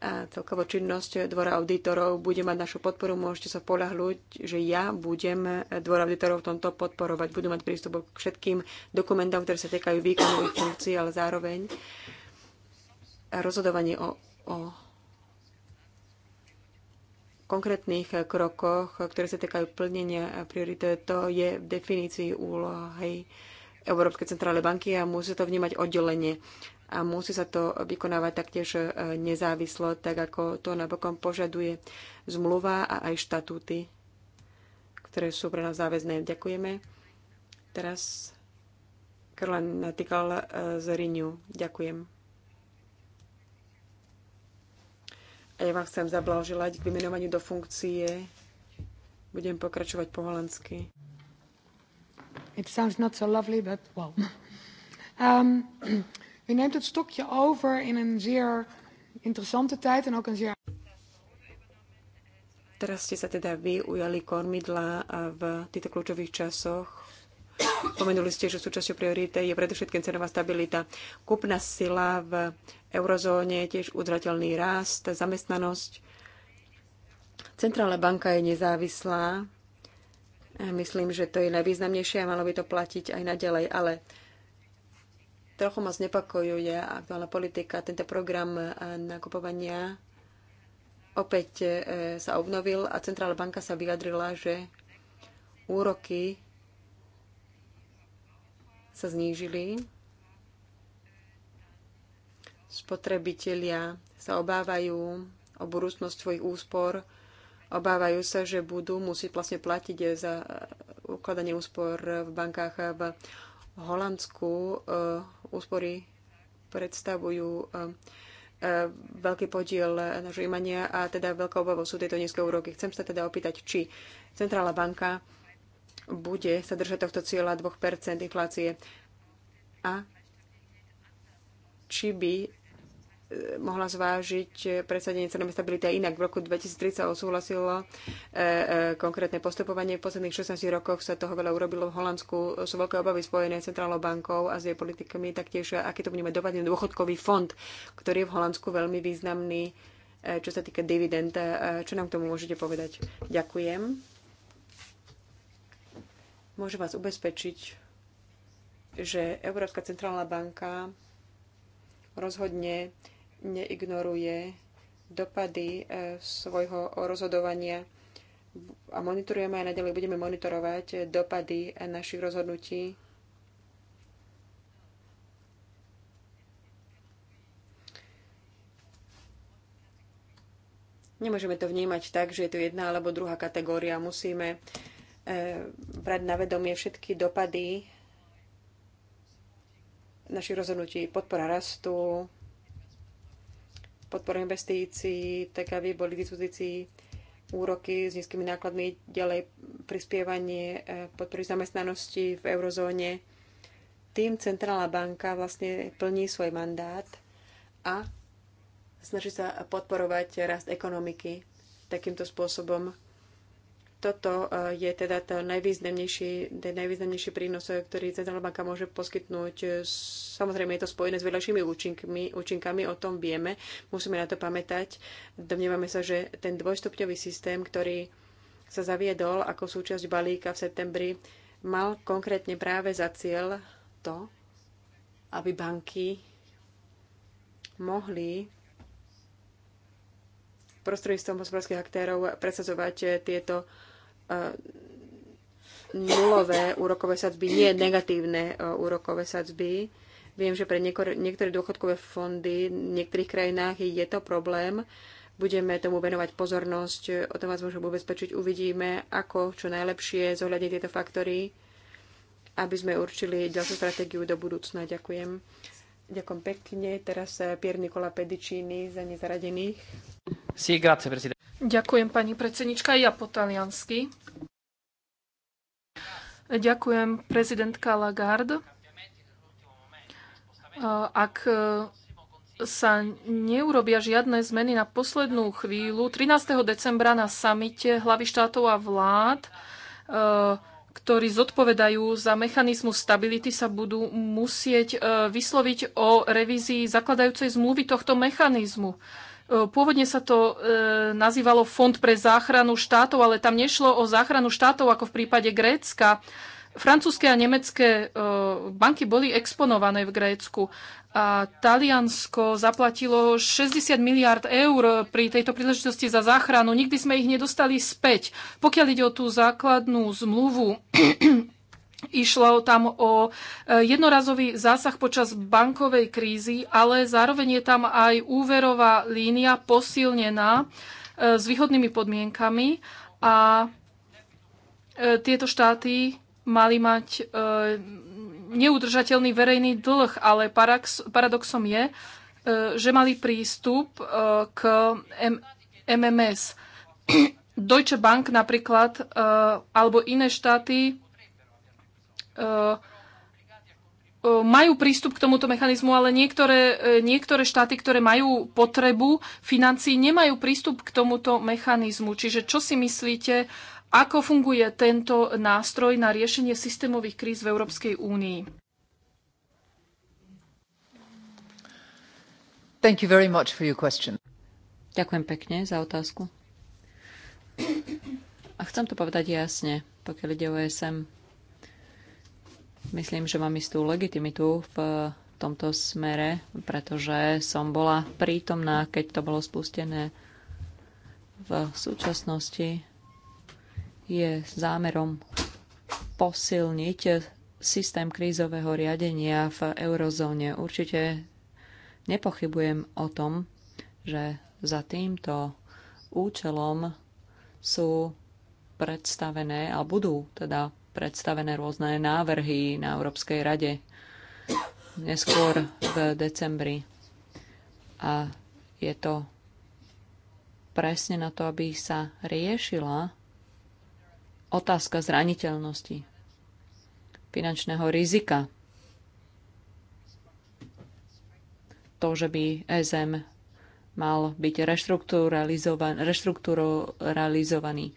B: a celkovo činnosť Dvora auditorov bude mať našu podporu. Môžete sa polahľuť, že ja budem dvora auditorov v tomto podporovať. Budú mať prístup k všetkým dokumentom, ktoré sa týkajú výkonu funkcií, ale zároveň rozhodovanie o, o konkrétnych krokoch, ktoré sa týkajú plnenia priority, to je v definícii úlohy Európskej centrálnej banky a musí to vnímať oddelenie a musí sa to vykonávať taktiež e, nezávislo, tak ako to napokon požaduje zmluva a aj štatúty, ktoré sú pre nás záväzné. Ďakujeme. Teraz Karlen natýkal e, z Riniu. Ďakujem. A ja vám chcem zablahoželať k vymenovaniu do funkcie. Budem pokračovať po holandsky. It sounds not so lovely, but well.
A: Um, U neemt het stokje over in een zeer interessante tijd en ook een zeer...
B: Teraz ste sa teda vy ujali kormidla v týchto kľúčových časoch. Pomenuli ste, že súčasťou priority je predovšetkým cenová stabilita. Kúpna sila v eurozóne, je tiež udrateľný rast, zamestnanosť. Centrálna banka je nezávislá. Myslím, že to je najvýznamnejšie a malo by to platiť aj naďalej, ale Trochu ma znepokojuje aktuálna politika. Tento program nakupovania opäť e, sa obnovil a Centrálna banka sa vyjadrila, že úroky sa znížili. Spotrebitelia sa obávajú o budúcnosť svojich úspor, obávajú sa, že budú musieť vlastne platiť za ukladanie úspor v bankách v Holandsku eh, úspory predstavujú eh, eh, veľký podiel nášho imania a teda veľkou obavou sú tieto nízke úroky. Chcem sa teda opýtať, či Centrálna banka bude sa držať tohto cieľa 2% inflácie a či by mohla zvážiť predsadenie cenovej stability a inak. V roku 2030 odsúhlasilo e, e, konkrétne postupovanie. V posledných 16 rokoch sa toho veľa urobilo v Holandsku. Sú veľké obavy spojené s centrálnou bankou a s jej politikami, taktiež e, aký to budeme dopadne dôchodkový fond, ktorý je v Holandsku veľmi významný, čo sa týka dividend. Čo nám k tomu môžete povedať? Ďakujem. Môžem vás ubezpečiť, že Európska centrálna banka rozhodne neignoruje dopady e, svojho rozhodovania a monitorujeme aj naďalej budeme monitorovať dopady našich rozhodnutí. Nemôžeme to vnímať tak, že je to jedna alebo druhá kategória. Musíme e, brať na vedomie všetky dopady našich rozhodnutí. Podpora rastu, podporu investícií, tak aby boli k dispozícii úroky s nízkymi nákladmi, ďalej prispievanie e, podpory zamestnanosti v eurozóne. Tým Centrálna banka vlastne plní svoj mandát a snaží sa podporovať rast ekonomiky takýmto spôsobom toto e, je teda to najvýznamnejší, ten najvýznamnejší prínos, e, ktorý Centrálna banka môže poskytnúť. E, samozrejme, je to spojené s vedľajšími účinkmi, účinkami, o tom vieme, musíme na to pamätať. Domnievame sa, že ten dvojstupňový systém, ktorý sa zaviedol ako súčasť balíka v septembri, mal konkrétne práve za cieľ to, aby banky mohli prostredníctvom hospodárskych aktérov presadzovať tieto nulové úrokové sadzby, nie negatívne e, úrokové sadzby. Viem, že pre niektoré dôchodkové fondy v niektorých krajinách je to problém. Budeme tomu venovať pozornosť, o tom vás môžem ubezpečiť. Uvidíme, ako čo najlepšie zohľadniť tieto faktory, aby sme určili ďalšiu stratégiu do budúcna. Ďakujem. Ďakujem pekne. Teraz e, Pier Nikola Pedicini za nezaradených.
A: Sí, grazie, Ďakujem, pani predsednička, ja po taliansky. Ďakujem, prezidentka Lagarde. Ak sa neurobia žiadne zmeny na poslednú chvíľu, 13. decembra na samite hlavy štátov a vlád, e, ktorí zodpovedajú za mechanizmus stability, sa budú musieť e, vysloviť o revízii zakladajúcej zmluvy tohto mechanizmu. E, pôvodne sa to e, nazývalo Fond pre záchranu štátov, ale tam nešlo o záchranu štátov ako v prípade Grécka. Francúzske a nemecké e, banky boli exponované v Grécku a Taliansko zaplatilo 60 miliard eur pri tejto príležitosti za záchranu. Nikdy sme ich nedostali späť. Pokiaľ ide o tú základnú zmluvu Išlo tam o e, jednorazový zásah počas bankovej krízy, ale zároveň je tam aj úverová línia posilnená e, s výhodnými podmienkami a e, tieto štáty mali mať neudržateľný verejný dlh, ale paradoxom je, že mali prístup k MMS. Deutsche Bank napríklad alebo iné štáty E, e, majú prístup k tomuto mechanizmu, ale niektoré, e, niektoré štáty, ktoré majú potrebu financií, nemajú prístup k tomuto mechanizmu. Čiže čo si myslíte, ako funguje tento nástroj na riešenie systémových kríz v Európskej únii? Thank you very much for your question.
C: Ďakujem pekne za otázku. A chcem to povedať jasne, pokiaľ ide o ESM Myslím, že mám istú legitimitu v eh, tomto smere, pretože som bola prítomná, keď to bolo spustené. V súčasnosti je zámerom posilniť systém krízového riadenia v eurozóne. Určite nepochybujem o tom, že za týmto účelom sú predstavené a budú teda predstavené rôzne návrhy na Európskej rade neskôr v decembri. A je to presne na to, aby sa riešila otázka zraniteľnosti, finančného rizika. To, že by SM mal byť reštrukturalizovaný, reštrukturalizovaný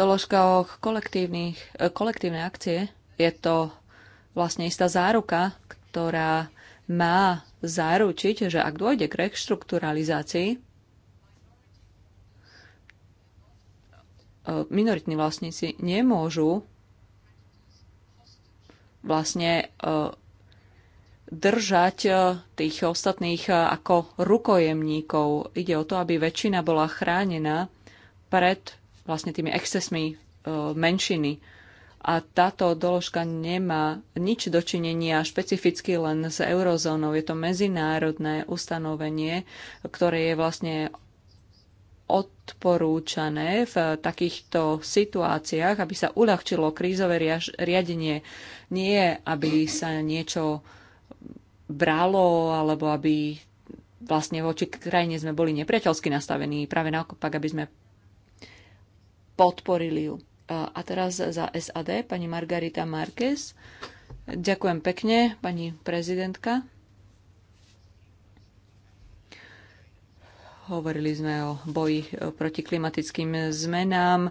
C: doložka o e, kolektívnej akcie. Je to vlastne istá záruka, ktorá má zaručiť, že ak dôjde k reštrukturalizácii, e, minoritní vlastníci nemôžu vlastne e, držať tých ostatných ako rukojemníkov. Ide o to, aby väčšina bola chránená pred vlastne tými excesmi e, menšiny. A táto doložka nemá nič dočinenia špecificky len s eurozónou. Je to medzinárodné ustanovenie, ktoré je vlastne odporúčané v takýchto situáciách, aby sa uľahčilo krízové riadenie. Nie, aby sa niečo bralo, alebo aby vlastne voči krajine sme boli nepriateľsky nastavení, práve naopak, aby sme podporili ju. A teraz za SAD pani Margarita Marquez. Ďakujem pekne, pani prezidentka. Hovorili sme o boji e, proti klimatickým zmenám, e,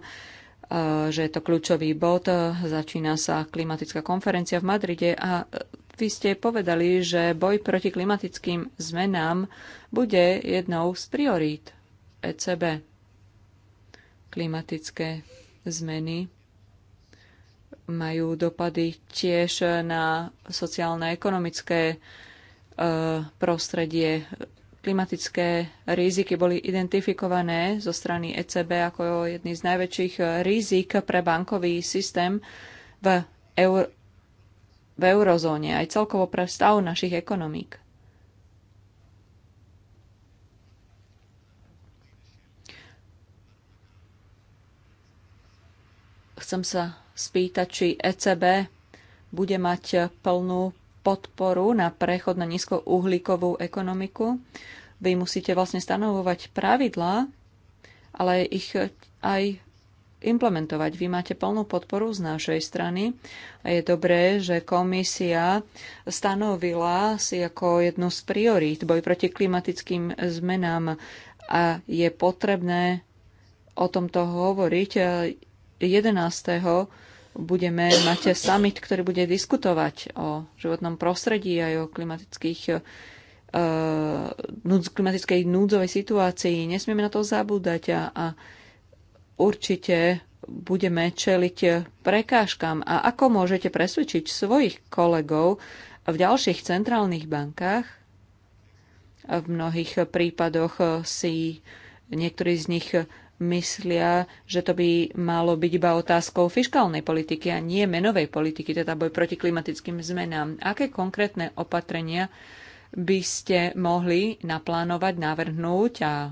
C: že je to kľúčový bod. E, začína sa klimatická konferencia v Madride a vy ste povedali, že boj proti klimatickým zmenám bude jednou z priorít ECB. Klimatické zmeny majú dopady tiež na sociálne-ekonomické e, prostredie. Klimatické riziky boli identifikované zo strany ECB ako jedný z najväčších rizik pre bankový systém v, eur- v eurozóne aj celkovo pre stav našich ekonomík. Chcem sa spýtať, či ECB bude mať plnú podporu na prechod na nízkouhlíkovú ekonomiku. Vy musíte vlastne stanovovať pravidlá, ale ich aj implementovať. Vy máte plnú podporu z našej strany a je dobré, že komisia stanovila si ako jednu z priorít boj proti klimatickým zmenám a je potrebné o tomto hovoriť 11. budeme mať summit, ktorý bude diskutovať o životnom prostredí aj o klimatických e, klimatickej núdzovej situácii. Nesmieme na to zabúdať a, a určite budeme čeliť prekážkam. A ako môžete presvedčiť svojich kolegov v ďalších centrálnych bankách? V mnohých prípadoch si niektorí z nich myslia, že to by malo byť iba otázkou fiskálnej politiky a nie menovej politiky, teda boj proti klimatickým zmenám. Aké konkrétne opatrenia by ste mohli naplánovať, navrhnúť a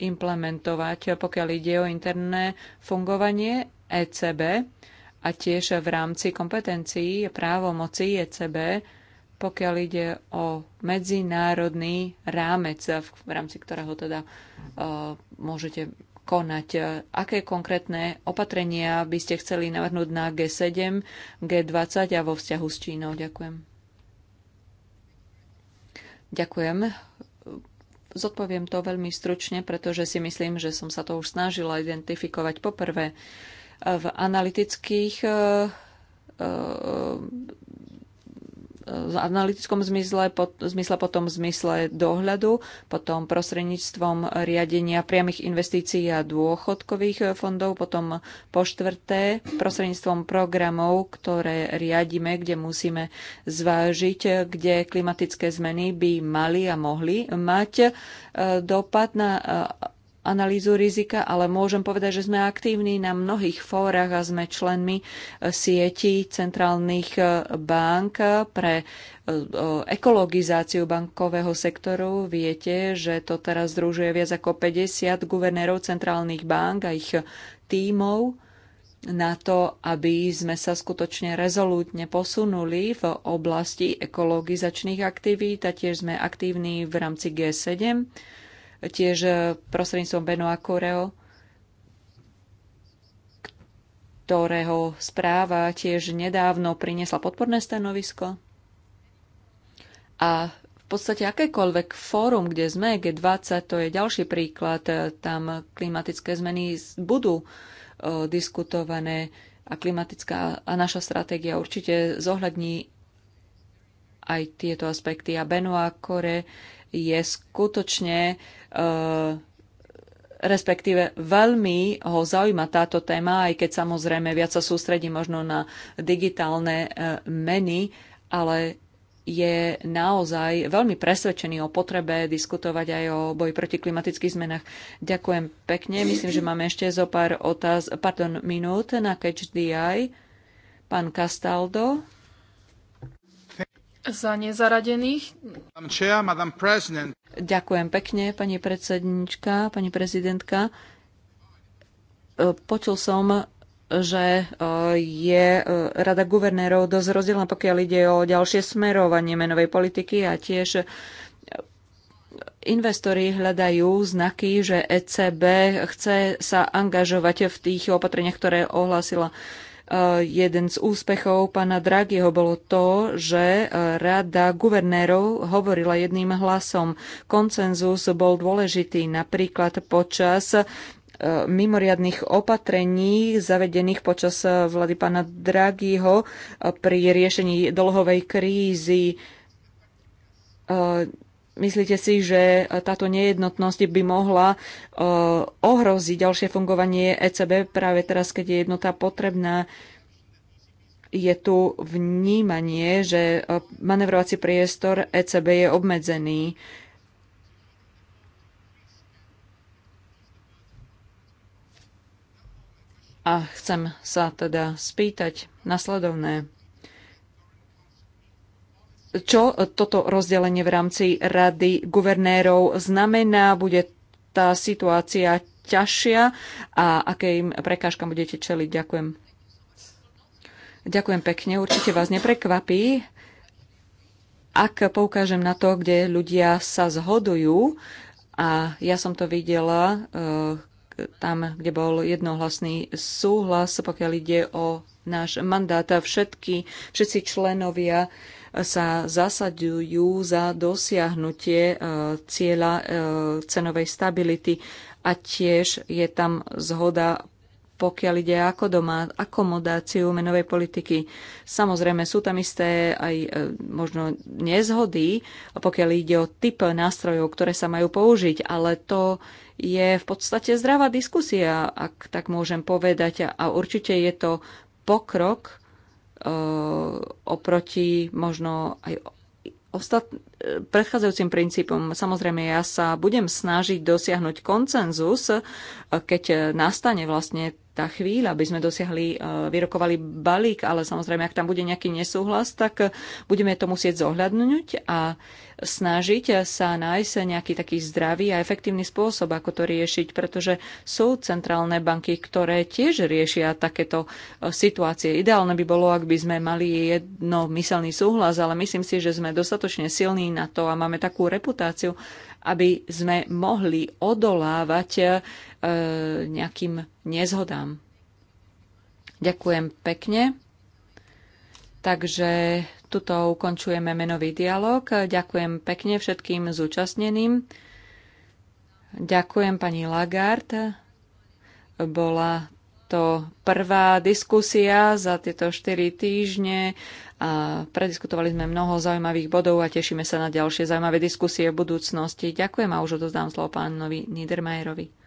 C: implementovať, pokiaľ ide o interné fungovanie ECB a tiež v rámci kompetencií právomocí ECB, pokiaľ ide o medzinárodný rámec, v rámci ktorého teda uh, môžete konať. Aké konkrétne opatrenia by ste chceli navrhnúť na G7, G20 a vo vzťahu s Čínou? Ďakujem. Ďakujem. Zodpoviem to veľmi stručne, pretože si myslím, že som sa to už snažila identifikovať poprvé. V analytických eh, eh, v analytickom zmysle, pot, zmysle, potom v zmysle dohľadu, potom prostredníctvom riadenia priamých investícií a dôchodkových fondov, potom po štvrté prostredníctvom programov, ktoré riadime, kde musíme zvážiť, kde klimatické zmeny by mali a mohli mať eh, dopad na eh, analýzu rizika, ale môžem povedať, že sme aktívni na mnohých fórach a sme členmi e, sietí centrálnych e, bank pre e, ekologizáciu bankového sektoru. Viete, že to teraz združuje viac ako 50 guvernérov centrálnych bank a ich tímov na to, aby sme sa skutočne rezolútne posunuli v oblasti ekologizačných aktivít a tiež sme aktívni v rámci G7 tiež e, prostredníctvom Benoa Koreo, ktorého správa tiež nedávno priniesla podporné stanovisko. A v podstate akékoľvek fórum, kde sme, G20, to je ďalší príklad, e, tam klimatické zmeny budú e, diskutované a klimatická a naša stratégia určite zohľadní aj tieto aspekty. A Benoit Kore je skutočne eh, respektíve veľmi ho zaujíma táto téma, aj keď samozrejme viac sa sústredí možno na digitálne eh, meny, ale je naozaj veľmi presvedčený o potrebe diskutovať aj o boji proti klimatických zmenách. Ďakujem pekne. Myslím, že máme ešte zo pár otáz, pardon, minút na Eye. Pán Castaldo
A: za nezaradených.
C: Ďakujem pekne, pani predsednička, pani prezidentka. E, počul som, že e, je e, Rada guvernérov dosť rozdielna, pokiaľ ide o ďalšie smerovanie menovej politiky a tiež investori hľadajú znaky, že ECB chce sa angažovať v tých opatreniach, ktoré ohlásila Eh, jeden z úspechov pána Draghiho bolo to, že eh, rada guvernérov hovorila jedným hlasom. Koncenzus bol dôležitý napríklad počas eh, mimoriadných opatrení zavedených počas vlády pána Draghiho pri riešení dlhovej krízy Myslíte si, že táto nejednotnosť by mohla e, ohroziť ďalšie fungovanie ECB práve teraz, keď je jednota potrebná? Je tu vnímanie, že e, manevrovací priestor ECB je obmedzený. A chcem sa teda spýtať nasledovné čo toto rozdelenie v rámci Rady guvernérov znamená. Bude tá situácia ťažšia a akým prekážkam budete čeliť. Ďakujem. Ďakujem pekne. Určite vás neprekvapí, ak poukážem na to, kde ľudia sa zhodujú, a ja som to videla eh, tam, kde bol jednohlasný súhlas, pokiaľ ide o náš mandát. Všetky, všetci členovia sa zasadujú za dosiahnutie e, cieľa e, cenovej stability a tiež je tam zhoda pokiaľ ide ako doma, akomodáciu menovej politiky. Samozrejme, sú tam isté aj e, možno nezhody, pokiaľ ide o typ nástrojov, ktoré sa majú použiť, ale to je v podstate zdravá diskusia, ak tak môžem povedať, a určite je to pokrok Eh, oproti možno aj ostat... predchádzajúcim princípom. Samozrejme, ja sa budem snažiť dosiahnuť koncenzus, eh, keď nastane vlastne tá chvíľa, aby sme dosiahli, e, vyrokovali balík, ale samozrejme, ak tam bude nejaký nesúhlas, tak e, budeme to musieť zohľadnúť a snažiť sa nájsť nejaký taký zdravý a efektívny spôsob, ako to riešiť, pretože sú centrálne banky, ktoré tiež riešia takéto e, situácie. Ideálne by bolo, ak by sme mali jednomyselný súhlas, ale myslím si, že sme dostatočne silní na to a máme takú reputáciu, aby sme mohli odolávať E, nejakým nezhodám. Ďakujem pekne. Takže tuto ukončujeme menový dialog. Ďakujem pekne všetkým zúčastneným. Ďakujem pani Lagarde. Bola to prvá diskusia za tieto 4 týždne a prediskutovali sme mnoho zaujímavých bodov a tešíme sa na ďalšie zaujímavé diskusie v budúcnosti. Ďakujem a už odozdám slovo pánovi Niedermayerovi.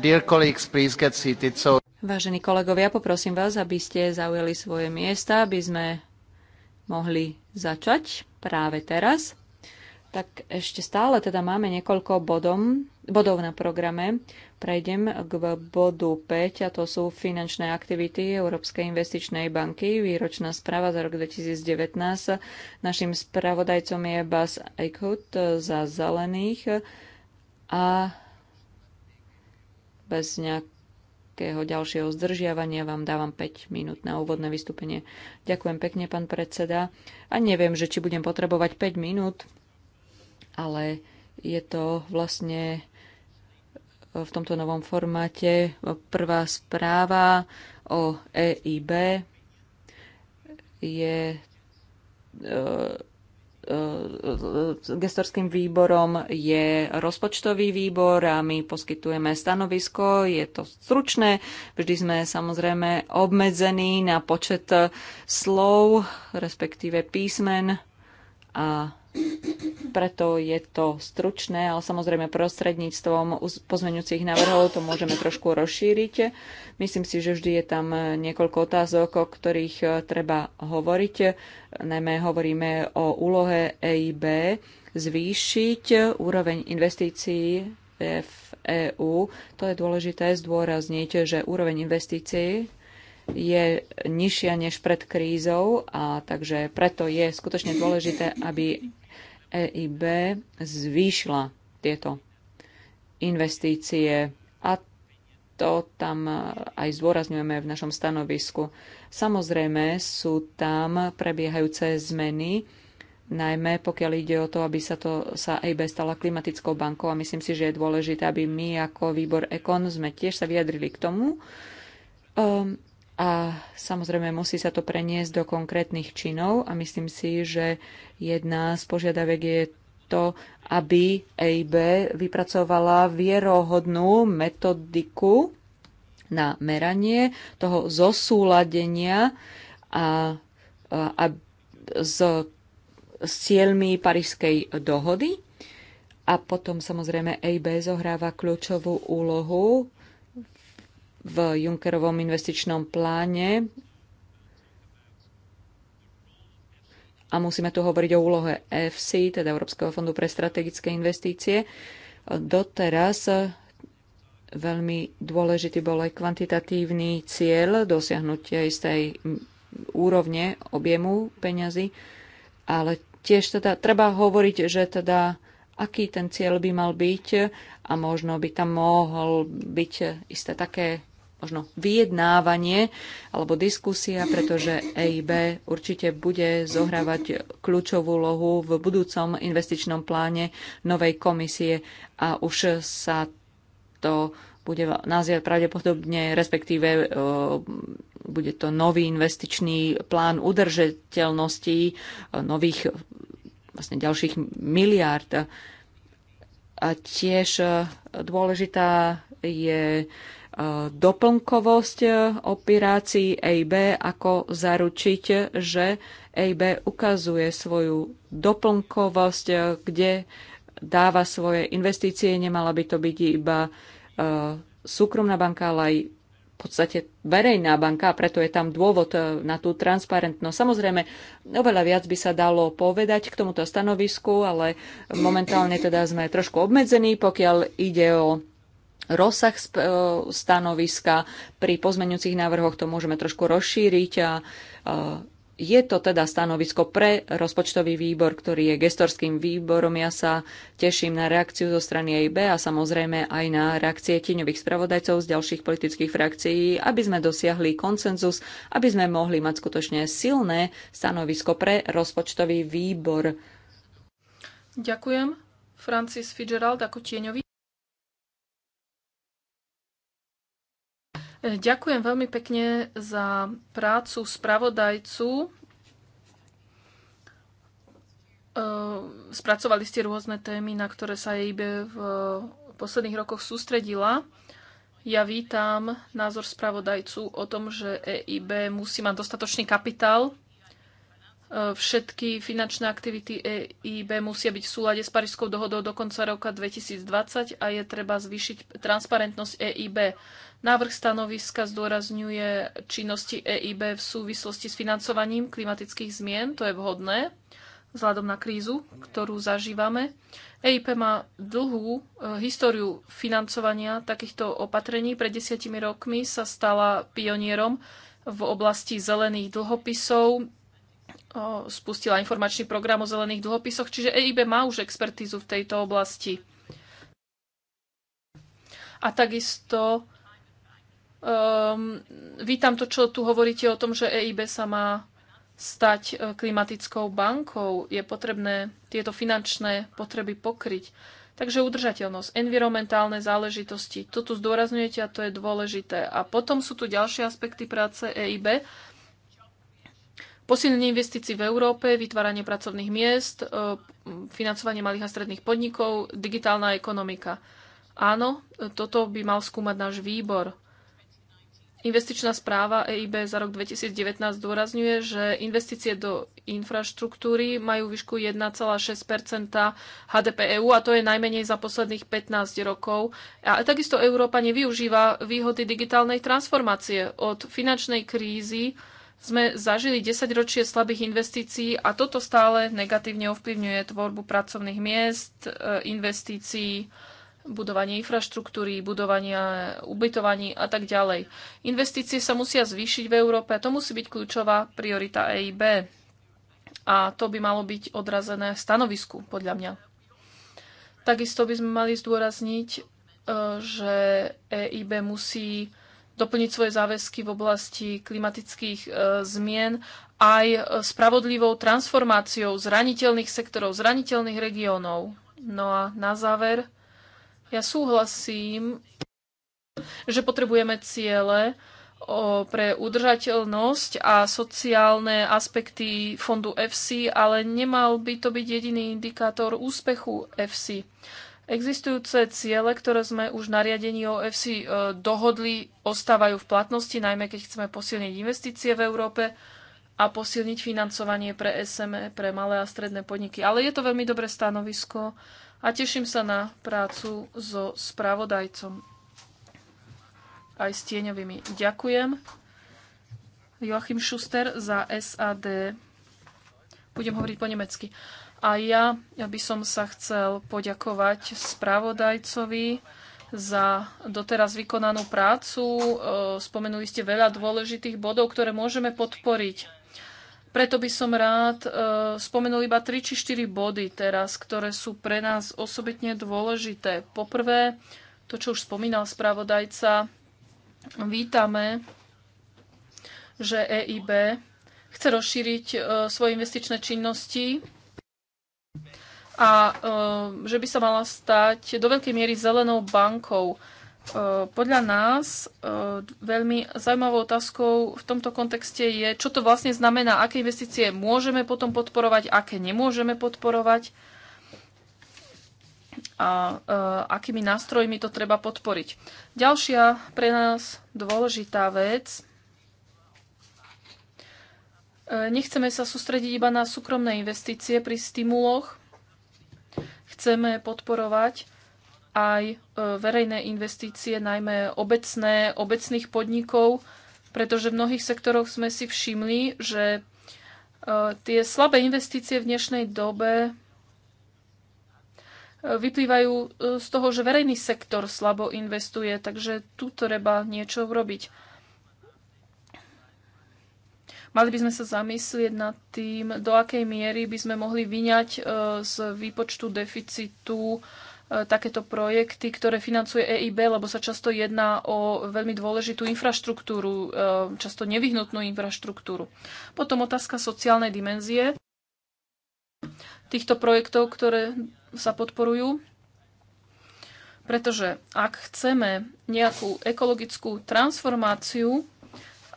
A: Dear colleagues, please get seated. So...
C: Vážení kolegovia, poprosím vás, aby ste zaujali svoje miesta, aby sme mohli začať práve teraz. Tak ešte stále teda máme niekoľko bodom, bodov na programe. Prejdem k bodu 5 a to sú finančné aktivity Európskej investičnej banky, výročná správa za rok 2019. Našim spravodajcom je Bas Eichhut za zelených a bez nejakého ďalšieho zdržiavania vám dávam 5 minút na úvodné vystúpenie. Ďakujem pekne, pán predseda. A neviem, že či budem potrebovať 5 minút, ale je to vlastne v tomto novom formáte prvá správa o EIB. Je e, E, e, e, gestorským výborom je rozpočtový výbor a my poskytujeme stanovisko, je to stručné, vždy sme samozrejme obmedzení na počet slov, respektíve písmen a preto je to stručné, ale samozrejme prostredníctvom pozmeňujúcich návrhov to môžeme trošku rozšíriť. Myslím si, že vždy je tam niekoľko otázok, o ktorých e, treba hovoriť. Najmä hovoríme o úlohe EIB zvýšiť úroveň investícií v EÚ. To je dôležité zdôrazniť, že úroveň investícií je nižšia než pred krízou a takže preto je skutočne dôležité, aby EIB zvýšila tieto investície a to tam eh, aj zdôrazňujeme v našom stanovisku. Samozrejme sú tam prebiehajúce zmeny, najmä pokiaľ ide o to, aby sa, to, sa EIB stala klimatickou bankou a myslím si, že je dôležité, aby my ako výbor EKON sme tiež sa vyjadrili k tomu, um, a samozrejme musí sa to preniesť do konkrétnych činov a myslím si, že jedna z požiadavek je to, aby EIB vypracovala vierohodnú metodiku na meranie toho zosúladenia a, a, a s, s cieľmi Parížskej dohody. A potom samozrejme EIB zohráva kľúčovú úlohu v Junckerovom investičnom pláne a musíme tu hovoriť o úlohe EFC, teda Európskeho fondu pre strategické investície. Doteraz veľmi dôležitý bol aj kvantitatívny cieľ dosiahnutia istej úrovne objemu peňazí, ale tiež teda treba hovoriť, že teda aký ten cieľ by mal byť a možno by tam mohol byť isté také možno vyjednávanie alebo diskusia, pretože EIB určite bude zohrávať kľúčovú lohu v budúcom investičnom pláne novej komisie a už sa to bude nazývať pravdepodobne, respektíve e, bude to nový investičný plán udržateľnosti e, nových vlastne ďalších miliárd. A tiež e, dôležitá je doplnkovosť e, operácií EIB, ako zaručiť, že EIB ukazuje svoju doplnkovosť, e, kde dáva svoje investície. Nemala by to byť iba e, súkromná banka, ale aj v podstate verejná banka, a preto je tam dôvod na tú transparentnosť. Samozrejme, oveľa viac by sa dalo povedať k tomuto stanovisku, ale momentálne teda sme trošku obmedzení, pokiaľ ide o rozsah e, stanoviska. Pri pozmeňujúcich návrhoch to môžeme trošku rozšíriť a e, je to teda stanovisko pre rozpočtový výbor, ktorý je gestorským výborom. Ja sa teším na reakciu zo strany EIB a samozrejme aj na reakcie tieňových spravodajcov z ďalších politických frakcií, aby sme dosiahli konsenzus, aby sme mohli mať skutočne silné stanovisko pre rozpočtový výbor.
A: Ďakujem. Francis Fitzgerald ako tieňový. Eh, ďakujem veľmi pekne za prácu spravodajcu. Eh, spracovali ste rôzne témy, na ktoré sa EIB v posledných rokoch sústredila. Ja vítam názor spravodajcu o tom, že EIB musí mať dostatočný kapitál Všetky finančné aktivity EIB musia byť v súlade s Parížskou dohodou do konca roka 2020 a je treba zvýšiť transparentnosť EIB. Návrh stanoviska zdôrazňuje činnosti EIB v súvislosti s financovaním klimatických zmien, to je vhodné vzhľadom na krízu, ktorú zažívame. EIP má dlhú e, históriu financovania takýchto opatrení. Pred desiatimi rokmi sa stala pionierom v oblasti zelených dlhopisov spustila informačný program o zelených dlhopisoch, čiže EIB má už expertízu v tejto oblasti. A takisto um, vítam to, čo tu hovoríte o tom, že EIB sa má stať e, klimatickou bankou. Je potrebné tieto finančné potreby pokryť. Takže udržateľnosť, environmentálne záležitosti, to tu zdôrazňujete a to je dôležité. A potom sú tu ďalšie aspekty práce EIB, Posilnenie investícií v Európe, vytváranie pracovných miest, e, financovanie malých a stredných podnikov, digitálna ekonomika. Áno, e, toto by mal skúmať náš výbor. Investičná správa EIB za rok 2019 zdôrazňuje, že investície do infraštruktúry majú výšku 1,6 HDP EU a to je najmenej za posledných 15 rokov. A takisto Európa nevyužíva výhody digitálnej transformácie od finančnej krízy sme zažili 10 ročie slabých investícií a toto stále negatívne ovplyvňuje tvorbu pracovných miest, e, investícií, budovanie infraštruktúry, budovania ubytovaní a tak ďalej. Investície sa musia zvýšiť v Európe a to musí byť kľúčová priorita EIB. A to by malo byť odrazené v stanovisku, podľa mňa. Takisto by sme mali zdôrazniť, e, že EIB musí doplniť svoje záväzky v oblasti klimatických e, zmien aj e, spravodlivou transformáciou zraniteľných sektorov, zraniteľných regiónov. No a na záver, ja súhlasím, že potrebujeme ciele pre udržateľnosť a sociálne aspekty fondu FC, ale nemal by to byť jediný indikátor úspechu FC. Existujúce ciele, ktoré sme už na riadení OFC e, dohodli, ostávajú v platnosti, najmä keď chceme posilniť investície v Európe a posilniť financovanie pre SME, pre malé a stredné podniky. Ale je to veľmi dobré stanovisko a teším sa na prácu so spravodajcom aj s tieňovými. Ďakujem. Joachim Schuster za SAD. Budem hovoriť po nemecky. Uh, a ja, ja by som sa chcel poďakovať spravodajcovi za doteraz vykonanú prácu. E, spomenuli ste veľa dôležitých bodov, ktoré môžeme podporiť. Preto by som rád e, spomenul iba 3 či 4 body teraz, ktoré sú pre nás osobitne dôležité. Poprvé, to, čo už spomínal spravodajca, vítame, že EIB chce rozšíriť e, svoje investičné činnosti a ehm, že by sa mala stať do veľkej miery zelenou bankou. Ehm, podľa nás ehm, veľmi zaujímavou otázkou v tomto kontexte je, čo to vlastne znamená, aké investície môžeme potom podporovať, aké nemôžeme podporovať a akými nástrojmi to treba podporiť. Ďalšia pre nás dôležitá vec E, nechceme sa sústrediť iba na súkromné investície pri stimuloch. Chceme podporovať aj e, verejné investície, najmä obecné, obecných podnikov, pretože v mnohých sektoroch sme si všimli, že e, tie slabé investície v dnešnej dobe vyplývajú z toho, že verejný sektor slabo investuje, takže tu treba niečo urobiť. Mali by sme sa zamyslieť nad tým, do akej miery by sme mohli vyňať e, z výpočtu deficitu e, takéto projekty, ktoré financuje EIB, lebo sa často jedná o veľmi dôležitú infraštruktúru, e, často nevyhnutnú infraštruktúru. Potom otázka sociálnej dimenzie týchto projektov, ktoré sa podporujú. Pretože ak chceme nejakú ekologickú transformáciu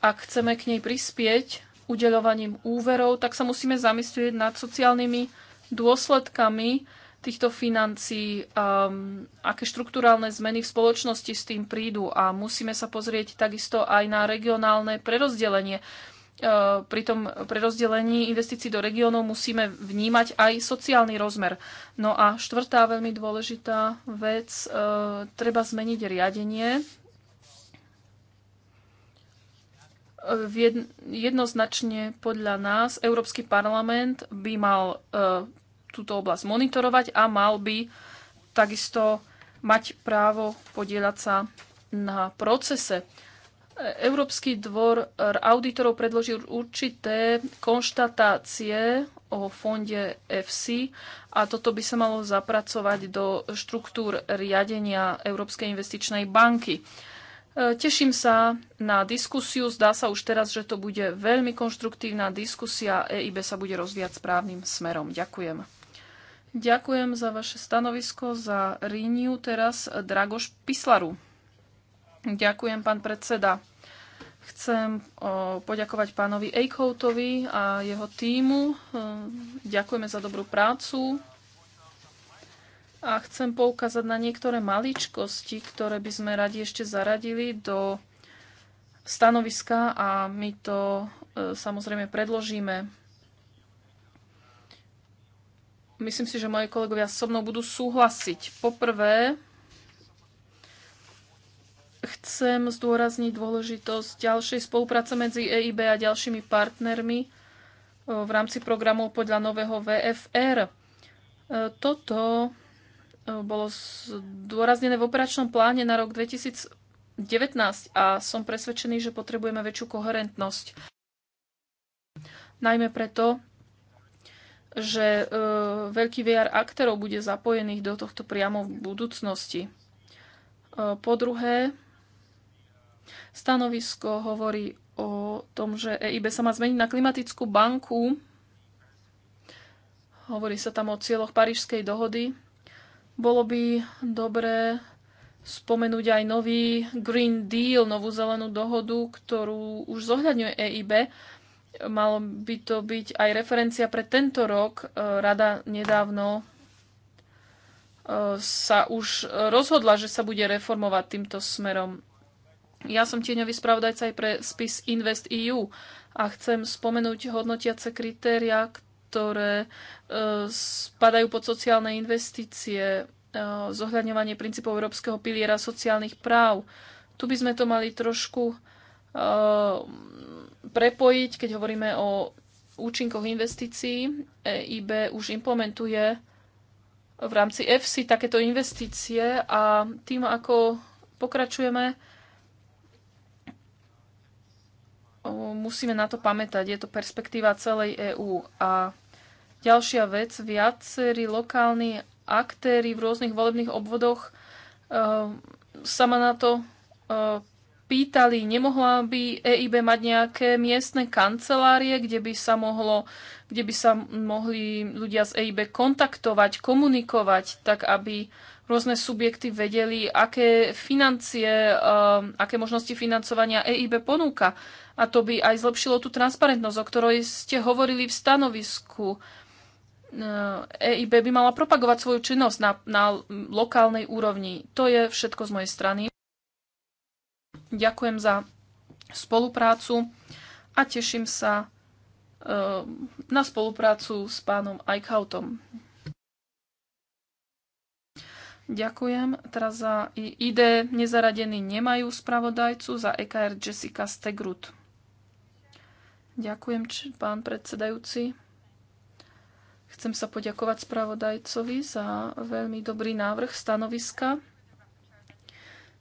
A: ak chceme k nej prispieť udeľovaním úverov, tak sa musíme zamyslieť nad sociálnymi dôsledkami týchto financií, um, aké štruktúrálne zmeny v spoločnosti s tým prídu a musíme sa pozrieť takisto aj na regionálne prerozdelenie. Uh, pri tom prerozdelení investícií do regiónov musíme vnímať aj sociálny rozmer. No a štvrtá veľmi dôležitá vec, uh, treba zmeniť riadenie jednoznačne podľa nás Európsky parlament by mal e, túto oblasť monitorovať a mal by takisto mať právo podielať sa na procese. E, Európsky dvor auditorov predložil určité konštatácie o fonde FC a toto by sa malo zapracovať do štruktúr riadenia Európskej investičnej banky. E, teším sa na diskusiu. Zdá sa už teraz, že to bude veľmi konštruktívna diskusia. EIB sa bude rozvíjať správnym smerom. Ďakujem. Ďakujem za vaše stanovisko, za Riniu teraz Dragoš Pislaru. Ďakujem, pán predseda. Chcem poďakovať pánovi Eichhoutovi a jeho týmu. E, ďakujeme za dobrú prácu a chcem poukázať na niektoré maličkosti, ktoré by sme radi ešte zaradili do stanoviska a my to e, samozrejme predložíme. Myslím si, že moje kolegovia so mnou budú súhlasiť. Poprvé, chcem zdôrazniť dôležitosť ďalšej spolupráce medzi EIB a ďalšími partnermi e, v rámci programov podľa nového VFR. E, toto bolo zdôraznené v operačnom pláne na rok 2019 a som presvedčený, že potrebujeme väčšiu koherentnosť. Najmä preto, že e, veľký VR aktérov bude zapojených do tohto priamo v budúcnosti. E, po druhé, stanovisko hovorí o tom, že EIB sa má zmeniť na klimatickú banku. Hovorí sa tam o cieľoch Parížskej dohody bolo by dobré spomenúť aj nový Green Deal, novú zelenú dohodu, ktorú už zohľadňuje EIB. Malo by to byť aj referencia pre tento rok. E, Rada nedávno e, sa už rozhodla, že sa bude reformovať týmto smerom. Ja som tieňový spravodajca aj pre spis Invest EU a chcem spomenúť hodnotiace kritéria, ktoré e, spadajú pod sociálne investície, e, zohľadňovanie princípov Európskeho piliera sociálnych práv. Tu by sme to mali trošku e, prepojiť, keď hovoríme o účinkoch investícií. EIB už implementuje v rámci EFSI takéto investície a tým, ako pokračujeme, musíme na to pamätať. Je to perspektíva celej EÚ a Ďalšia vec, viacerí lokálni aktéry v rôznych volebných obvodoch eh, sa ma na to eh, pýtali, nemohla by EIB mať nejaké miestne kancelárie, kde by sa, mohlo, kde by sa mohli ľudia z EIB kontaktovať, komunikovať, tak aby rôzne subjekty vedeli, aké financie, eh, aké možnosti financovania EIB ponúka. A to by aj zlepšilo tú transparentnosť, o ktorej ste hovorili v stanovisku. EIB e by mala propagovať svoju činnosť na, na lokálnej úrovni. To je všetko z mojej strany. Ďakujem za spoluprácu a teším sa e, na spoluprácu s pánom Eichhautom. Ďakujem. Teraz za ID nezaradení nemajú spravodajcu, za EKR Jessica Stegrut. Ďakujem, pán predsedajúci. Chcem sa poďakovať spravodajcovi za veľmi dobrý návrh stanoviska.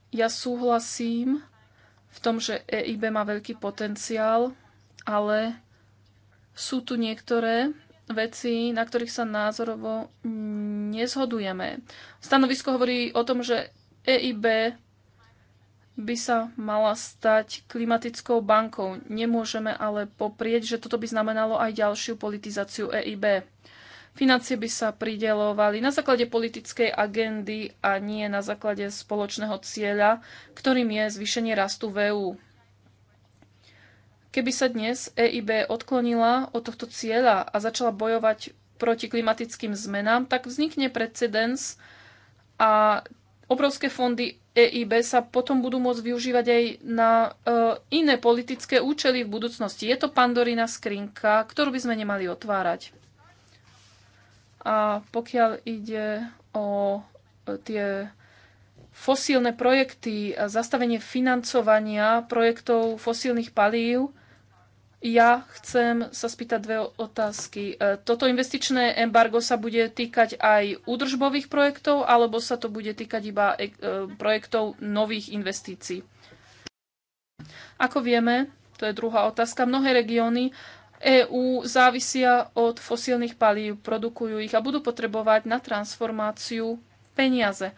A: Ja súhlasím v tom, že EIB má veľký potenciál, ale sú tu niektoré veci, na ktorých sa názorovo nezhodujeme. Stanovisko hovorí o tom, že EIB by sa mala stať klimatickou bankou. Nemôžeme ale poprieť, že toto by znamenalo aj ďalšiu politizáciu EIB. Financie by sa pridelovali na základe politickej agendy a nie na základe spoločného cieľa, ktorým je zvýšenie rastu v EÚ. Keby sa dnes EIB odklonila od tohto cieľa a začala bojovať proti klimatickým zmenám, tak vznikne precedens a obrovské fondy EIB sa potom budú môcť využívať aj na e, iné politické účely v budúcnosti. Je to pandorina skrinka, ktorú by sme nemali otvárať. A pokiaľ ide o e, tie fosílne projekty, a zastavenie financovania projektov fosílnych palív, ja chcem sa spýtať dve otázky. E, toto investičné embargo sa bude týkať aj údržbových projektov, alebo sa to bude týkať iba e, projektov nových investícií? Ako vieme, to je druhá otázka, mnohé regióny EÚ závisia od fosílnych palív, produkujú ich a budú potrebovať na transformáciu peniaze. E,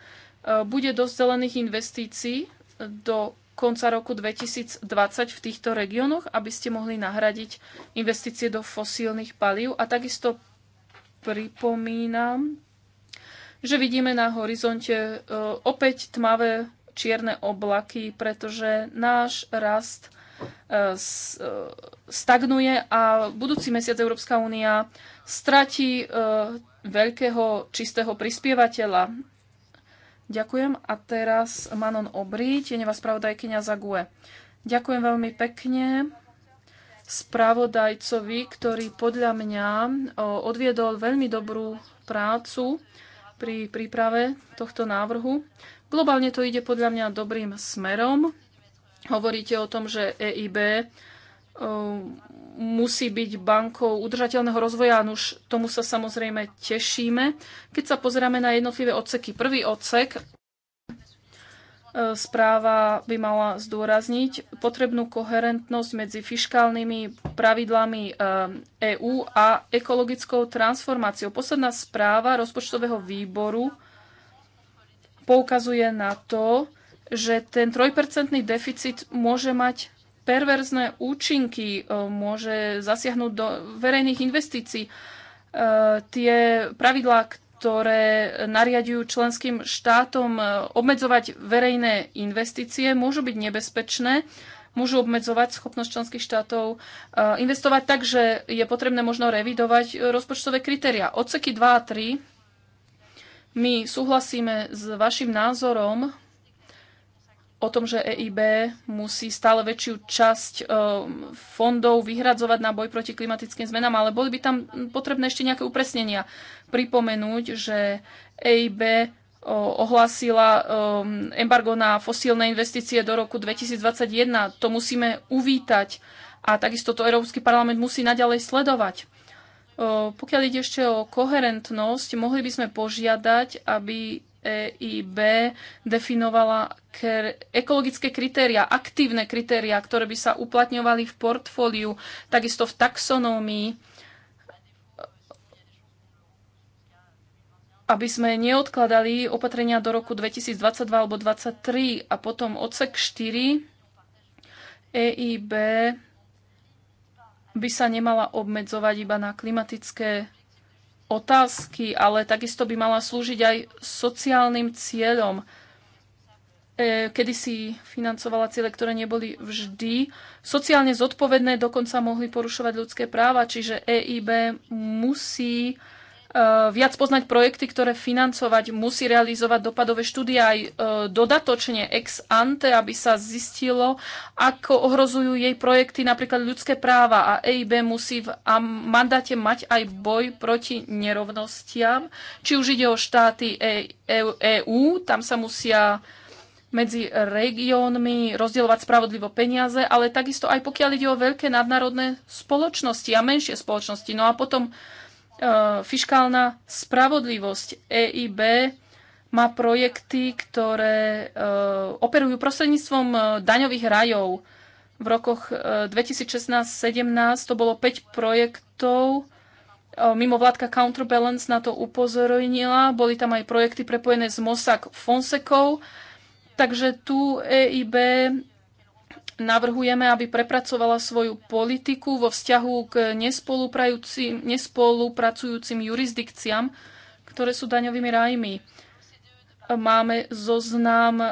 A: bude dosť zelených investícií do konca roku 2020 v týchto regiónoch, aby ste mohli nahradiť investície do fosílnych palív. A takisto pripomínam, že vidíme na horizonte e, opäť tmavé čierne oblaky, pretože náš rast E, e, stagnuje a budúci mesiac Európska únia stratí e, veľkého čistého prispievateľa. Ďakujem. A teraz Manon Obry, tieňová spravodajkynia za GUE. Ďakujem veľmi pekne spravodajcovi, ktorý podľa mňa odviedol veľmi dobrú prácu pri príprave tohto návrhu. Globálne to ide podľa mňa dobrým smerom. Hovoríte o tom, že EIB eh, musí byť bankou udržateľného rozvoja. a Už tomu sa samozrejme tešíme. Keď sa pozeráme na jednotlivé odseky, prvý odsek eh, správa by mala zdôrazniť potrebnú koherentnosť medzi fiškálnymi pravidlami EÚ eh, e a ekologickou transformáciou. Posledná správa rozpočtového výboru poukazuje na to, že ten trojpercentný deficit môže mať perverzné účinky, e, môže zasiahnuť do verejných investícií. E, tie pravidlá, ktoré nariadujú členským štátom e, obmedzovať verejné investície, môžu byť nebezpečné, môžu obmedzovať schopnosť členských štátov investovať tak, že je potrebné možno revidovať rozpočtové kritéria. Odseky 2 a 3 my súhlasíme s vašim názorom, o tom, že EIB musí stále väčšiu časť eh, fondov vyhradzovať na boj proti klimatickým zmenám, ale boli by tam potrebné ešte nejaké upresnenia. Pripomenúť, že EIB eh, ohlásila eh, embargo na fosílne investície do roku 2021. To musíme uvítať a takisto to Európsky parlament musí naďalej sledovať. Pokiaľ ide ešte o koherentnosť, mohli by sme požiadať, aby EIB definovala ekologické kritéria, aktívne kritéria, ktoré by sa uplatňovali v portfóliu, takisto v taxonómii, aby sme neodkladali opatrenia do roku 2022 alebo 2023 a potom odsek 4 EIB by sa nemala obmedzovať iba na klimatické otázky, ale takisto by mala slúžiť aj sociálnym cieľom. E, kedy si financovala ciele, ktoré neboli vždy sociálne zodpovedné, dokonca mohli porušovať ľudské práva, čiže EIB musí Eh, viac poznať projekty, ktoré financovať, musí realizovať dopadové štúdie aj eh, dodatočne ex ante, aby sa zistilo, ako ohrozujú jej projekty napríklad ľudské práva a EIB musí v mandáte mať aj boj proti nerovnostiam, či už ide o štáty EÚ, e e tam sa musia medzi regiónmi rozdielovať spravodlivo peniaze, ale takisto aj pokiaľ ide o veľké nadnárodné spoločnosti a menšie spoločnosti. No a potom E, fiškálna spravodlivosť EIB má projekty, ktoré e, operujú prostredníctvom e, daňových rajov. V rokoch 2016-17 to bolo 5 projektov. Mimo vládka Counterbalance na to upozornila. Boli tam aj projekty prepojené s Mossack Fonsecou. Takže tu EIB navrhujeme, aby prepracovala svoju politiku vo vzťahu k nespolupracujúcim jurisdikciám, ktoré sú daňovými rájmi. Máme zoznam e,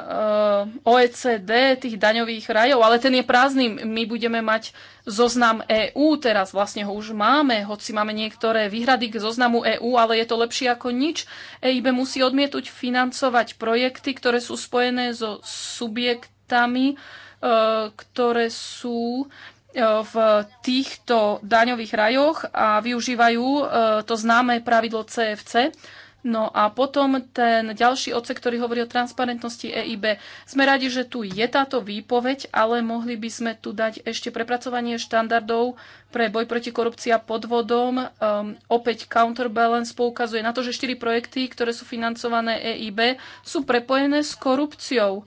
A: OECD, tých daňových rajov, ale ten je prázdny. My budeme mať zoznam EÚ, teraz vlastne ho už máme, hoci máme niektoré výhrady k zoznamu EÚ, ale je to lepšie ako nič. EIB musí odmietuť financovať projekty, ktoré sú spojené so subjektami, Eh, ktoré sú eh, v týchto daňových rajoch a využívajú eh, to známe pravidlo CFC. No a potom ten ďalší odsek, ktorý hovorí o transparentnosti EIB. Sme radi, že tu je táto výpoveď, ale mohli by sme tu dať ešte prepracovanie štandardov pre boj proti korupcii a podvodom. Um, opäť Counterbalance poukazuje na to, že štyri projekty, ktoré sú financované EIB, sú prepojené s korupciou.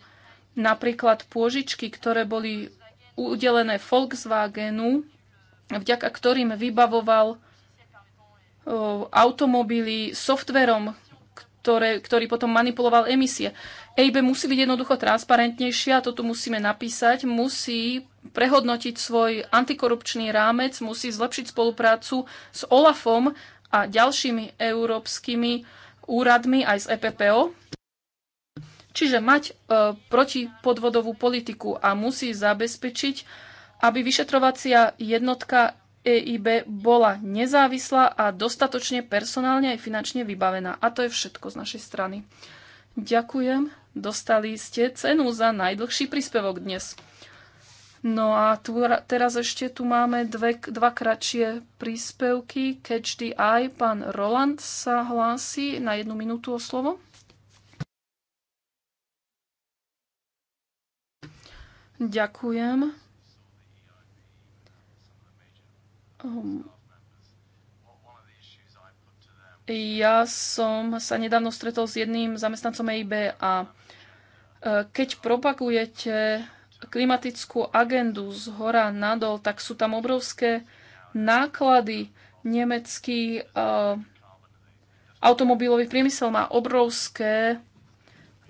A: Napríklad pôžičky, ktoré boli udelené Volkswagenu, vďaka ktorým vybavoval automobily softverom, ktoré, ktorý potom manipuloval emisie. EIB musí byť jednoducho transparentnejšia, to tu musíme napísať, musí prehodnotiť svoj antikorupčný rámec, musí zlepšiť spoluprácu s OLAFom a ďalšími európskymi úradmi aj s EPPO. Čiže mať e, protipodvodovú politiku a musí zabezpečiť, aby vyšetrovacia jednotka EIB bola nezávislá a dostatočne personálne aj finančne vybavená. A to je všetko z našej strany. Ďakujem. Dostali ste cenu za najdlhší príspevok dnes. No a tu, teraz ešte tu máme dve, dva kratšie príspevky. Catch the Eye, pán Roland sa hlási na jednu minútu o slovo. Ďakujem. Ja som sa nedávno stretol s jedným zamestnancom EIB a e, keď propagujete klimatickú agendu z hora nadol, tak sú tam obrovské náklady. Nemecký uh, automobilový priemysel má obrovské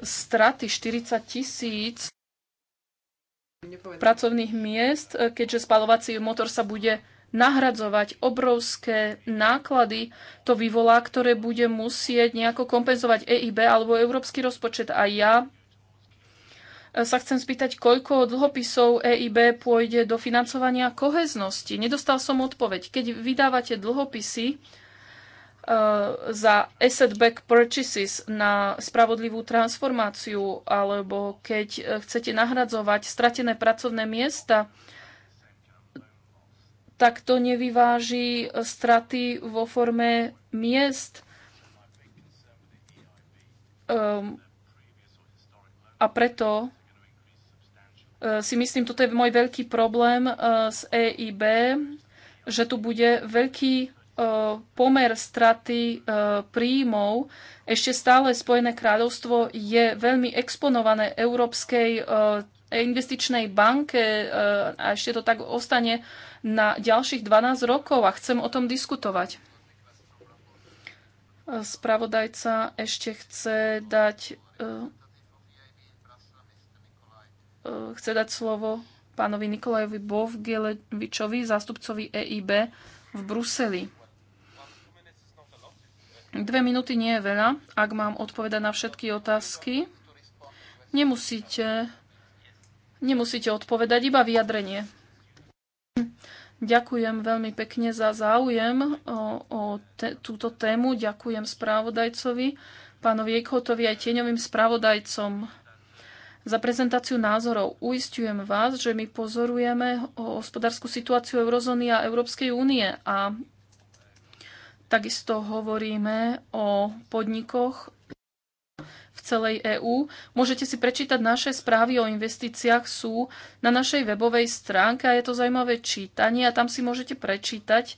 A: straty 40 tisíc pracovných miest, e, keďže spalovací motor sa bude nahradzovať obrovské náklady, to vyvolá, ktoré bude musieť nejako kompenzovať EIB alebo európsky rozpočet. A ja e, sa chcem spýtať, koľko dlhopisov EIB pôjde do financovania koheznosti. Nedostal som odpoveď. Keď vydávate dlhopisy, E, za asset back purchases na spravodlivú transformáciu, alebo keď e, chcete nahradzovať stratené pracovné miesta, tak to nevyváži straty vo forme miest. Um, a preto e, si myslím, toto je môj veľký problém s EIB, že tu bude veľký E, pomer straty e, príjmov, ešte stále Spojené kráľovstvo je veľmi exponované Európskej e, investičnej banke a ešte to tak ostane na ďalších 12 rokov a chcem o tom diskutovať. Spravodajca ešte chce dať chce dať slovo pánovi Nikolajovi Bovgelevičovi, zástupcovi EIB v Bruseli. Dve minúty nie je veľa, ak mám odpovedať na všetky otázky. Nemusíte, nemusíte odpovedať, iba vyjadrenie. Ďakujem veľmi pekne za záujem o, o te, túto tému. Ďakujem správodajcovi, pánovi Eichhotovi aj tieňovým správodajcom za prezentáciu názorov. Uistujem vás, že my pozorujeme hospodárskú situáciu eurozóny a Európskej únie a Takisto hovoríme o podnikoch v celej EÚ. Môžete si prečítať naše správy o investíciách sú na našej webovej stránke a je to zaujímavé čítanie a tam si môžete prečítať, e,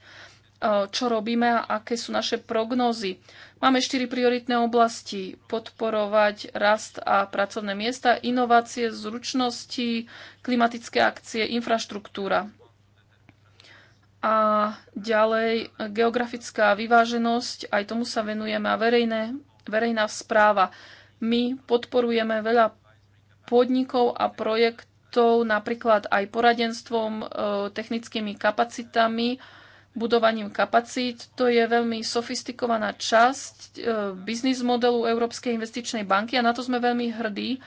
A: čo robíme a aké sú naše prognózy. Máme štyri prioritné oblasti. Podporovať rast a pracovné miesta, inovácie, zručnosti, klimatické akcie, infraštruktúra. A ďalej geografická vyváženosť, aj tomu sa venujeme a verejné, verejná správa. My podporujeme veľa podnikov a projektov, napríklad aj poradenstvom, e, technickými kapacitami, budovaním kapacít. To je veľmi sofistikovaná časť e, biznis modelu Európskej investičnej banky a na to sme veľmi hrdí.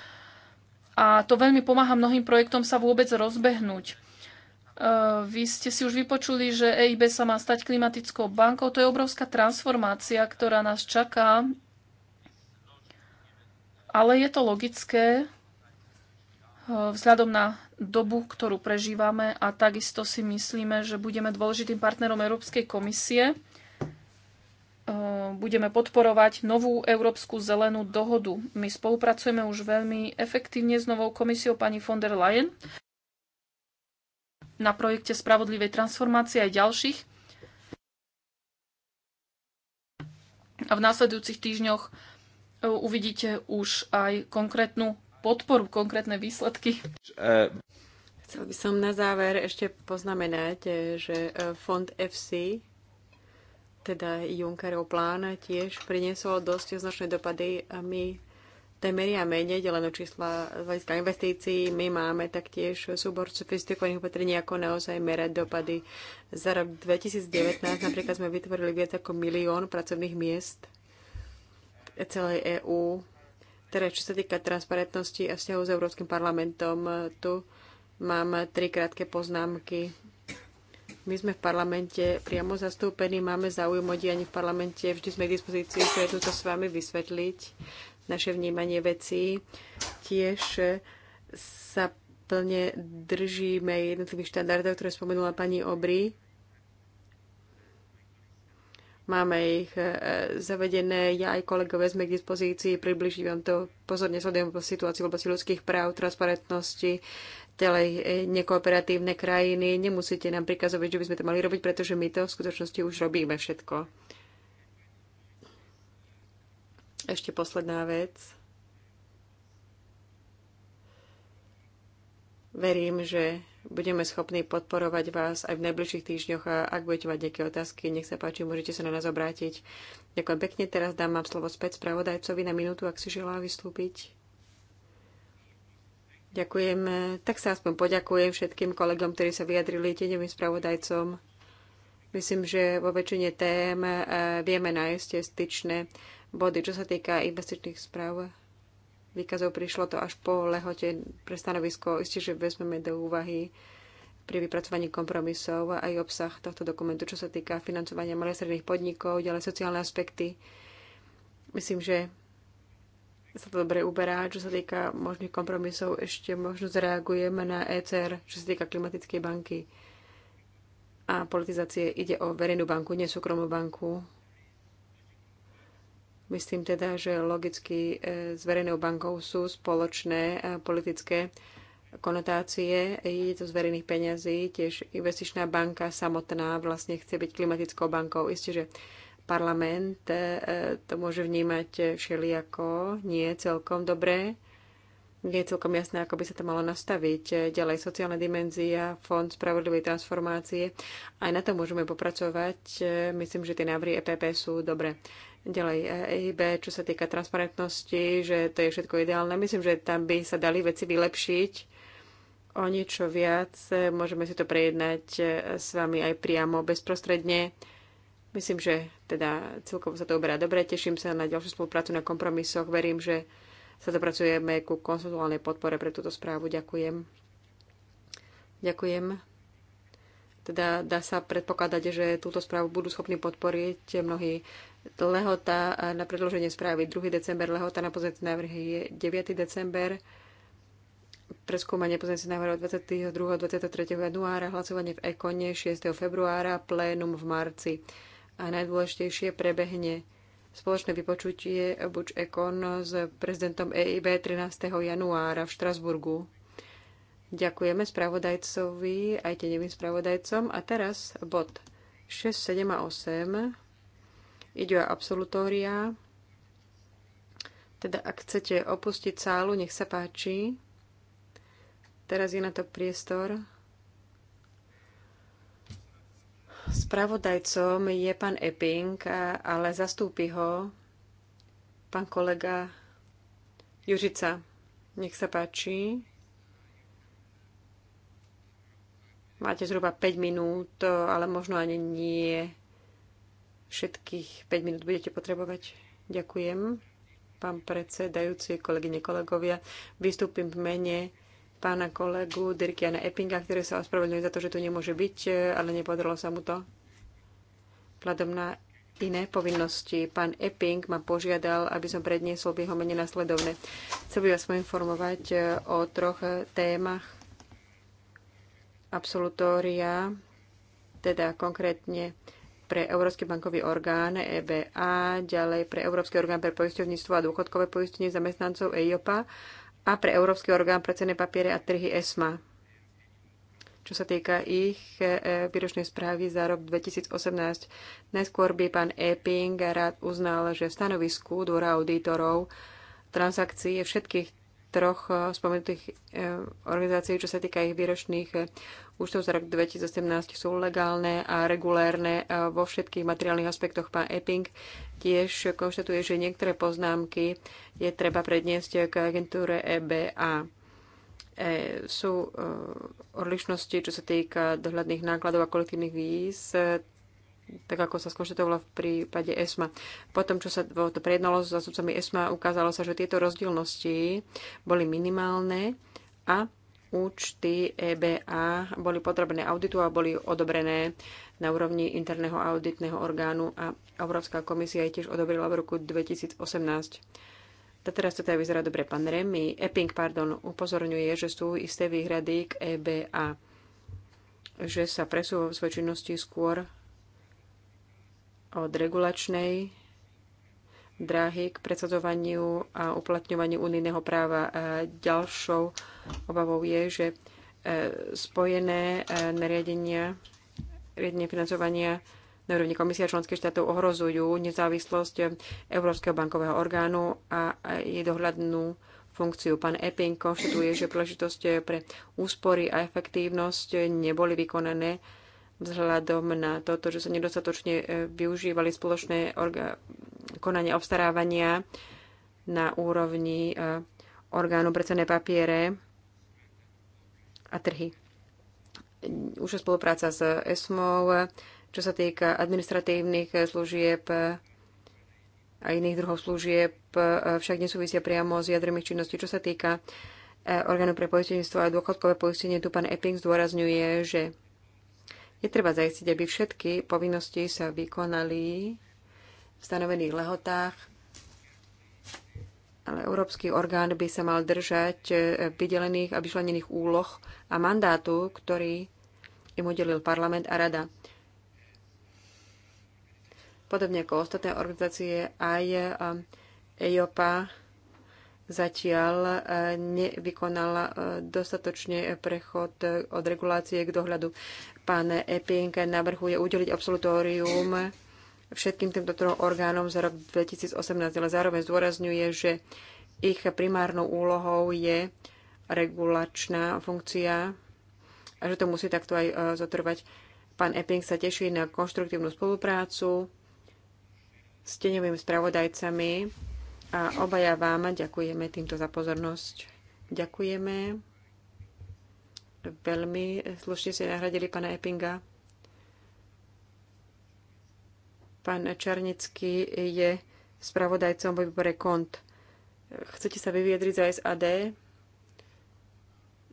A: A to veľmi pomáha mnohým projektom sa vôbec rozbehnúť. Ehm, vy ste si už vypočuli, že EIB sa má stať klimatickou bankou. To je obrovská transformácia, ktorá nás čaká. Ale je to logické ehm, vzhľadom na dobu, ktorú prežívame a takisto si myslíme, že budeme dôležitým partnerom Európskej komisie. Ehm, budeme podporovať novú Európsku zelenú dohodu. My spolupracujeme už veľmi efektívne s novou komisiou pani von der Leyen na projekte Spravodlivej transformácie aj ďalších. A v následujúcich týždňoch e, uvidíte už aj konkrétnu podporu, konkrétne výsledky.
B: E, Chcel by som na záver ešte poznamenať, e, že fond FC, teda Junckerov plán, tiež priniesol dosť značné dopady a my tej meria menej deleno čísla z hľadiska investícií. My máme taktiež súbor sofistikovaných opatrení, ako naozaj merať dopady. Za rok 2019 napríklad sme vytvorili viac ako milión pracovných miest celej EÚ. Teda čo sa týka transparentnosti a vzťahu s Európskym parlamentom, tu mám tri krátke poznámky. My sme v parlamente priamo zastúpení, máme záujem o dianie v parlamente, vždy sme k dispozícii stretnúť to s vami, vysvetliť naše vnímanie vecí. Tiež sa plne držíme jednotlivých štandardov, ktoré spomenula pani Obry. Máme ich e, zavedené, ja aj kolegové sme k dispozícii, približí vám to, pozorne sledujem situácii v oblasti ľudských práv, transparentnosti, celej e, nekooperatívne krajiny. Nemusíte nám prikazovať, že by sme to mali robiť, pretože my to v skutočnosti už robíme všetko. Ešte posledná vec. Verím, že budeme schopní podporovať vás aj v najbližších týždňoch a ak budete mať nejaké otázky, nech sa páči, môžete sa na nás obrátiť. Ďakujem pekne, teraz dám vám slovo späť spravodajcovi na minútu, ak si želá vystúpiť. Ďakujem. Tak sa aspoň poďakujem všetkým kolegom, ktorí sa vyjadrili tieňovým spravodajcom. Myslím, že vo väčšine tém eh, vieme nájsť styčné body. Čo sa týka investičných správ, výkazov prišlo to až po lehote pre stanovisko. Isté, že vezmeme do úvahy pri vypracovaní kompromisov aj obsah tohto dokumentu, čo sa týka financovania malých stredných podnikov, ďalej sociálne aspekty. Myslím, že sa to dobre uberá. Čo sa týka možných kompromisov, ešte možno zareagujeme na ECR, čo sa týka klimatickej banky a politizácie. Ide o verejnú banku, nie súkromnú banku Myslím teda, že logicky e, s verejnou bankou sú spoločné e, politické konotácie. Je to z verejných peňazí, tiež investičná banka samotná vlastne chce byť klimatickou bankou. Isté, že parlament e, to môže vnímať všelijako, nie celkom dobré. Nie je celkom jasné, ako by sa to malo nastaviť. Ďalej sociálna dimenzia, fond spravodlivej transformácie. Aj na to môžeme popracovať. Myslím, že tie návrhy EPP sú dobre Ďalej EIB, čo sa týka transparentnosti, že to je všetko ideálne. Myslím, že tam by sa dali veci vylepšiť o niečo viac. E, môžeme si to prejednať e, s vami aj priamo, bezprostredne. Myslím, že teda celkovo sa to uberá dobre. Teším sa na ďalšiu spoluprácu na kompromisoch. Verím, že sa dopracujeme ku konsultuálnej podpore pre túto správu. Ďakujem. Ďakujem. Teda dá sa predpokladať, že túto správu budú schopní podporiť mnohí Lehota na predloženie správy 2. december, lehota na pozornosť návrhy je 9. december, preskúmanie pozornosti návrhov 22. 23. januára, hlasovanie v Ekone 6. februára, plénum v marci. A najdôležitejšie prebehne spoločné vypočutie Buč Ekon s prezidentom EIB 13. januára v Štrasburgu. Ďakujeme spravodajcovi aj tenevým spravodajcom. A teraz bod 6, 7 a 8 Ide o absolutória. Teda ak chcete opustiť sálu, nech sa páči. Teraz je na to priestor. Spravodajcom je pán Epping, ale zastúpi ho pán kolega Južica. Nech sa páči. Máte zhruba 5 minút, ale možno ani nie. Všetkých 5 minút budete potrebovať. Ďakujem, pán predsedajúci, kolegyne, kolegovia. Vystúpim v mene pána kolegu Dirkiana Eppinga, ktorý sa ospravedlňuje za to, že tu nemôže byť, ale nepodarilo sa mu to. Vzhľadom na iné povinnosti. Pán Epping ma požiadal, aby som predniesol v jeho mene nasledovne. Chcel by vás informovať e, o troch témach absolutória, teda konkrétne pre Európsky bankový orgán EBA, ďalej pre Európsky orgán pre poisťovníctvo a dôchodkové poistenie zamestnancov EIOPA a pre Európsky orgán pre cenné papiere a trhy ESMA. Čo sa týka ich e, e, výročnej správy za rok 2018, najskôr by pán Epping rád uznal, že v stanovisku dvora auditorov transakcií všetkých troch eh, spomenutých eh, organizácií, čo sa týka ich výročných eh, účtov za rok 2017, sú legálne a regulérne vo všetkých materiálnych aspektoch. Pán Epping tiež konštatuje, že niektoré poznámky je treba predniesť k agentúre EBA. Sú odlišnosti, čo sa týka dohľadných nákladov a kolektívnych výz tak ako sa skonštatovalo v prípade ESMA. Potom, čo sa to prejednalo s zástupcami ESMA, ukázalo sa, že tieto rozdielnosti boli minimálne a účty EBA boli potrebné auditu a boli odobrené na úrovni interného auditného orgánu a Európska komisia je tiež odobrila v roku 2018. Tá teraz to teda vyzerá dobre. Pán Remy, Epping, pardon, upozorňuje, že sú isté výhrady k EBA, že sa presúva v svojej činnosti skôr od regulačnej dráhy k predsadzovaniu a uplatňovaniu unijného práva. A ďalšou obavou je, že e, spojené e, nariadenia, riadenie financovania na úrovni komisia členských štátov ohrozujú nezávislosť Európskeho bankového orgánu a jej dohľadnú funkciu. Pán Epping konštatuje, že príležitosti pre úspory a efektívnosť neboli vykonané vzhľadom na toto, že sa nedostatočne e, využívali spoločné konanie obstarávania na úrovni e, orgánu pre cenné papiere a trhy. Už je spolupráca s ESMO, čo sa týka administratívnych služieb a iných druhov služieb, e, však nesúvisia priamo s jadrem činností. Čo sa týka orgánu pre poistenie a dôchodkové poistenie, tu pán Epping zdôrazňuje, že je treba zajistiť, aby všetky povinnosti sa vykonali v stanovených lehotách, ale Európsky orgán by sa mal držať eh, vydelených a vyčlenených úloh a mandátu, ktorý im udelil parlament a rada. Podobne ako ostatné organizácie, aj eh, EIOPA zatiaľ eh, nevykonala dostatočne prechod od regulácie k dohľadu. Pán Epping navrhuje udeliť absolutórium všetkým týmto trom orgánom za rok 2018, ale zároveň zdôrazňuje, že ich primárnou úlohou je regulačná funkcia a že to musí takto aj e, zotrvať. Pán Epping sa teší na konštruktívnu spoluprácu s teňovými spravodajcami a obaja vám ďakujeme týmto za pozornosť. Ďakujeme. Veľmi slušne ste nahradili pana Eppinga. Pán Čarnický je spravodajcom vo výbore KONT. Chcete sa vyviedriť za SAD?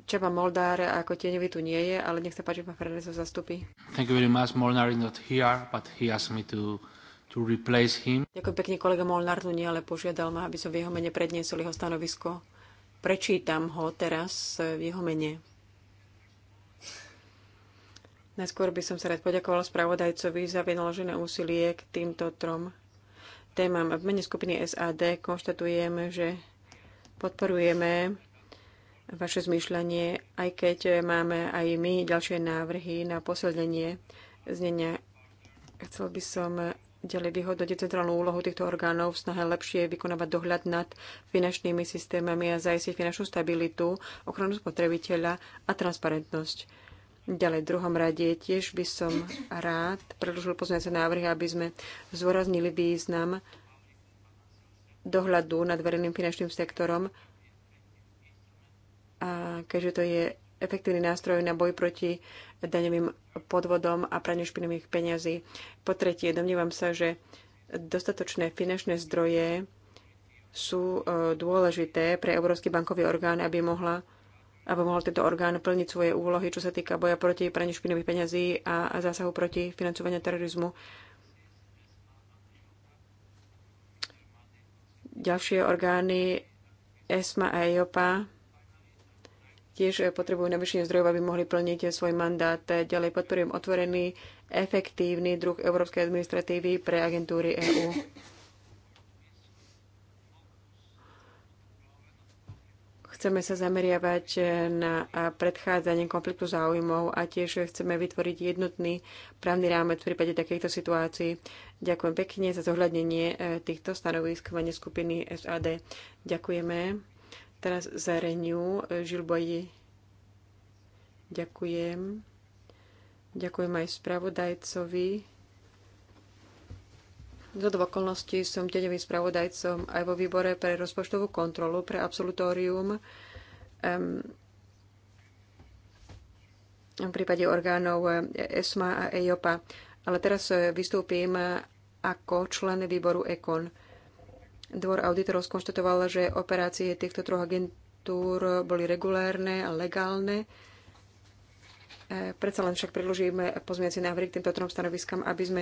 B: Čeba Moldár ako tieňový tu nie je, ale nech sa páči, pán Fernández ho zastupí.
A: Thank you very much. is not here, but he asked me to to replace him.
B: Ďakujem pekne, kolega Molnar tu nie, ale požiadal ma, aby som v jeho mene predniesol jeho stanovisko. Prečítam ho teraz v jeho mene. Najskôr by som sa rád poďakovala spravodajcovi za vynaložené úsilie k týmto trom témam. V mene skupiny SAD konštatujem, že podporujeme vaše zmýšľanie, aj keď máme aj my ďalšie návrhy na posilnenie znenia. Chcel by som ďalej vyhodnotiť centrálnu úlohu týchto orgánov v snahe lepšie vykonávať dohľad nad finančnými systémami a zajistiť finančnú stabilitu, ochranu spotrebiteľa a transparentnosť. Ďalej v druhom rade tiež by som rád predložil pozmeňujúce návrhy, aby sme zdôraznili význam dohľadu nad verejným finančným sektorom, a keďže to je efektívny nástroj na boj proti daňovým podvodom a praniu špinových peňazí. Po tretie, domnievam sa, že dostatočné finančné zdroje sú e, dôležité pre Európsky bankový orgán, aby mohla aby mohol tento orgán plniť svoje úlohy, čo sa týka boja proti praniu špinových peňazí a zásahu proti financovania terorizmu. Ďalšie orgány ESMA a EIOPA tiež potrebujú navýšenie zdrojov, aby mohli plniť svoj mandát. Ďalej podporujem otvorený, efektívny druh európskej administratívy pre agentúry EÚ. Chceme sa zameriavať eh, na eh, predchádzanie konfliktu záujmov a tiež chceme vytvoriť jednotný právny rámec v prípade takýchto situácií. Ďakujem pekne za zohľadnenie eh, týchto stanovisk v skupiny SAD. Ďakujeme. Teraz za Reniu, Žilboji. Ďakujem. Ďakujem aj spravodajcovi. Za okolností som tedevým spravodajcom aj vo výbore pre rozpočtovú kontrolu, pre absolutórium. Um, v prípade orgánov eh, ESMA a EIOPA. Ale teraz eh, vystúpim eh, ako člen výboru ECON. Dvor auditorov skonštatoval, že operácie týchto troch agentúr boli regulérne a legálne. Predsa len však predložíme pozmiaci návrhy k týmto trom stanoviskám, aby sme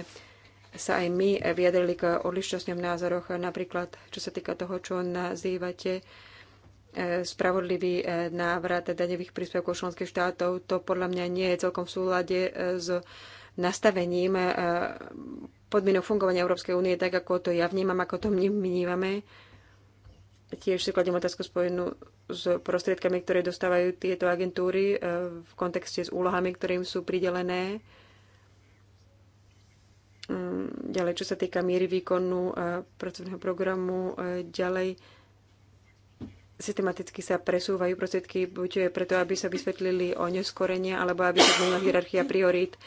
B: sa aj my vyjadrili k odlišnostiam v názoroch, napríklad čo sa týka toho, čo nazývate e, spravodlivý e, návrat daňových príspevkov členských štátov. To podľa mňa nie je celkom v súlade e, s nastavením podmienok fungovania Európskej únie, tak ako to ja vnímam, ako to my vnímame. Tiež si kladiem otázku spojenú s prostriedkami, ktoré dostávajú tieto agentúry v kontexte s úlohami, ktorým sú pridelené Hm, ďalej, čo sa týka miery výkonu a eh, pracovného programu, eh, ďalej systematicky sa presúvajú prostriedky buď preto, aby sa vysvetlili o neskorenie, alebo aby sa zmenila hierarchia priorít.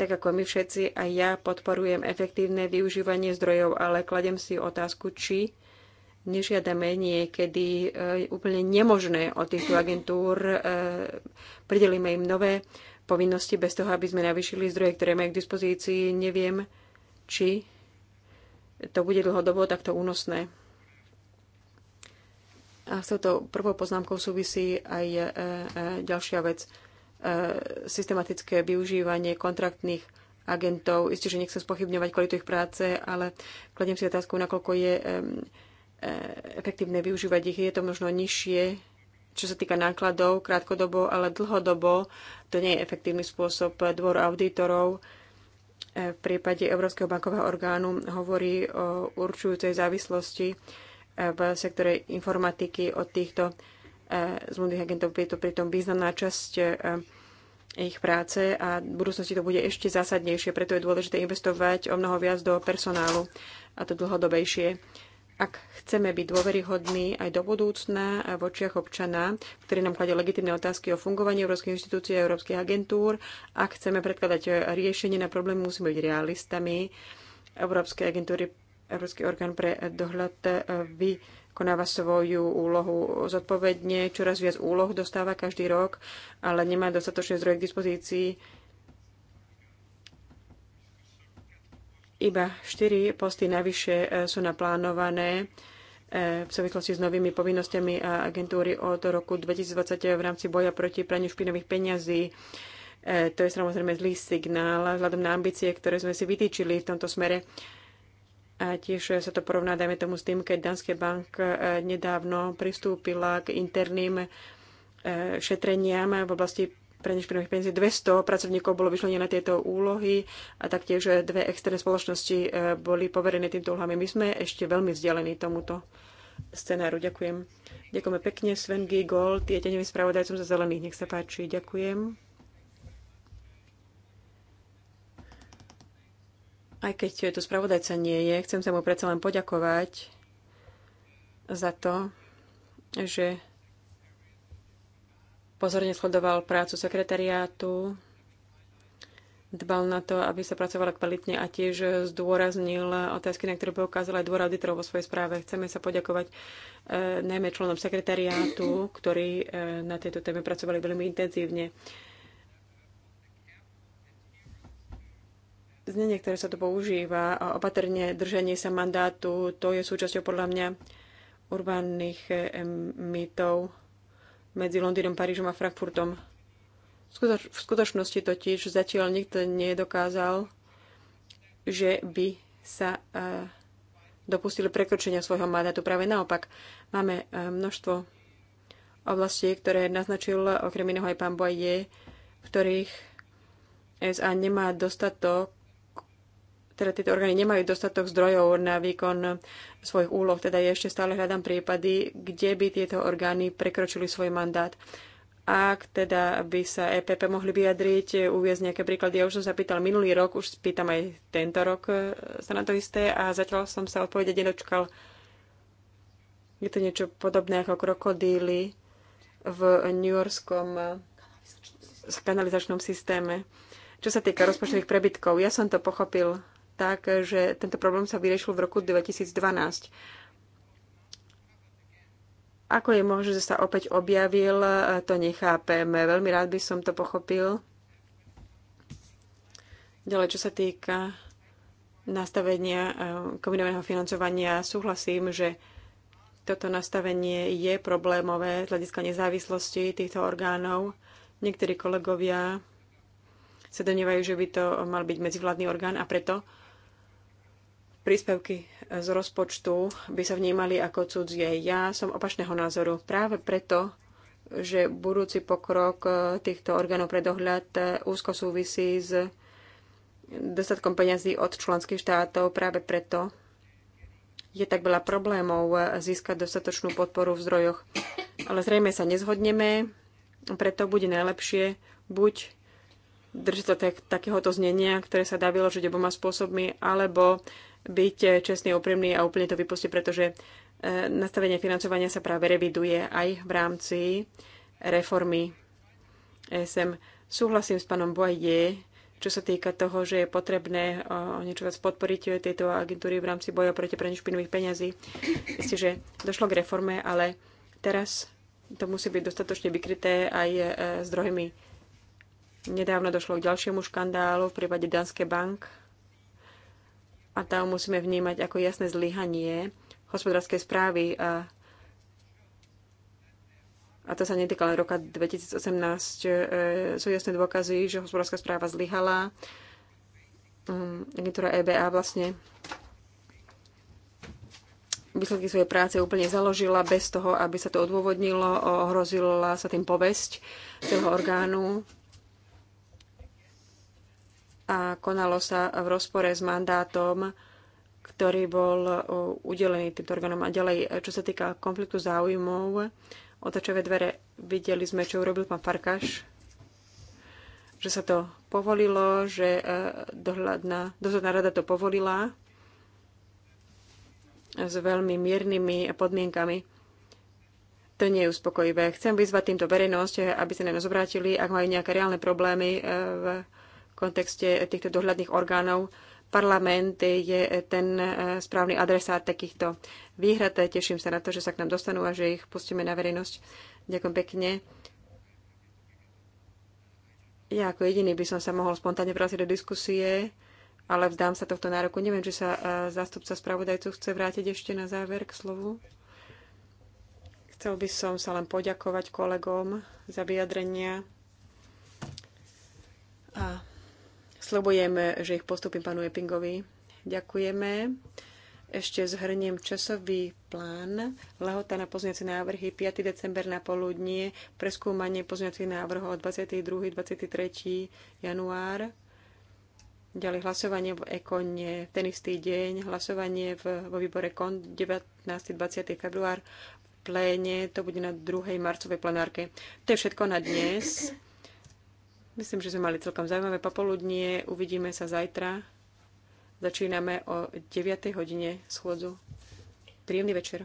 B: Tak ako my všetci, aj ja podporujem efektívne využívanie zdrojov, ale kladem si otázku, či nežiadame niekedy eh, úplne nemožné od týchto agentúr, pridelíme im nové povinnosti bez toho, aby sme navýšili zdroje, ktoré majú k dispozícii. Neviem, či to bude dlhodobo takto únosné. A s touto prvou poznámkou súvisí aj e, e, ďalšia vec. E, systematické využívanie kontraktných agentov. Isté, že nechcem spochybňovať kvalitu ich práce, ale kladiem si otázku, nakoľko je e, efektívne využívať ich. Je to možno nižšie čo sa týka nákladov, krátkodobo, ale dlhodobo, to nie je efektívny spôsob. Dvor auditorov e, v prípade Európskeho bankového orgánu hovorí o určujúcej závislosti e, v sektore informatiky od týchto e, zmluvných agentov. Je to pritom významná časť ich práce a v budúcnosti to bude ešte zásadnejšie, preto je dôležité investovať o mnoho viac do personálu a to dlhodobejšie ak chceme byť dôveryhodní aj do budúcna v očiach občana, ktorý nám kladie legitimné otázky o fungovaní európskych inštitúcií a európskych agentúr, ak chceme predkladať riešenie na problémy, musíme byť realistami. Európske agentúry, Európsky orgán pre dohľad eh, vykonáva svoju úlohu zodpovedne, čoraz viac úloh dostáva každý rok, ale nemá dostatočné zdroje k dispozícii Iba štyri posty navyše e, sú naplánované e, v súvislosti s novými povinnosťami e, agentúry od roku 2020 v rámci boja proti praniu špinových peňazí. To je samozrejme zlý signál vzhľadom na ambície, ktoré sme si vytýčili v tomto smere. A tiež sa to porovná, dajme tomu, s tým, keď Danske Bank nedávno pristúpila k interným šetreniam v oblasti pre nešpinových peniazí 200 pracovníkov bolo vyšlenené na tieto úlohy a taktiež dve externé spoločnosti e, boli poverené týmto úlohami. My sme ešte veľmi vzdialení tomuto scenáru. Ďakujem. Ďakujeme pekne. Sven Gigol, tie spravodajcom za zelených. Nech sa páči. Ďakujem. Aj keď tu spravodajca nie je, chcem sa mu predsa len poďakovať za to, že pozorne sledoval prácu sekretariátu, dbal na to, aby sa pracovalo kvalitne a tiež zdôraznil otázky, na ktoré by ukázal aj dvor auditorov vo svojej správe. Chceme sa poďakovať e, najmä členom sekretariátu, ktorí e, na tejto téme pracovali veľmi intenzívne. Znenie, ktoré sa tu používa, a opatrne držanie sa mandátu, to je súčasťou podľa mňa urbánnych e, mýtov medzi Londýnom, Parížom a Frankfurtom. V skutočnosti totiž zatiaľ nikto nedokázal, že by sa e, dopustili prekročenia svojho mandátu. Práve naopak, máme e, množstvo oblastí, ktoré naznačil okrem iného aj pán Boye, v ktorých SA nemá dostatok teda tieto orgány nemajú dostatok zdrojov na výkon svojich úloh. Teda ešte stále hľadám prípady, kde by tieto orgány prekročili svoj mandát. Ak teda by sa EPP mohli vyjadriť, uviezť nejaké príklady. Ja už som sa pýtal minulý rok, už spýtam aj tento rok e, sa na to isté a zatiaľ som sa odpovedať nedočkal. Je to niečo podobné ako krokodíly v New Yorkskom e, kanalizačnom systéme. Čo sa týka rozpočtových prebytkov, ja som to pochopil tak, že tento problém sa vyriešil v roku 2012. Ako je možné, že sa opäť objavil, to nechápeme. Veľmi rád by som to pochopil. Ďalej, čo sa týka nastavenia eh, kombinovaného financovania, súhlasím, že toto nastavenie je problémové z hľadiska nezávislosti týchto orgánov. Niektorí kolegovia sa domnievajú, že by to mal byť medzivládny orgán a preto príspevky z rozpočtu by sa vnímali ako cudzie. Ja som opačného názoru práve preto, že budúci pokrok e, týchto orgánov pre dohľad e, úzko súvisí s dostatkom peňazí od členských štátov. Práve preto je tak veľa problémov e, získať dostatočnú podporu v zdrojoch. Ale zrejme sa nezhodneme, preto bude najlepšie buď drží sa tak, takéhoto znenia, ktoré sa dá vyložiť oboma spôsobmi, alebo byť čestný, úprimný a úplne to vypustiť, pretože e, nastavenie financovania sa práve reviduje aj v rámci reformy ESM. Súhlasím s pánom Boye, čo sa týka toho, že je potrebné o niečo viac podporiť tejto agentúry v rámci boja proti praniu špinových peňazí. Isté, že došlo k reforme, ale teraz to musí byť dostatočne vykryté aj s e, druhými Nedávno došlo k ďalšiemu škandálu v prípade Danske Bank a tam musíme vnímať ako jasné zlyhanie hospodárskej správy a a to sa netýka len roka 2018, e, sú jasné dôkazy, že hospodárska správa zlyhala. Mm, agentúra EBA vlastne výsledky svojej práce úplne založila bez toho, aby sa to odôvodnilo, ohrozila sa tým povesť celého orgánu a konalo sa v rozpore s mandátom, ktorý bol udelený týmto orgánom. A ďalej, čo sa týka konfliktu záujmov, otačové dvere videli sme, čo urobil pán Farkaš, že sa to povolilo, že e, dohľadná, dozorná rada to povolila s veľmi miernymi podmienkami. To nie je uspokojivé. Chcem vyzvať týmto verejnosť, aby sa na nás obrátili, ak majú nejaké reálne problémy e, v kontexte týchto dohľadných orgánov parlament je ten e, správny adresát takýchto výhrad. E, teším sa na to, že sa k nám dostanú a že ich pustíme na verejnosť. Ďakujem pekne. Ja ako jediný by som sa mohol spontánne vrátiť do diskusie, ale vzdám sa tohto nároku. Neviem, či sa e, zástupca spravodajcu chce vrátiť ešte na záver k slovu. Chcel by som sa len poďakovať kolegom za vyjadrenia. A Slobujeme, že ich postupím pánu Eppingovi. Ďakujeme. Ešte zhrniem časový plán. Lehota na pozňací návrhy 5. december na poludnie, preskúmanie pozňacích návrhov 22. 23. január, ďalej hlasovanie v ekone ten istý deň, hlasovanie v, vo výbore kon 19. 20. február, pléne, to bude na 2. marcovej plenárke. To je všetko na dnes. Myslím, že sme mali celkom zaujímavé popoludnie. Uvidíme sa zajtra. Začíname o 9. hodine schôdzu. Príjemný večer.